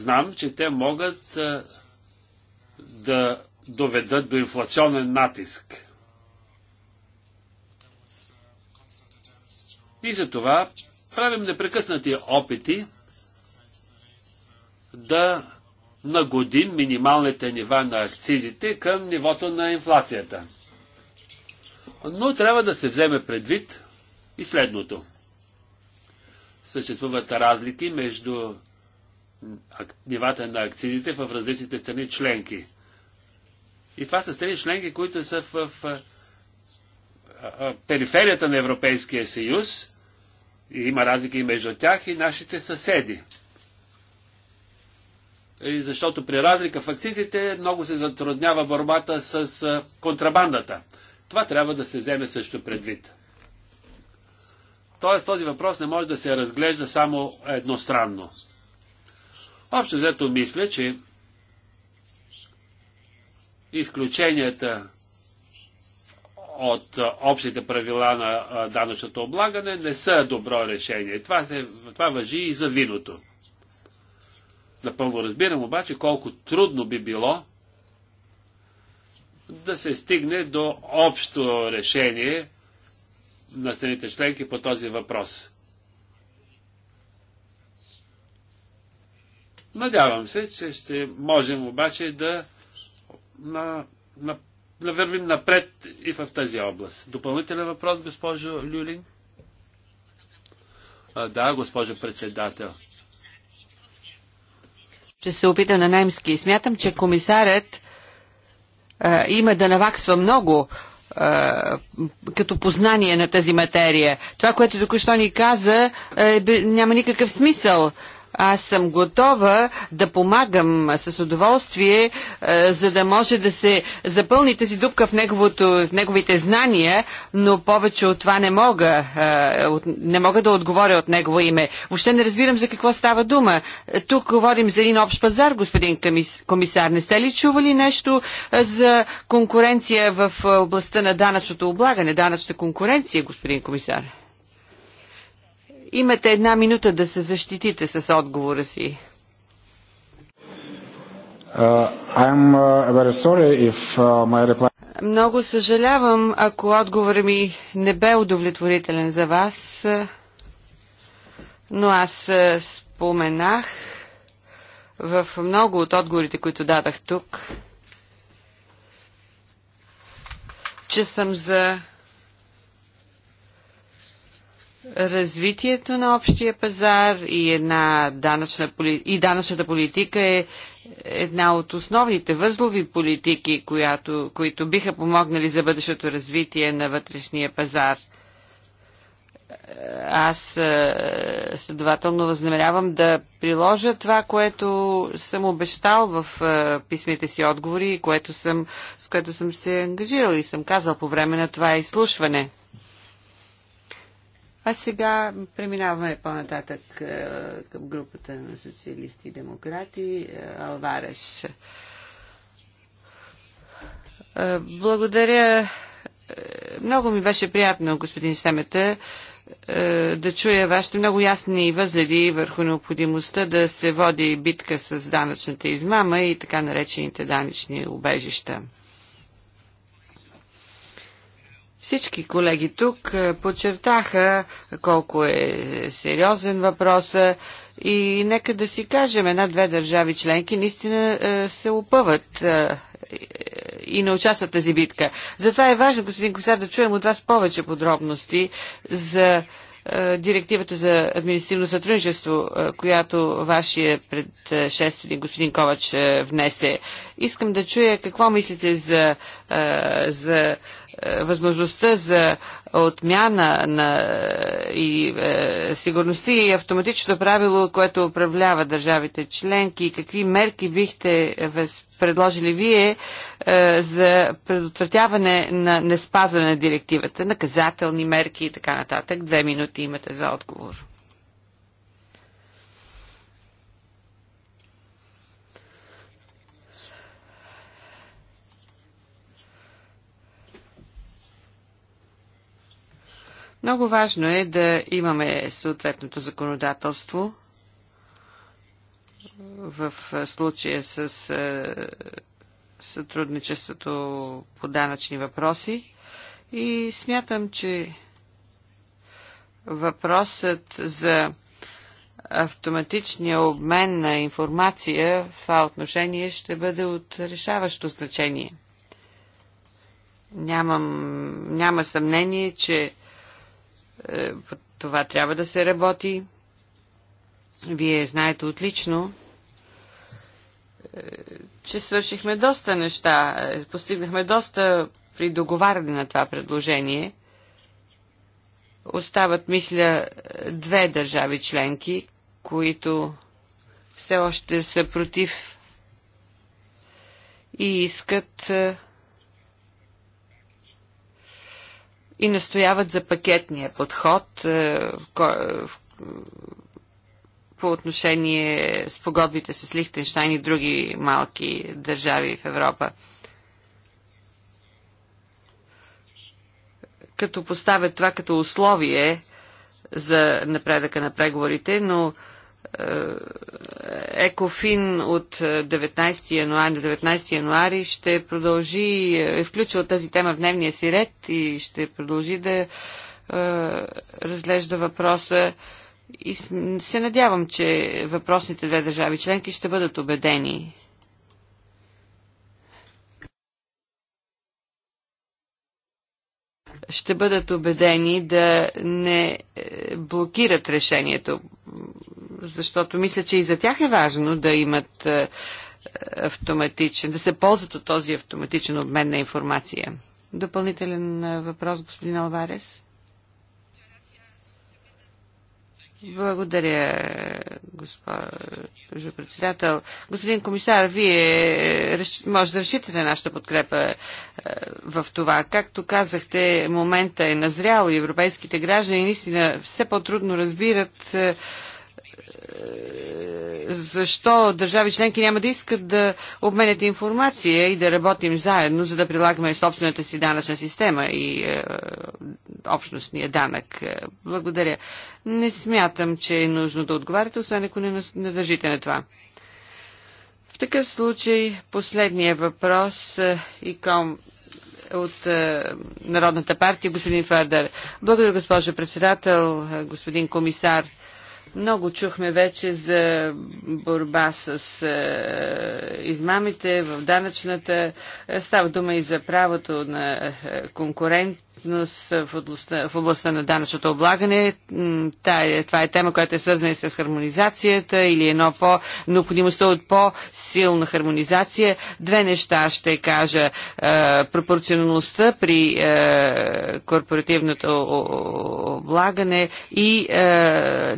знам, че те могат а, да доведат до инфлационен натиск. И за това правим непрекъснати опити да нагодим минималните нива на акцизите към нивото на инфлацията. Но трябва да се вземе предвид и следното. Съществуват разлики между нивата на акцизите в различните страни членки. И това са страни членки, които са в, в периферията на Европейския съюз. И има разлики между тях и нашите съседи. И защото при разлика в акцизите много се затруднява борбата с контрабандата. Това трябва да се вземе също предвид. Тоест този въпрос не може да се разглежда само едностранно. Общо взето мисля, че изключенията от общите правила на данъчното облагане не са добро решение. Това, се, това въжи и за виното. Напълно разбирам обаче колко трудно би било да се стигне до общо решение на страните членки по този въпрос. Надявам се, че ще можем обаче да на, на, да вървим напред и в тази област. Допълнителен въпрос, госпожо Люлин? А, да, госпожо председател. Ще се опита на немски. Смятам, че комисарят а, има да наваксва много като познание на тази материя. Това, което току-що ни каза, е, няма никакъв смисъл. Аз съм готова да помагам с удоволствие, е, за да може да се запълни тази дупка в, неговото, в неговите знания, но повече от това не мога. Е, не мога да отговоря от негово име. Въобще не разбирам за какво става дума. Тук говорим за един общ пазар, господин комисар. Не сте ли чували нещо е, за конкуренция в областта на данъчното облагане, данъчна конкуренция, господин комисар? Имате една минута да се защитите с отговора си. Uh, uh, uh, много съжалявам, ако отговорът ми не бе удовлетворителен за вас, но аз е, споменах в много от отговорите, които дадах тук, че съм за развитието на общия пазар и, една данъчна, и данъчната политика е една от основните възлови политики, която, които биха помогнали за бъдещето развитие на вътрешния пазар. Аз е, следователно възнамерявам да приложа това, което съм обещал в е, писмите си отговори и което съм, с което съм се ангажирал и съм казал по време на това изслушване – а сега преминаваме по-нататък е, към групата на социалисти и демократи. Е, Алвареш. Е, благодаря. Много ми беше приятно, господин Семета, да чуя вашите много ясни възгледи върху необходимостта да се води битка с данъчната измама и така наречените данъчни убежища. Всички колеги тук е, подчертаха колко е сериозен въпрос е, и нека да си кажем, една-две държави членки наистина е, се опъват и не участват в тази битка. Затова е важно, господин Косар, да чуем от вас повече подробности за директивата за административно сътрудничество, която вашия предшественик господин Ковач внесе. Искам да чуя какво мислите за, за е, възможността за отмяна на е, и е, сигурността и автоматичното правило, което управлява държавите членки, и какви мерки бихте предложили вие е, за предотвратяване на неспазване на директивата, наказателни мерки и така нататък. Две минути имате за отговор. Много важно е да имаме съответното законодателство в случая с сътрудничеството по данъчни въпроси и смятам, че въпросът за автоматичния обмен на информация в това отношение ще бъде от решаващо значение. Нямам, няма съмнение, че е, това трябва да се работи. Вие знаете отлично, е, че свършихме доста неща, е, постигнахме доста при договаряне на това предложение. Остават, мисля, две държави членки, които все още са против и искат и настояват за пакетния подход е, по отношение с погодбите с Лихтенштайн и други малки държави в Европа. Като поставят това като условие за напредъка на преговорите, но е, Екофин от 19 е, януари до 19 януари ще продължи, е, е включил тази тема в дневния си ред и ще продължи да е, разглежда въпроса. И се надявам, че въпросните две държави членки ще бъдат убедени ще бъдат убедени да не е, блокират решението, защото мисля, че и за тях е важно да имат е, автоматичен, да се ползват от този автоматичен обмен на информация. Допълнителен е, въпрос, господин Алварес. Благодаря, госпожо председател. Господин комисар, вие може да решите за нашата подкрепа е, в това. Както казахте, момента е назрял и европейските граждани наистина все по-трудно разбират е, е, защо държави членки няма да искат да обменят информация и да работим заедно, за да прилагаме собствената си данъчна система и общностния данък. Благодаря не смятам, че е нужно да отговаряте, освен ако не, не държите на това. В такъв случай последния въпрос е, и към от е, Народната партия, господин Фердер. Благодаря, госпожо председател, е, господин комисар. Много чухме вече за борба с е, измамите в данъчната. Е, става дума и за правото на конкурент отчетност в областта, в областта на данъчното облагане. Е, това е тема, която е свързана и с хармонизацията или едно по необходимостта от по-силна хармонизация. Две неща ще кажа. Е, пропорционалността при е, корпоративното облагане и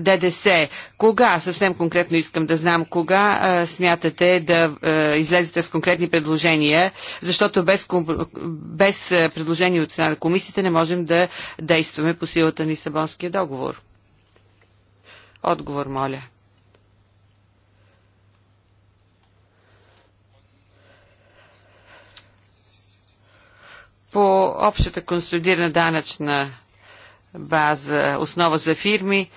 ДДС. Кога, съвсем конкретно искам да знам, кога а, смятате да а, излезете с конкретни предложения, защото без, без предложения от страна на комисията не можем да действаме по силата на Лисабонския договор. Отговор, моля. По общата консолидирана данъчна база, основа за фирми,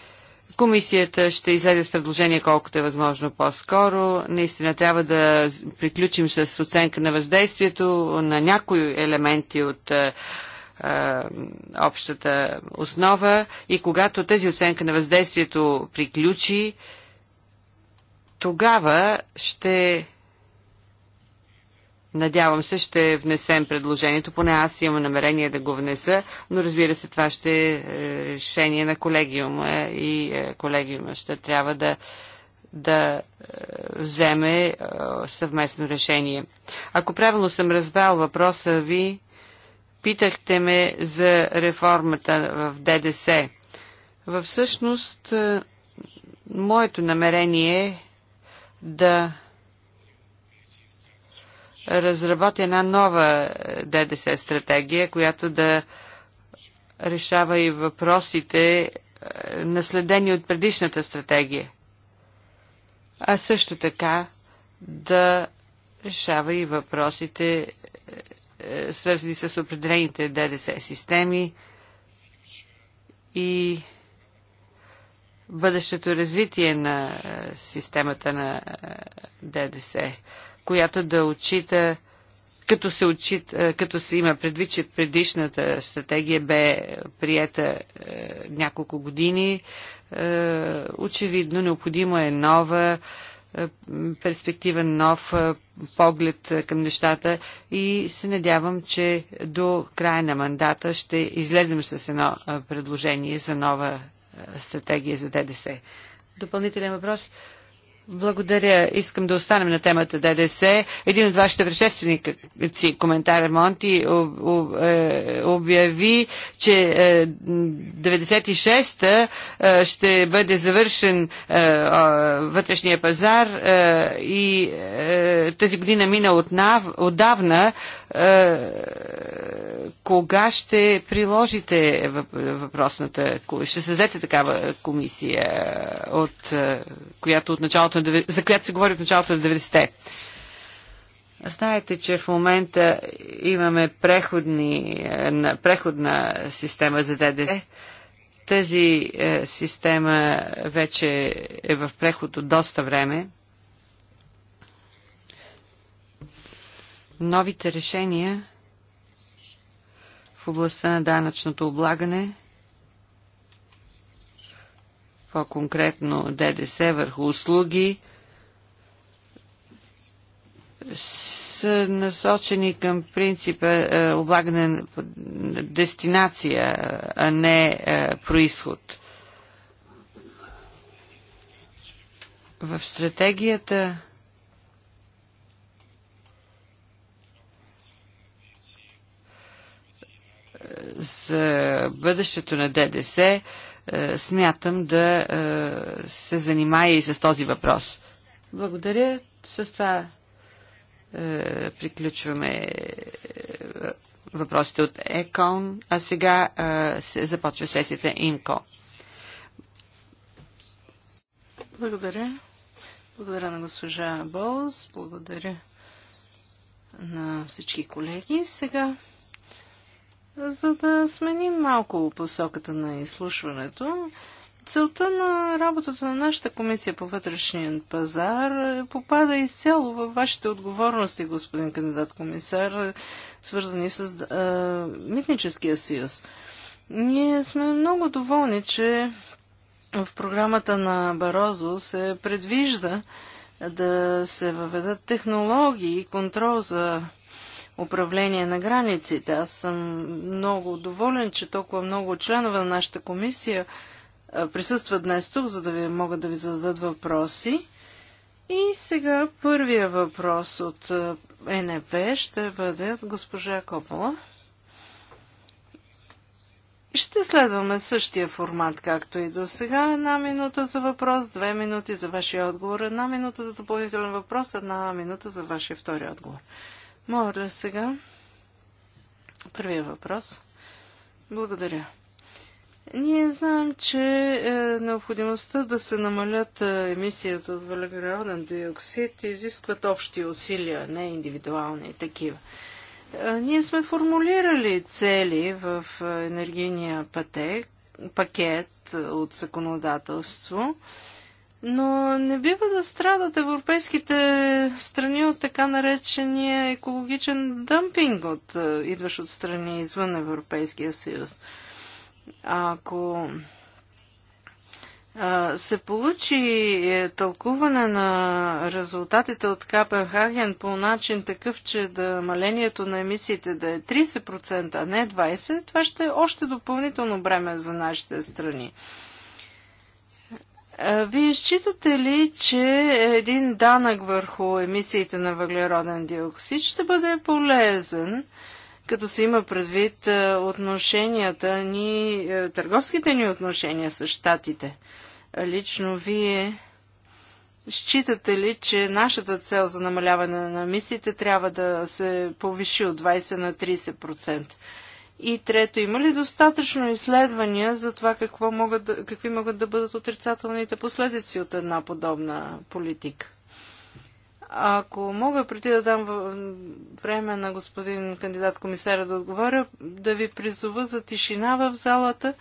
Комисията ще излезе с предложение колкото е възможно по-скоро. Наистина трябва да приключим с оценка на въздействието на някои елементи от е, е, общата основа и когато тези оценка на въздействието приключи, тогава ще Надявам се, ще внесем предложението, поне аз имам намерение да го внеса, но разбира се, това ще е, е решение на колегиума и е, колегиума ще трябва да, да е, вземе съвместно решение. Ако правилно съм разбрал въпроса ви, питахте ме за реформата в ДДС. Във всъщност, моето намерение е да разработи една нова е, ДДС стратегия, която да решава и въпросите е, наследени от предишната стратегия. А също така да решава и въпросите е, свързани с определените ДДС системи и бъдещето развитие на системата на ДДС която да отчита като се, отчита, е, като се има предвид, че предишната стратегия бе приета е, няколко години, е, очевидно необходимо е нова е, перспектива, нов е, поглед е, към нещата и се надявам, че до края на мандата ще излезем с едно е, предложение за нова стратегия за ДДС. Допълнителен въпрос? Благодаря. Искам да останем на темата ДДС. Един от вашите предшественици, коментар Монти, е, обяви, че 96-та е, е, ще бъде завършен вътрешния пазар и тази година мина отдавна. Кога ще приложите въпросната, ще създадете такава комисия, от която от началото началото, за която се говори в началото на 90-те. Знаете, че в момента имаме преходни, е, преходна система за ДДС. Е. Тази е, система вече е в преход от доста време. Новите решения в областта на данъчното облагане – по-конкретно ДДС върху услуги, са насочени към принципа е, облагане на дестинация, а не е, происход. В стратегията за бъдещето на ДДС е, смятам да е, се занимая и с този въпрос. Благодаря. С това е, приключваме въпросите от ЕКОН, а сега се започва сесията ИМКО. Благодаря. Благодаря на госпожа Болс. Благодаря на всички колеги. Сега за да сменим малко посоката на изслушването. Целта на работата на нашата комисия по вътрешния пазар попада изцяло във вашите отговорности, господин кандидат комисар, свързани с а, Митническия съюз. Ние сме много доволни, че в програмата на Барозо се предвижда да се въведат технологии и контрол за управление на границите. Аз съм много доволен, че толкова много членове на нашата комисия присъстват днес тук, за да ви, могат да ви зададат въпроси. И сега първия въпрос от НП ще бъде от госпожа Копола. Ще следваме същия формат, както и до сега. Една минута за въпрос, две минути за вашия отговор, една минута за допълнителен въпрос, една минута за вашия втори отговор. Моля сега. Първия въпрос. Благодаря. Ние знаем, че е, необходимостта да се намалят е, емисията от въглероден диоксид изискват общи усилия, не индивидуални такива. Е, ние сме формулирали цели в е, енергийния пътек, пакет от законодателство. Е, но не бива да страдат европейските страни от така наречения екологичен дъмпинг, от, е, идващ от страни извън Европейския съюз. Ако се получи е, тълкуване на резултатите от Капенхаген по начин такъв, че да малението на емисиите да е 30%, а не 20%, това ще е още допълнително бреме за нашите страни. Вие считате ли, че един данък върху емисиите на въглероден диоксид ще бъде полезен, като се има предвид отношенията ни, търговските ни отношения с щатите? Лично вие считате ли, че нашата цел за намаляване на емисиите трябва да се повиши от 20 на 30%? И трето, има ли достатъчно изследвания за това какво могат, какви могат да бъдат отрицателните последици от една подобна политика? Ако мога, преди да дам време на господин кандидат комисаря да отговоря, да ви призова за тишина в залата.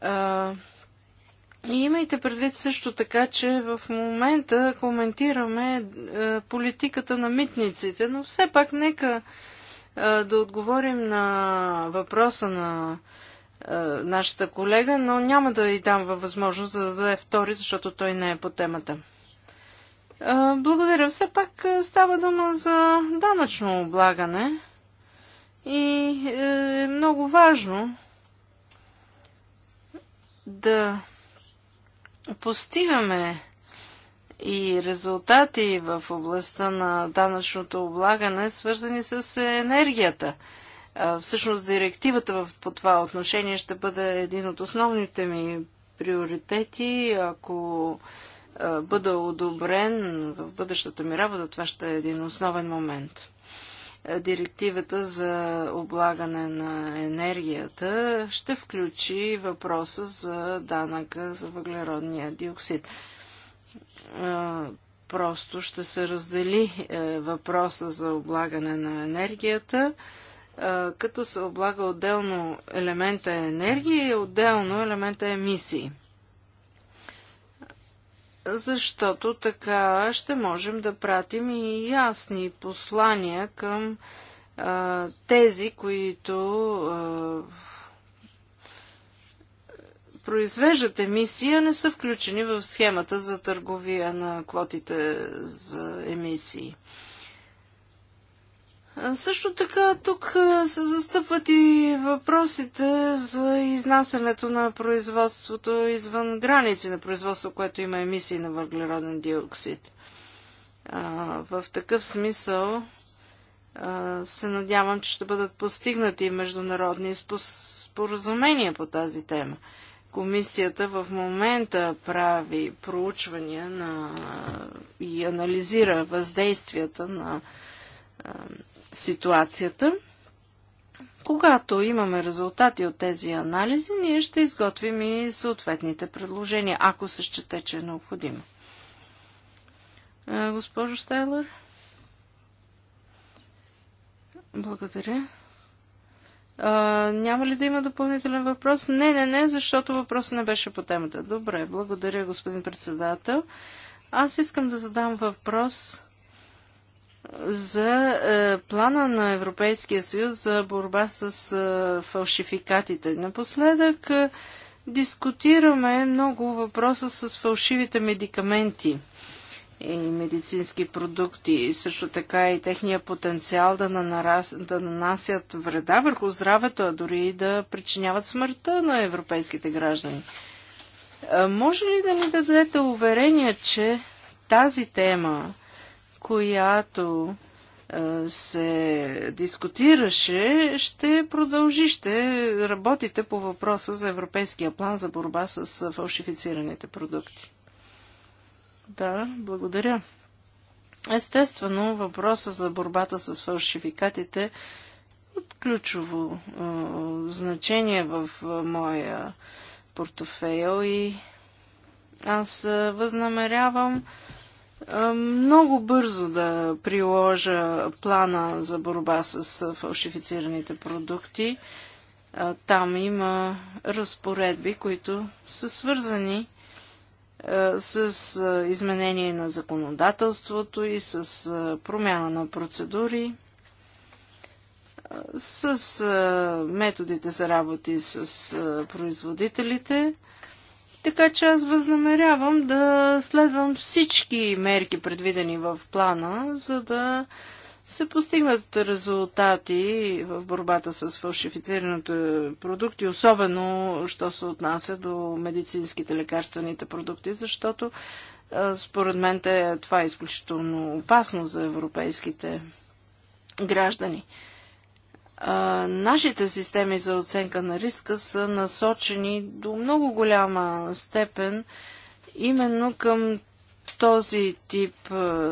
А, и имайте предвид също така, че в момента коментираме а, политиката на митниците, но все пак нека е, да отговорим на въпроса на е, нашата колега, но няма да й дам възможност да даде втори, защото той не е по темата. Е, благодаря. Все пак става дума за данъчно облагане и е много важно да постигаме и резултати в областта на данъчното облагане, свързани с енергията. Всъщност директивата по това отношение ще бъде един от основните ми приоритети. Ако бъда одобрен в бъдещата ми работа, това ще е един основен момент. Директивата за облагане на енергията ще включи въпроса за данъка за въглеродния диоксид просто ще се раздели е, въпроса за облагане на енергията, като се облага отделно елемента енергия и отделно елемента емисии. Защото така ще можем да пратим и ясни послания към тези, които произвеждат емисия, не са включени в схемата за търговия на квотите за емисии. Също така тук се застъпват и въпросите за изнасянето на производството извън граници на производство, което има емисии на въглероден диоксид. В такъв смисъл се надявам, че ще бъдат постигнати международни споразумения по тази тема. Комисията в момента прави проучвания на, и анализира въздействията на е, ситуацията. Когато имаме резултати от тези анализи, ние ще изготвим и съответните предложения, ако се счете, че е необходимо. Госпожо Стайлър? Благодаря. А, няма ли да има допълнителен въпрос? Не, не, не, защото въпросът не беше по темата. Добре, благодаря, господин председател. Аз искам да задам въпрос за е, плана на Европейския съюз за борба с е, фалшификатите. Напоследък е, дискутираме много въпроса с фалшивите медикаменти и медицински продукти и също така и техния потенциал да, нанарас, да нанасят вреда върху здравето, а дори и да причиняват смъртта на европейските граждани. Може ли да ни дадете уверение, че тази тема, която се дискутираше, ще продължи, ще работите по въпроса за Европейския план за борба с фалшифицираните продукти? Да, благодаря. Естествено, въпроса за борбата с фалшификатите от ключово е, значение в моя портофейл и аз е, възнамерявам много бързо да приложа плана за борба с фалшифицираните продукти. Там има разпоредби, които са свързани е, с е, изменение на законодателството и с е, промяна на процедури, с методите за работи с производителите. Така че аз възнамерявам да следвам всички мерки, предвидени в плана, за да се постигнат резултати в борбата с фалшифицираните продукти, особено що се отнася до медицинските лекарствените продукти, защото според мен те, това е изключително опасно за европейските граждани. А, нашите системи за оценка на риска са насочени до много голяма степен именно към този тип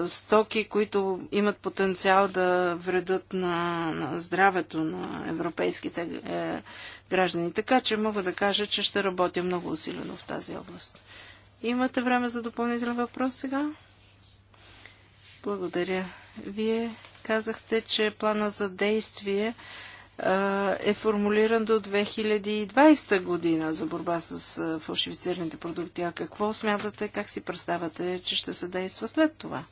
стоки, които имат потенциал да вредат на, на здравето на европейските е, граждани. Така че мога да кажа, че ще работя много усилено в тази област. Имате време за допълнителен въпрос сега? Благодаря. Вие казахте, че плана за действие е формулиран до 2020 година за борба с фалшифицираните продукти. А какво смятате, как си представяте, че ще се действа след това?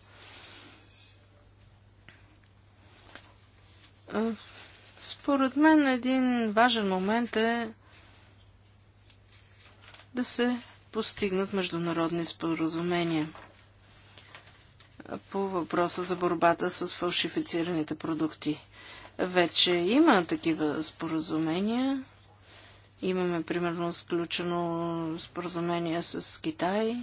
Според мен един важен момент е да се постигнат международни споразумения по въпроса за борбата с фалшифицираните продукти. Вече има такива споразумения. Имаме, примерно, сключено споразумение с Китай.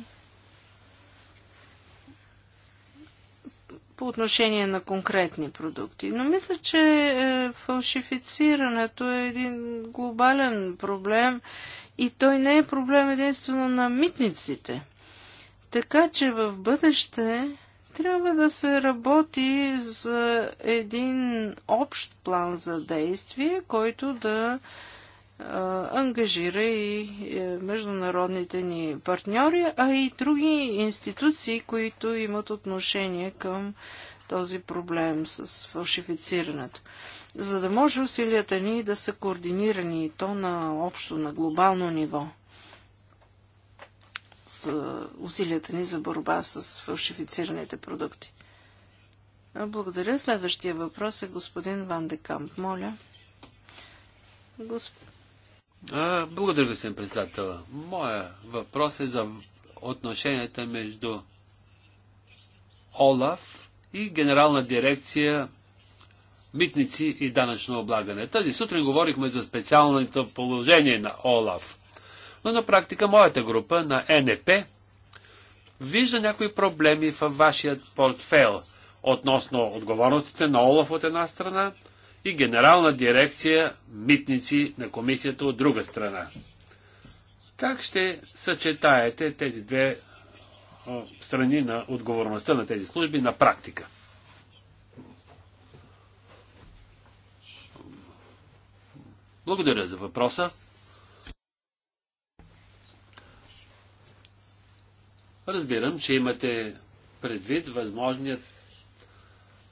по отношение на конкретни продукти. Но мисля, че е, фалшифицирането е един глобален проблем и той не е проблем единствено на митниците. Така че в бъдеще трябва да се работи за един общ план за действие, който да ангажира и е, международните ни партньори, а и други институции, които имат отношение към този проблем с фалшифицирането. За да може усилията ни да са координирани и то на общо, на глобално ниво усилията ни за борба с фалшифицираните продукти. Благодаря. Следващия въпрос е господин Ван де Камп. Моля. Госп... А, благодаря, господин председател. Моя въпрос е за отношенията между ОЛАФ и Генерална дирекция Митници и данъчно облагане. Тази сутрин говорихме за специалното положение на ОЛАФ. Но на практика моята група на НП вижда някои проблеми във вашия портфел относно отговорностите на Олаф от една страна и Генерална дирекция Митници на комисията от друга страна. Как ще съчетаете тези две страни на отговорността на тези служби на практика? Благодаря за въпроса. Разбирам, че имате предвид възможният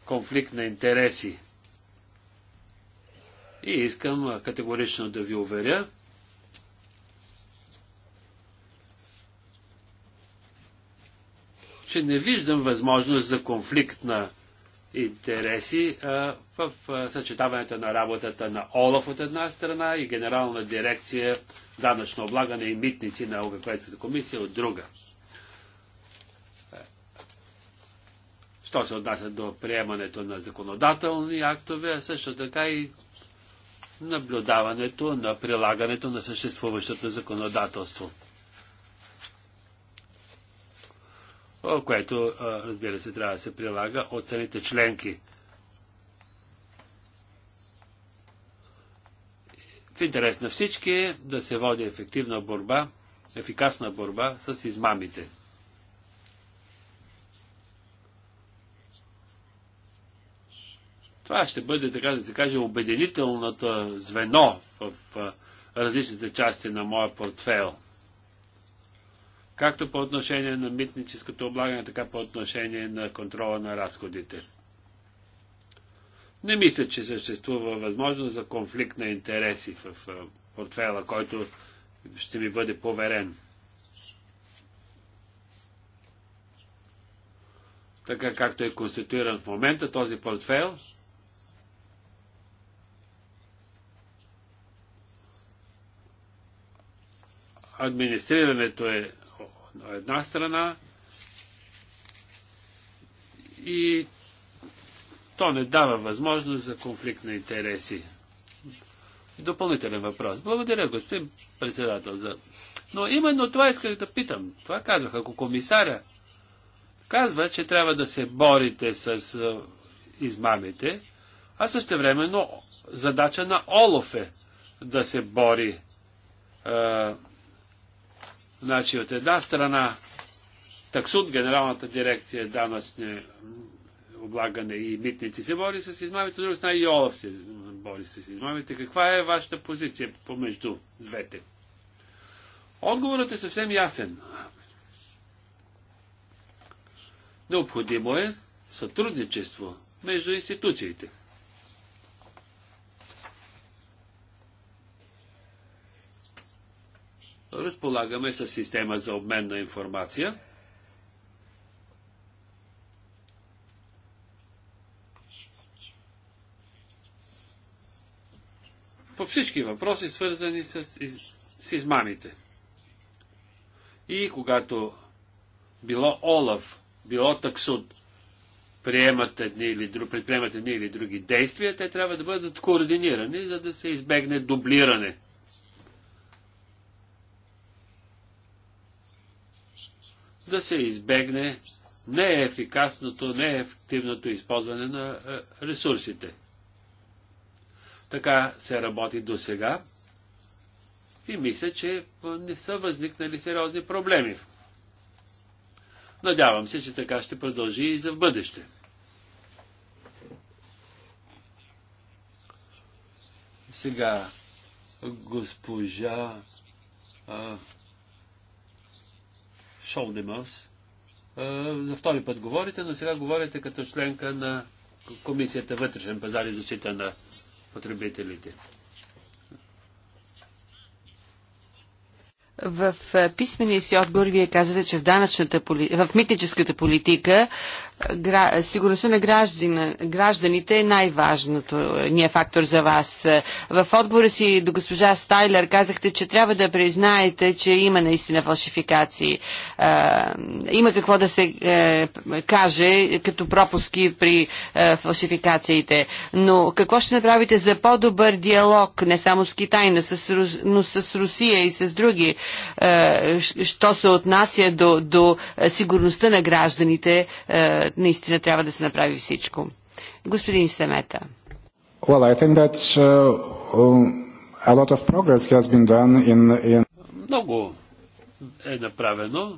конфликт на интереси. И искам категорично да ви уверя, че не виждам възможност за конфликт на интереси а, в а, съчетаването на работата на ОЛАФ от една страна и Генерална дирекция данъчно облагане и митници на Европейската комисия от друга. що се отнася до приемането на законодателни актове, а също така и наблюдаването на прилагането на съществуващото законодателство. Което, разбира се, трябва да се прилага от целите членки. В интерес на всички е да се води ефективна борба, ефикасна борба с измамите. Това ще бъде, така да се каже, обединителната звено в, в различните части на моя портфел. Както по отношение на митническото облагане, така по отношение на контрола на разходите. Не мисля, че съществува възможност за конфликт на интереси в портфела, който ще ми бъде поверен. Така както е конституиран в момента този портфел, администрирането е на една страна и то не дава възможност за конфликт на интереси. Допълнителен въпрос. Благодаря, господин председател. За... Но именно това исках да питам. Това казвах. Ако комисаря казва, че трябва да се борите с измамите, а също времено задача на Олов е да се бори Значи от една страна таксут, генералната дирекция данъчни облагане и митници се бори с измамите, от друга страна и Олаф се бори с измамите. Каква е вашата позиция помежду двете? Отговорът е съвсем ясен. Необходимо е сътрудничество между институциите. разполагаме с система за обмен на информация. По всички въпроси, свързани с, из, с измамите. И когато било Олаф, било таксуд, приемат едни или, предприемат едни или други действия, те трябва да бъдат координирани, за да се избегне дублиране – да се избегне неефикасното, неефективното използване на е, ресурсите. Така се работи до сега и мисля, че не са възникнали сериозни проблеми. Надявам се, че така ще продължи и за в бъдеще. Сега госпожа а, Шолдемос. Е, за втори път говорите, но сега говорите като членка на Комисията вътрешен пазар и защита на потребителите. В е, писмения си отговор вие казвате, че в, данъчната, в митническата политика сигурността на гражданите е най-важното е, ни е фактор за вас. Е, в отбора си до госпожа Стайлер казахте, че трябва да признаете, че има наистина фалшификации. Е, има какво да се каже като пропуски при фалшификациите. Но какво ще направите за по-добър диалог, не само с Китай, но с, но с Русия и с други, що се отнася до, до сигурността на гражданите? наистина трябва да се направи всичко. Господин Семета. Well, I think that uh, um, a lot of progress has been done in, in... Много е направено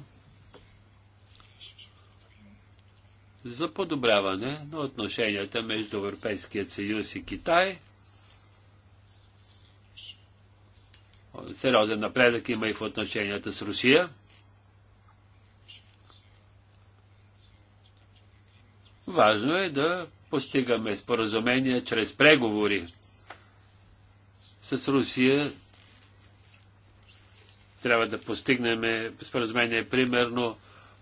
за подобряване на отношенията между Европейският съюз и Китай. Сериозен напредък има и в отношенията с Русия. Важно е да постигаме споразумения чрез преговори с Русия. Трябва да постигнем споразумение, примерно,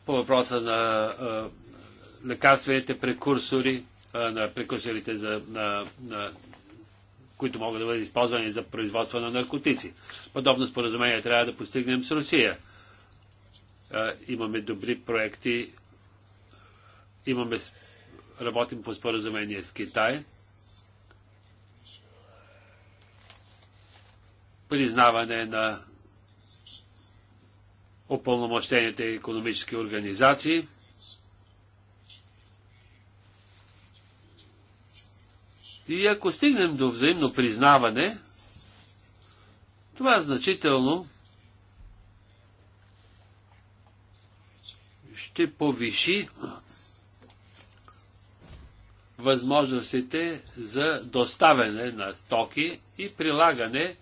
по въпроса на а, лекарствените прекурсори, а, на прекурсорите, за, на, на, които могат да бъдат използвани за производство на наркотици. Подобно споразумение трябва да постигнем с Русия. А, имаме добри проекти, имаме работим по споразумение с Китай. Признаване на опълномощените економически организации. И ако стигнем до взаимно признаване, това значително ще повиши възможностите за доставяне на стоки и прилагане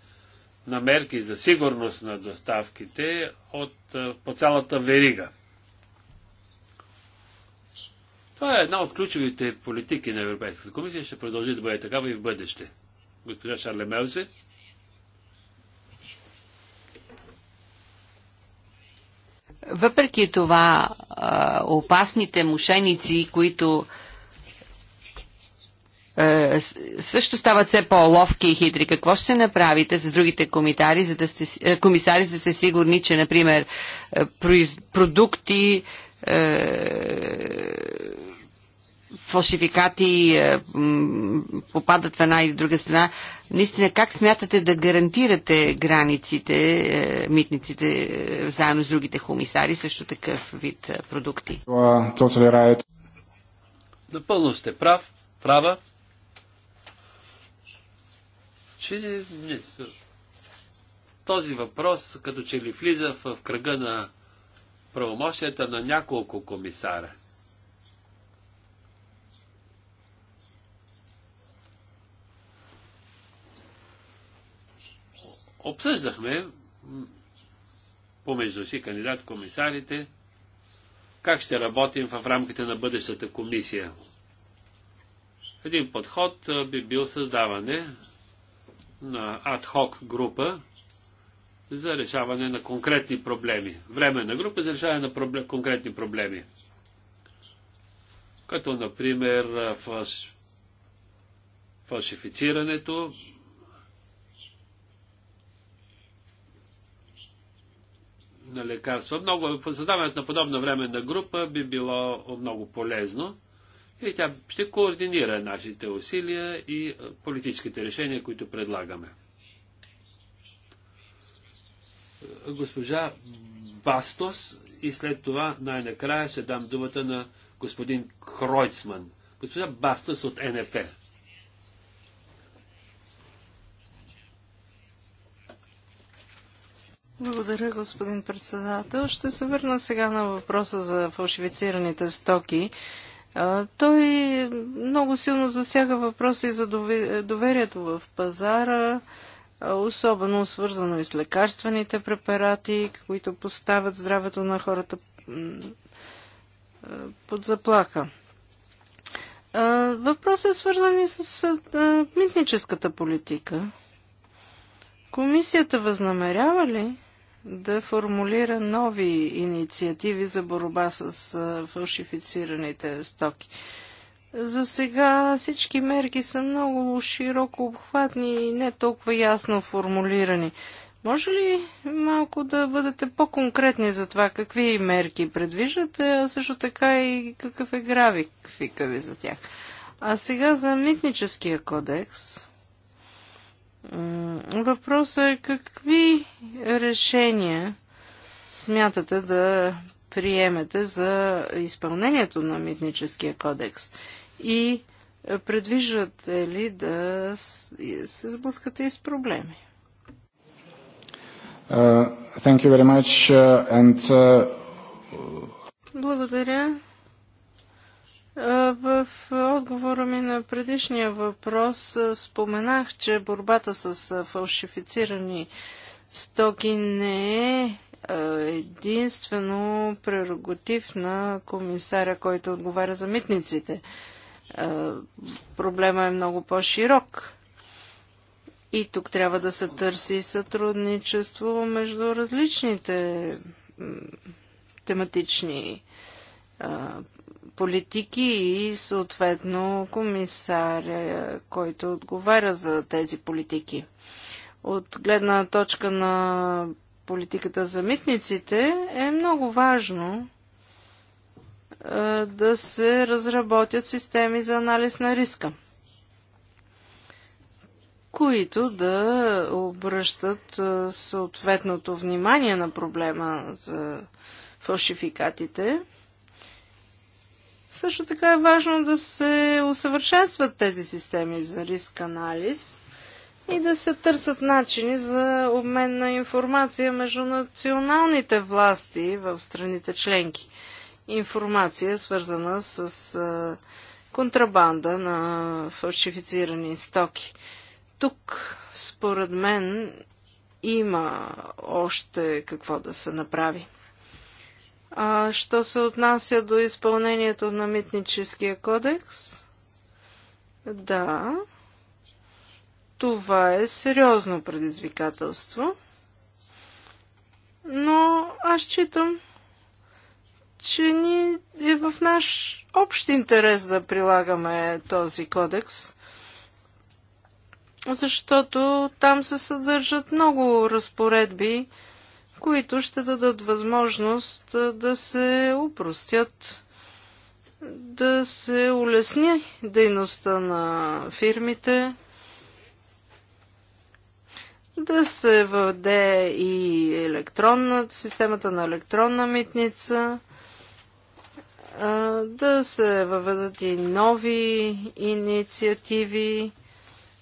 на мерки за сигурност на доставките от, по цялата верига. Това е една от ключовите политики на Европейската комисия. Ще продължи да бъде такава и в бъдеще. Госпожа Шарле Мелзе. Въпреки това, опасните мошеници, които е, също стават все по-ловки и хитри. Какво ще направите с другите комитари, за да сте, е, комисари, за да сте сигурни, че, например, е, произ, продукти, фалшификати попадат в една или друга страна. Наистина, как смятате да гарантирате границите, митниците, заедно с другите комисари, също такъв вид продукти? Напълно сте прав, права че този въпрос като че ли влиза в кръга на правомощията на няколко комисара. Обсъждахме помежду си кандидат комисарите как ще работим в рамките на бъдещата комисия. Един подход би бил създаване на адхок група за решаване на конкретни проблеми. Временна група за решаване на проблем, конкретни проблеми. Като, например, фалш... фалшифицирането, на лекарства. Много, създаването на подобна временна група би било много полезно. И тя ще координира нашите усилия и е, политическите решения, които предлагаме. Е, госпожа Бастос и след това най-накрая ще дам думата на господин Кройцман. Госпожа Бастос от НП. Благодаря, господин председател. Ще се върна сега на въпроса за фалшифицираните стоки. Той много силно засяга въпроси за доверието в пазара, особено свързано и с лекарствените препарати, които поставят здравето на хората под заплаха. Въпросът е свързан и с митническата политика. Комисията възнамерява ли да формулира нови инициативи за борба с фалшифицираните стоки. За сега всички мерки са много широко обхватни и не толкова ясно формулирани. Може ли малко да бъдете по-конкретни за това какви мерки предвиждате, а също така и какъв е графика ви за тях? А сега за митническия кодекс. Въпросът е какви решения смятате да приемете за изпълнението на митническия кодекс и предвиждате ли да се сблъскате и с проблеми? Uh, thank you very much, uh, and, uh... Благодаря. В отговора ми на предишния въпрос споменах, че борбата с фалшифицирани стоки не е единствено прерогатив на комисаря, който отговаря за митниците. Проблема е много по-широк. И тук трябва да се търси сътрудничество между различните тематични политики и съответно комисаря, който отговаря за тези политики. От гледна точка на политиката за митниците е много важно да се разработят системи за анализ на риска, които да обръщат съответното внимание на проблема за фалшификатите – също така е важно да се усъвършенстват тези системи за риск анализ и да се търсят начини за обмен на информация между националните власти в страните членки. Информация свързана с контрабанда на фалшифицирани стоки. Тук, според мен, има още какво да се направи. А, що се отнася до изпълнението на митническия кодекс? Да, това е сериозно предизвикателство, но аз читам, че ни е в наш общ интерес да прилагаме този кодекс, защото там се съдържат много разпоредби, които ще дадат възможност да се упростят, да се улесни дейността на фирмите, да се въведе и електронна, системата на електронна митница, да се въведат и нови инициативи,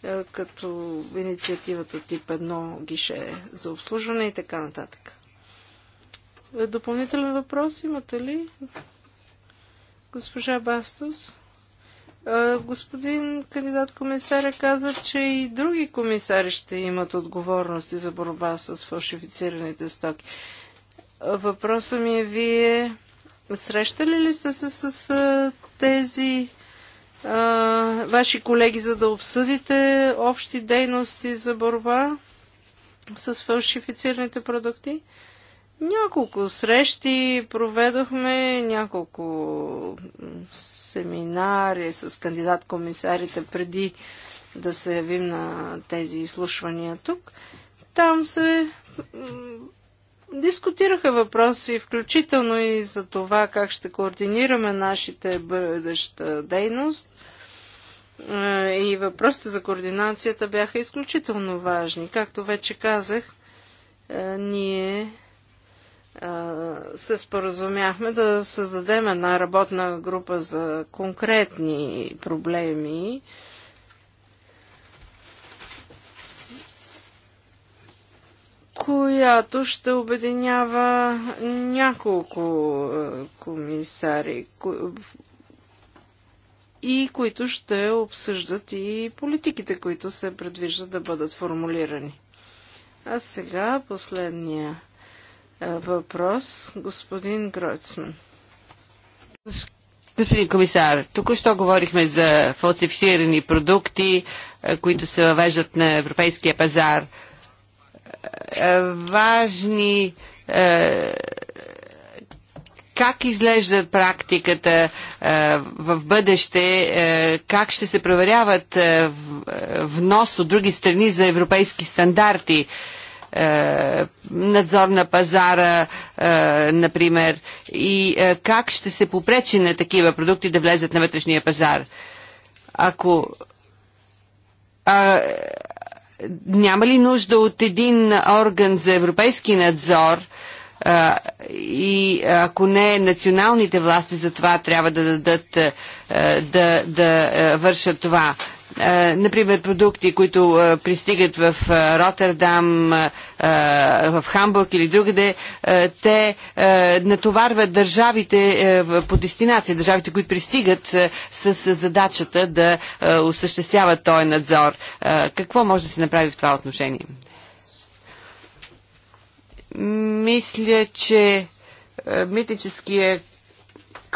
е, като инициативата тип 1 гише за обслужване и така нататък. Е, допълнителен въпрос имате ли? Госпожа Бастос. Е, господин кандидат комисаря каза, че и други комисари ще имат отговорности за борба с фалшифицираните стоки. Въпросът ми е вие срещали ли сте се с тези ваши колеги, за да обсъдите общи дейности за борба с фалшифицираните продукти. Няколко срещи проведохме, няколко семинари с кандидат-комисарите преди да се явим на тези изслушвания тук. Там се дискутираха въпроси, включително и за това как ще координираме нашите бъдеща дейност. Е, и въпросите за координацията бяха изключително важни. Както вече казах, е, ние е, се споразумяхме да създадем една работна група за конкретни проблеми. която ще обединява няколко комисари и които ще обсъждат и политиките, които се предвиждат да бъдат формулирани. А сега последния въпрос, господин Гройцман. Господин комисар, току-що говорихме за фалсифицирани продукти, които се въвеждат на европейския пазар. Важни как изглежда практиката е, в бъдеще? Е, как ще се проверяват е, внос от други страни за европейски стандарти? надзор на пазара, например, и как ще се попречи на такива продукти да влезат на вътрешния пазар? Ако а, няма ли нужда от един орган за европейски надзор, и ако не националните власти за това трябва да дадат да, да вършат това. Например, продукти, които пристигат в Роттердам, в Хамбург или другаде, те натоварват държавите по дестинация, държавите, които пристигат с задачата да осъществяват този надзор. Какво може да се направи в това отношение? Мисля, че е, митническия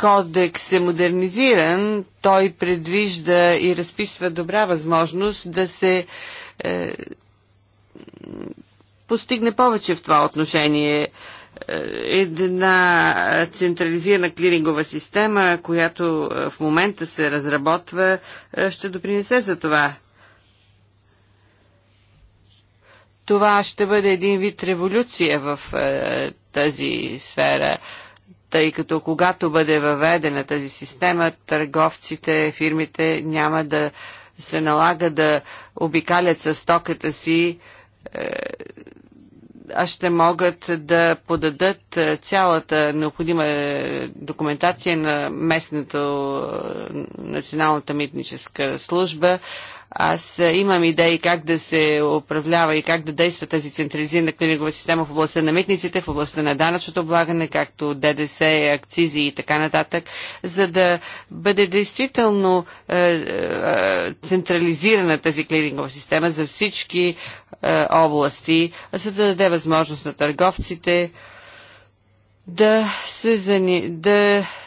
кодекс е модернизиран. Той предвижда и разписва добра възможност да се е, постигне повече в това отношение е, една централизирана клирингова система, която е, в момента се разработва, ще допринесе за това. Това ще бъде един вид революция в е, тази сфера, тъй като когато бъде въведена тази система, търговците, фирмите няма да се налага да обикалят със стоката си, е, а ще могат да подадат е, цялата необходима е, документация на местното е, националната митническа служба, аз е, имам идеи как да се управлява и как да действа тази централизирана клинигова система в областта на митниците, в областта на данъчното облагане, както ДДС, акцизи и така нататък, за да бъде действително е, е, централизирана тази клинингова система за всички е, области, за да даде възможност на търговците, да се зани... да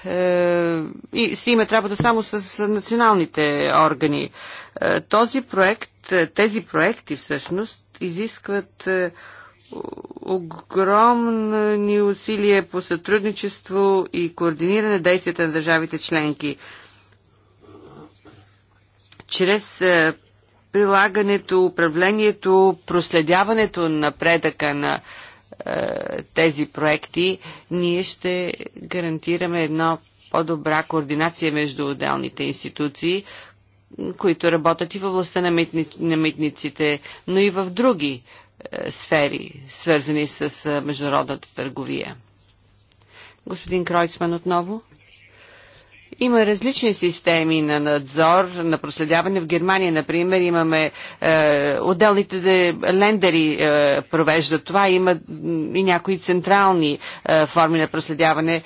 е, и, си имат работа само с националните органи. Е, този проект, е, тези проекти всъщност изискват е, огромни усилия по сътрудничество и координиране действията на държавите членки. Чрез е, прилагането, управлението, проследяването на предъка на е, тези проекти, ние ще гарантираме едно по-добра координация между отделните институции, които работят и в областта на, митни, на митниците, но и в други е, сфери, свързани с е, международната търговия. Господин Кройцман отново. Има различни системи на надзор, на проследяване. В Германия, например, имаме е, отделните лендери е, провеждат това. Има и някои централни е, форми на проследяване. Е,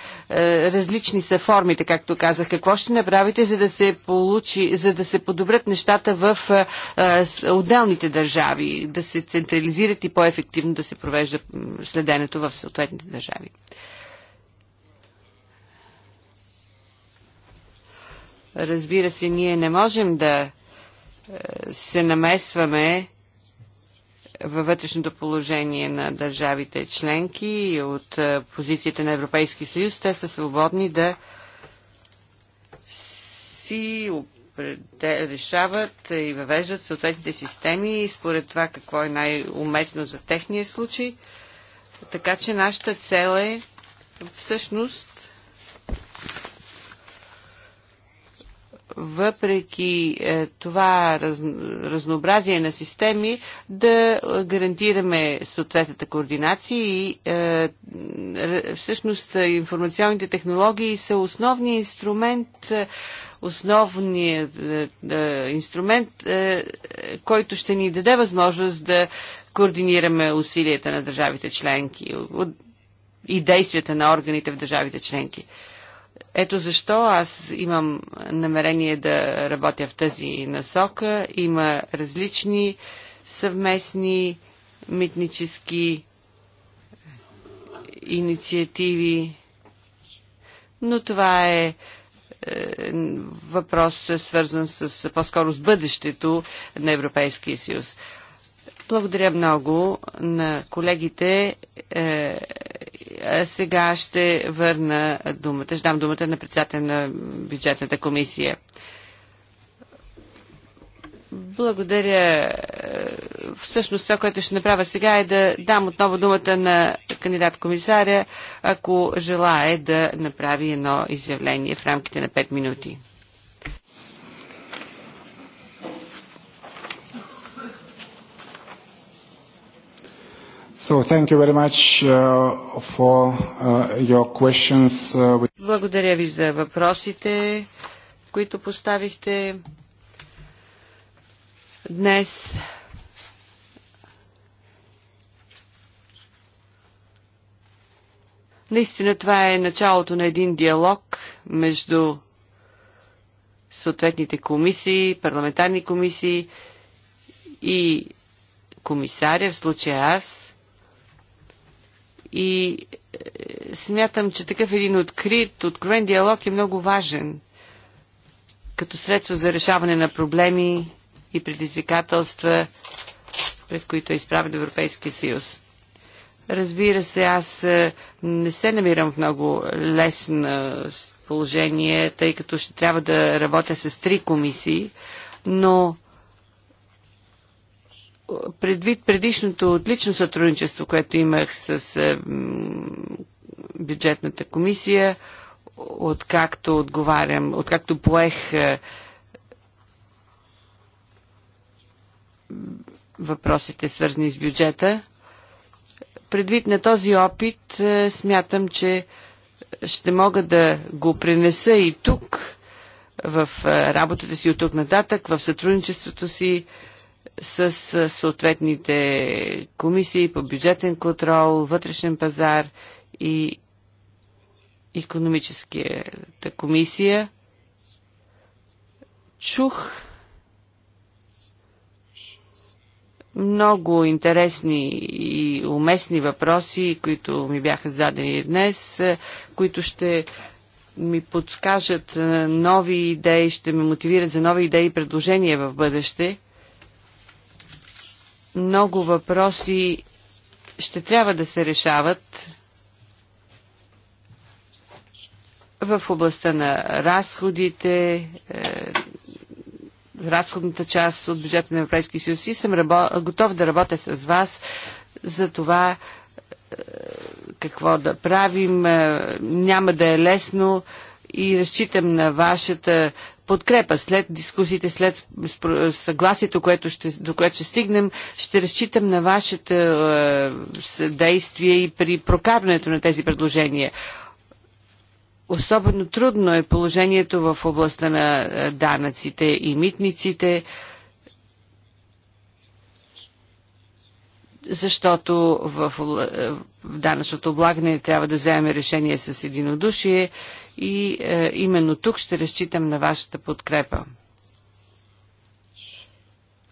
различни са формите, както казах. Какво ще направите, за да се получи, за да се подобрят нещата в е, е отделните държави, да се централизират и по-ефективно да се провежда следенето в съответните държави? Разбира се, ние не можем да е, се намесваме във вътрешното положение на държавите членки и от е, позицията на Европейски съюз. Те са свободни да си решават и въвеждат съответните системи и според това какво е най-уместно за техния случай. Така че нашата цел е всъщност въпреки е, това раз, разнообразие на системи, да е, гарантираме съответната координация и е, всъщност информационните технологии са основният инструмент основният инструмент, който ще ни даде възможност да координираме усилията на държавите членки и действията на органите в държавите членки. Ето защо аз имам намерение да работя в тази насока. Има различни съвместни митнически инициативи, но това е, е въпрос свързан с, по-скоро с бъдещето на Европейския съюз. Благодаря много на колегите, е, сега ще върна думата, ще дам думата на председателя на бюджетната комисия. Благодаря. Всъщност това, което ще направя сега е да дам отново думата на кандидат-комисаря, ако желае да направи едно изявление в рамките на 5 минути. Благодаря ви за въпросите, които поставихте днес. Наистина това е началото на един диалог между съответните комисии, парламентарни комисии и комисаря, в случая аз, и е, смятам, че такъв един открит, откровен диалог е много важен като средство за решаване на проблеми и предизвикателства, пред които е изправен Европейския съюз. Разбира се, аз е, не се намирам в много лесно е, положение, тъй като ще трябва да работя с три комисии, но предвид предишното отлично сътрудничество, което имах с е, бюджетната комисия, откакто отговарям, откакто поех е, въпросите свързани с бюджета, предвид на този опит, е, смятам, че ще мога да го пренеса и тук, в работата си от тук нататък, в сътрудничеството си с съответните комисии по бюджетен контрол, вътрешен пазар и економическата комисия. Чух много интересни и уместни въпроси, които ми бяха задени днес, които ще ми подскажат нови идеи, ще ме мотивират за нови идеи и предложения в бъдеще. Много въпроси ще трябва да се решават в областта на разходите, е, разходната част от бюджета на Европейския съюз и съм рабо... готов да работя с вас за това е, какво да правим. Е, няма да е лесно и разчитам на вашата подкрепа. След дискусиите, след съгласието, което ще, до което ще стигнем, ще разчитам на вашето е, действие и при прокарването на тези предложения. Особено трудно е положението в областта на е, данъците и митниците, защото в, е, в данъчното облагане трябва да вземем решение с единодушие и е, именно тук ще разчитам на вашата подкрепа.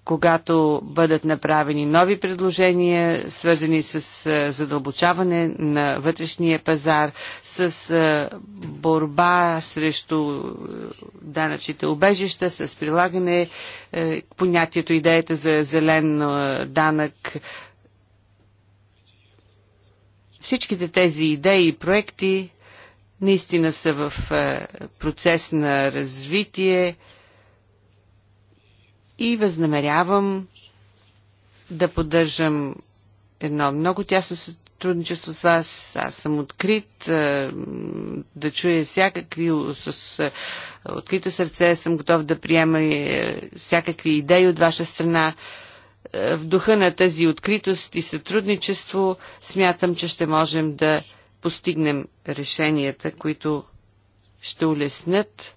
Когато бъдат направени нови предложения, свързани с е, задълбочаване на вътрешния пазар, с е, борба срещу е, данъчните обежища, с прилагане е, понятието, идеята за зелен е, данък, всичките тези идеи и проекти наистина са в е, процес на развитие и възнамерявам да поддържам едно много тясно сътрудничество с вас. Аз съм открит е, да чуя всякакви, с е, открито сърце съм готов да приема всякакви идеи от ваша страна. В духа на тази откритост и сътрудничество смятам, че ще можем да постигнем решенията, които ще улеснят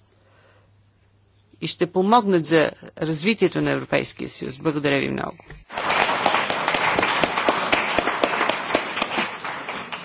и ще помогнат за развитието на Европейския съюз. Благодаря ви много.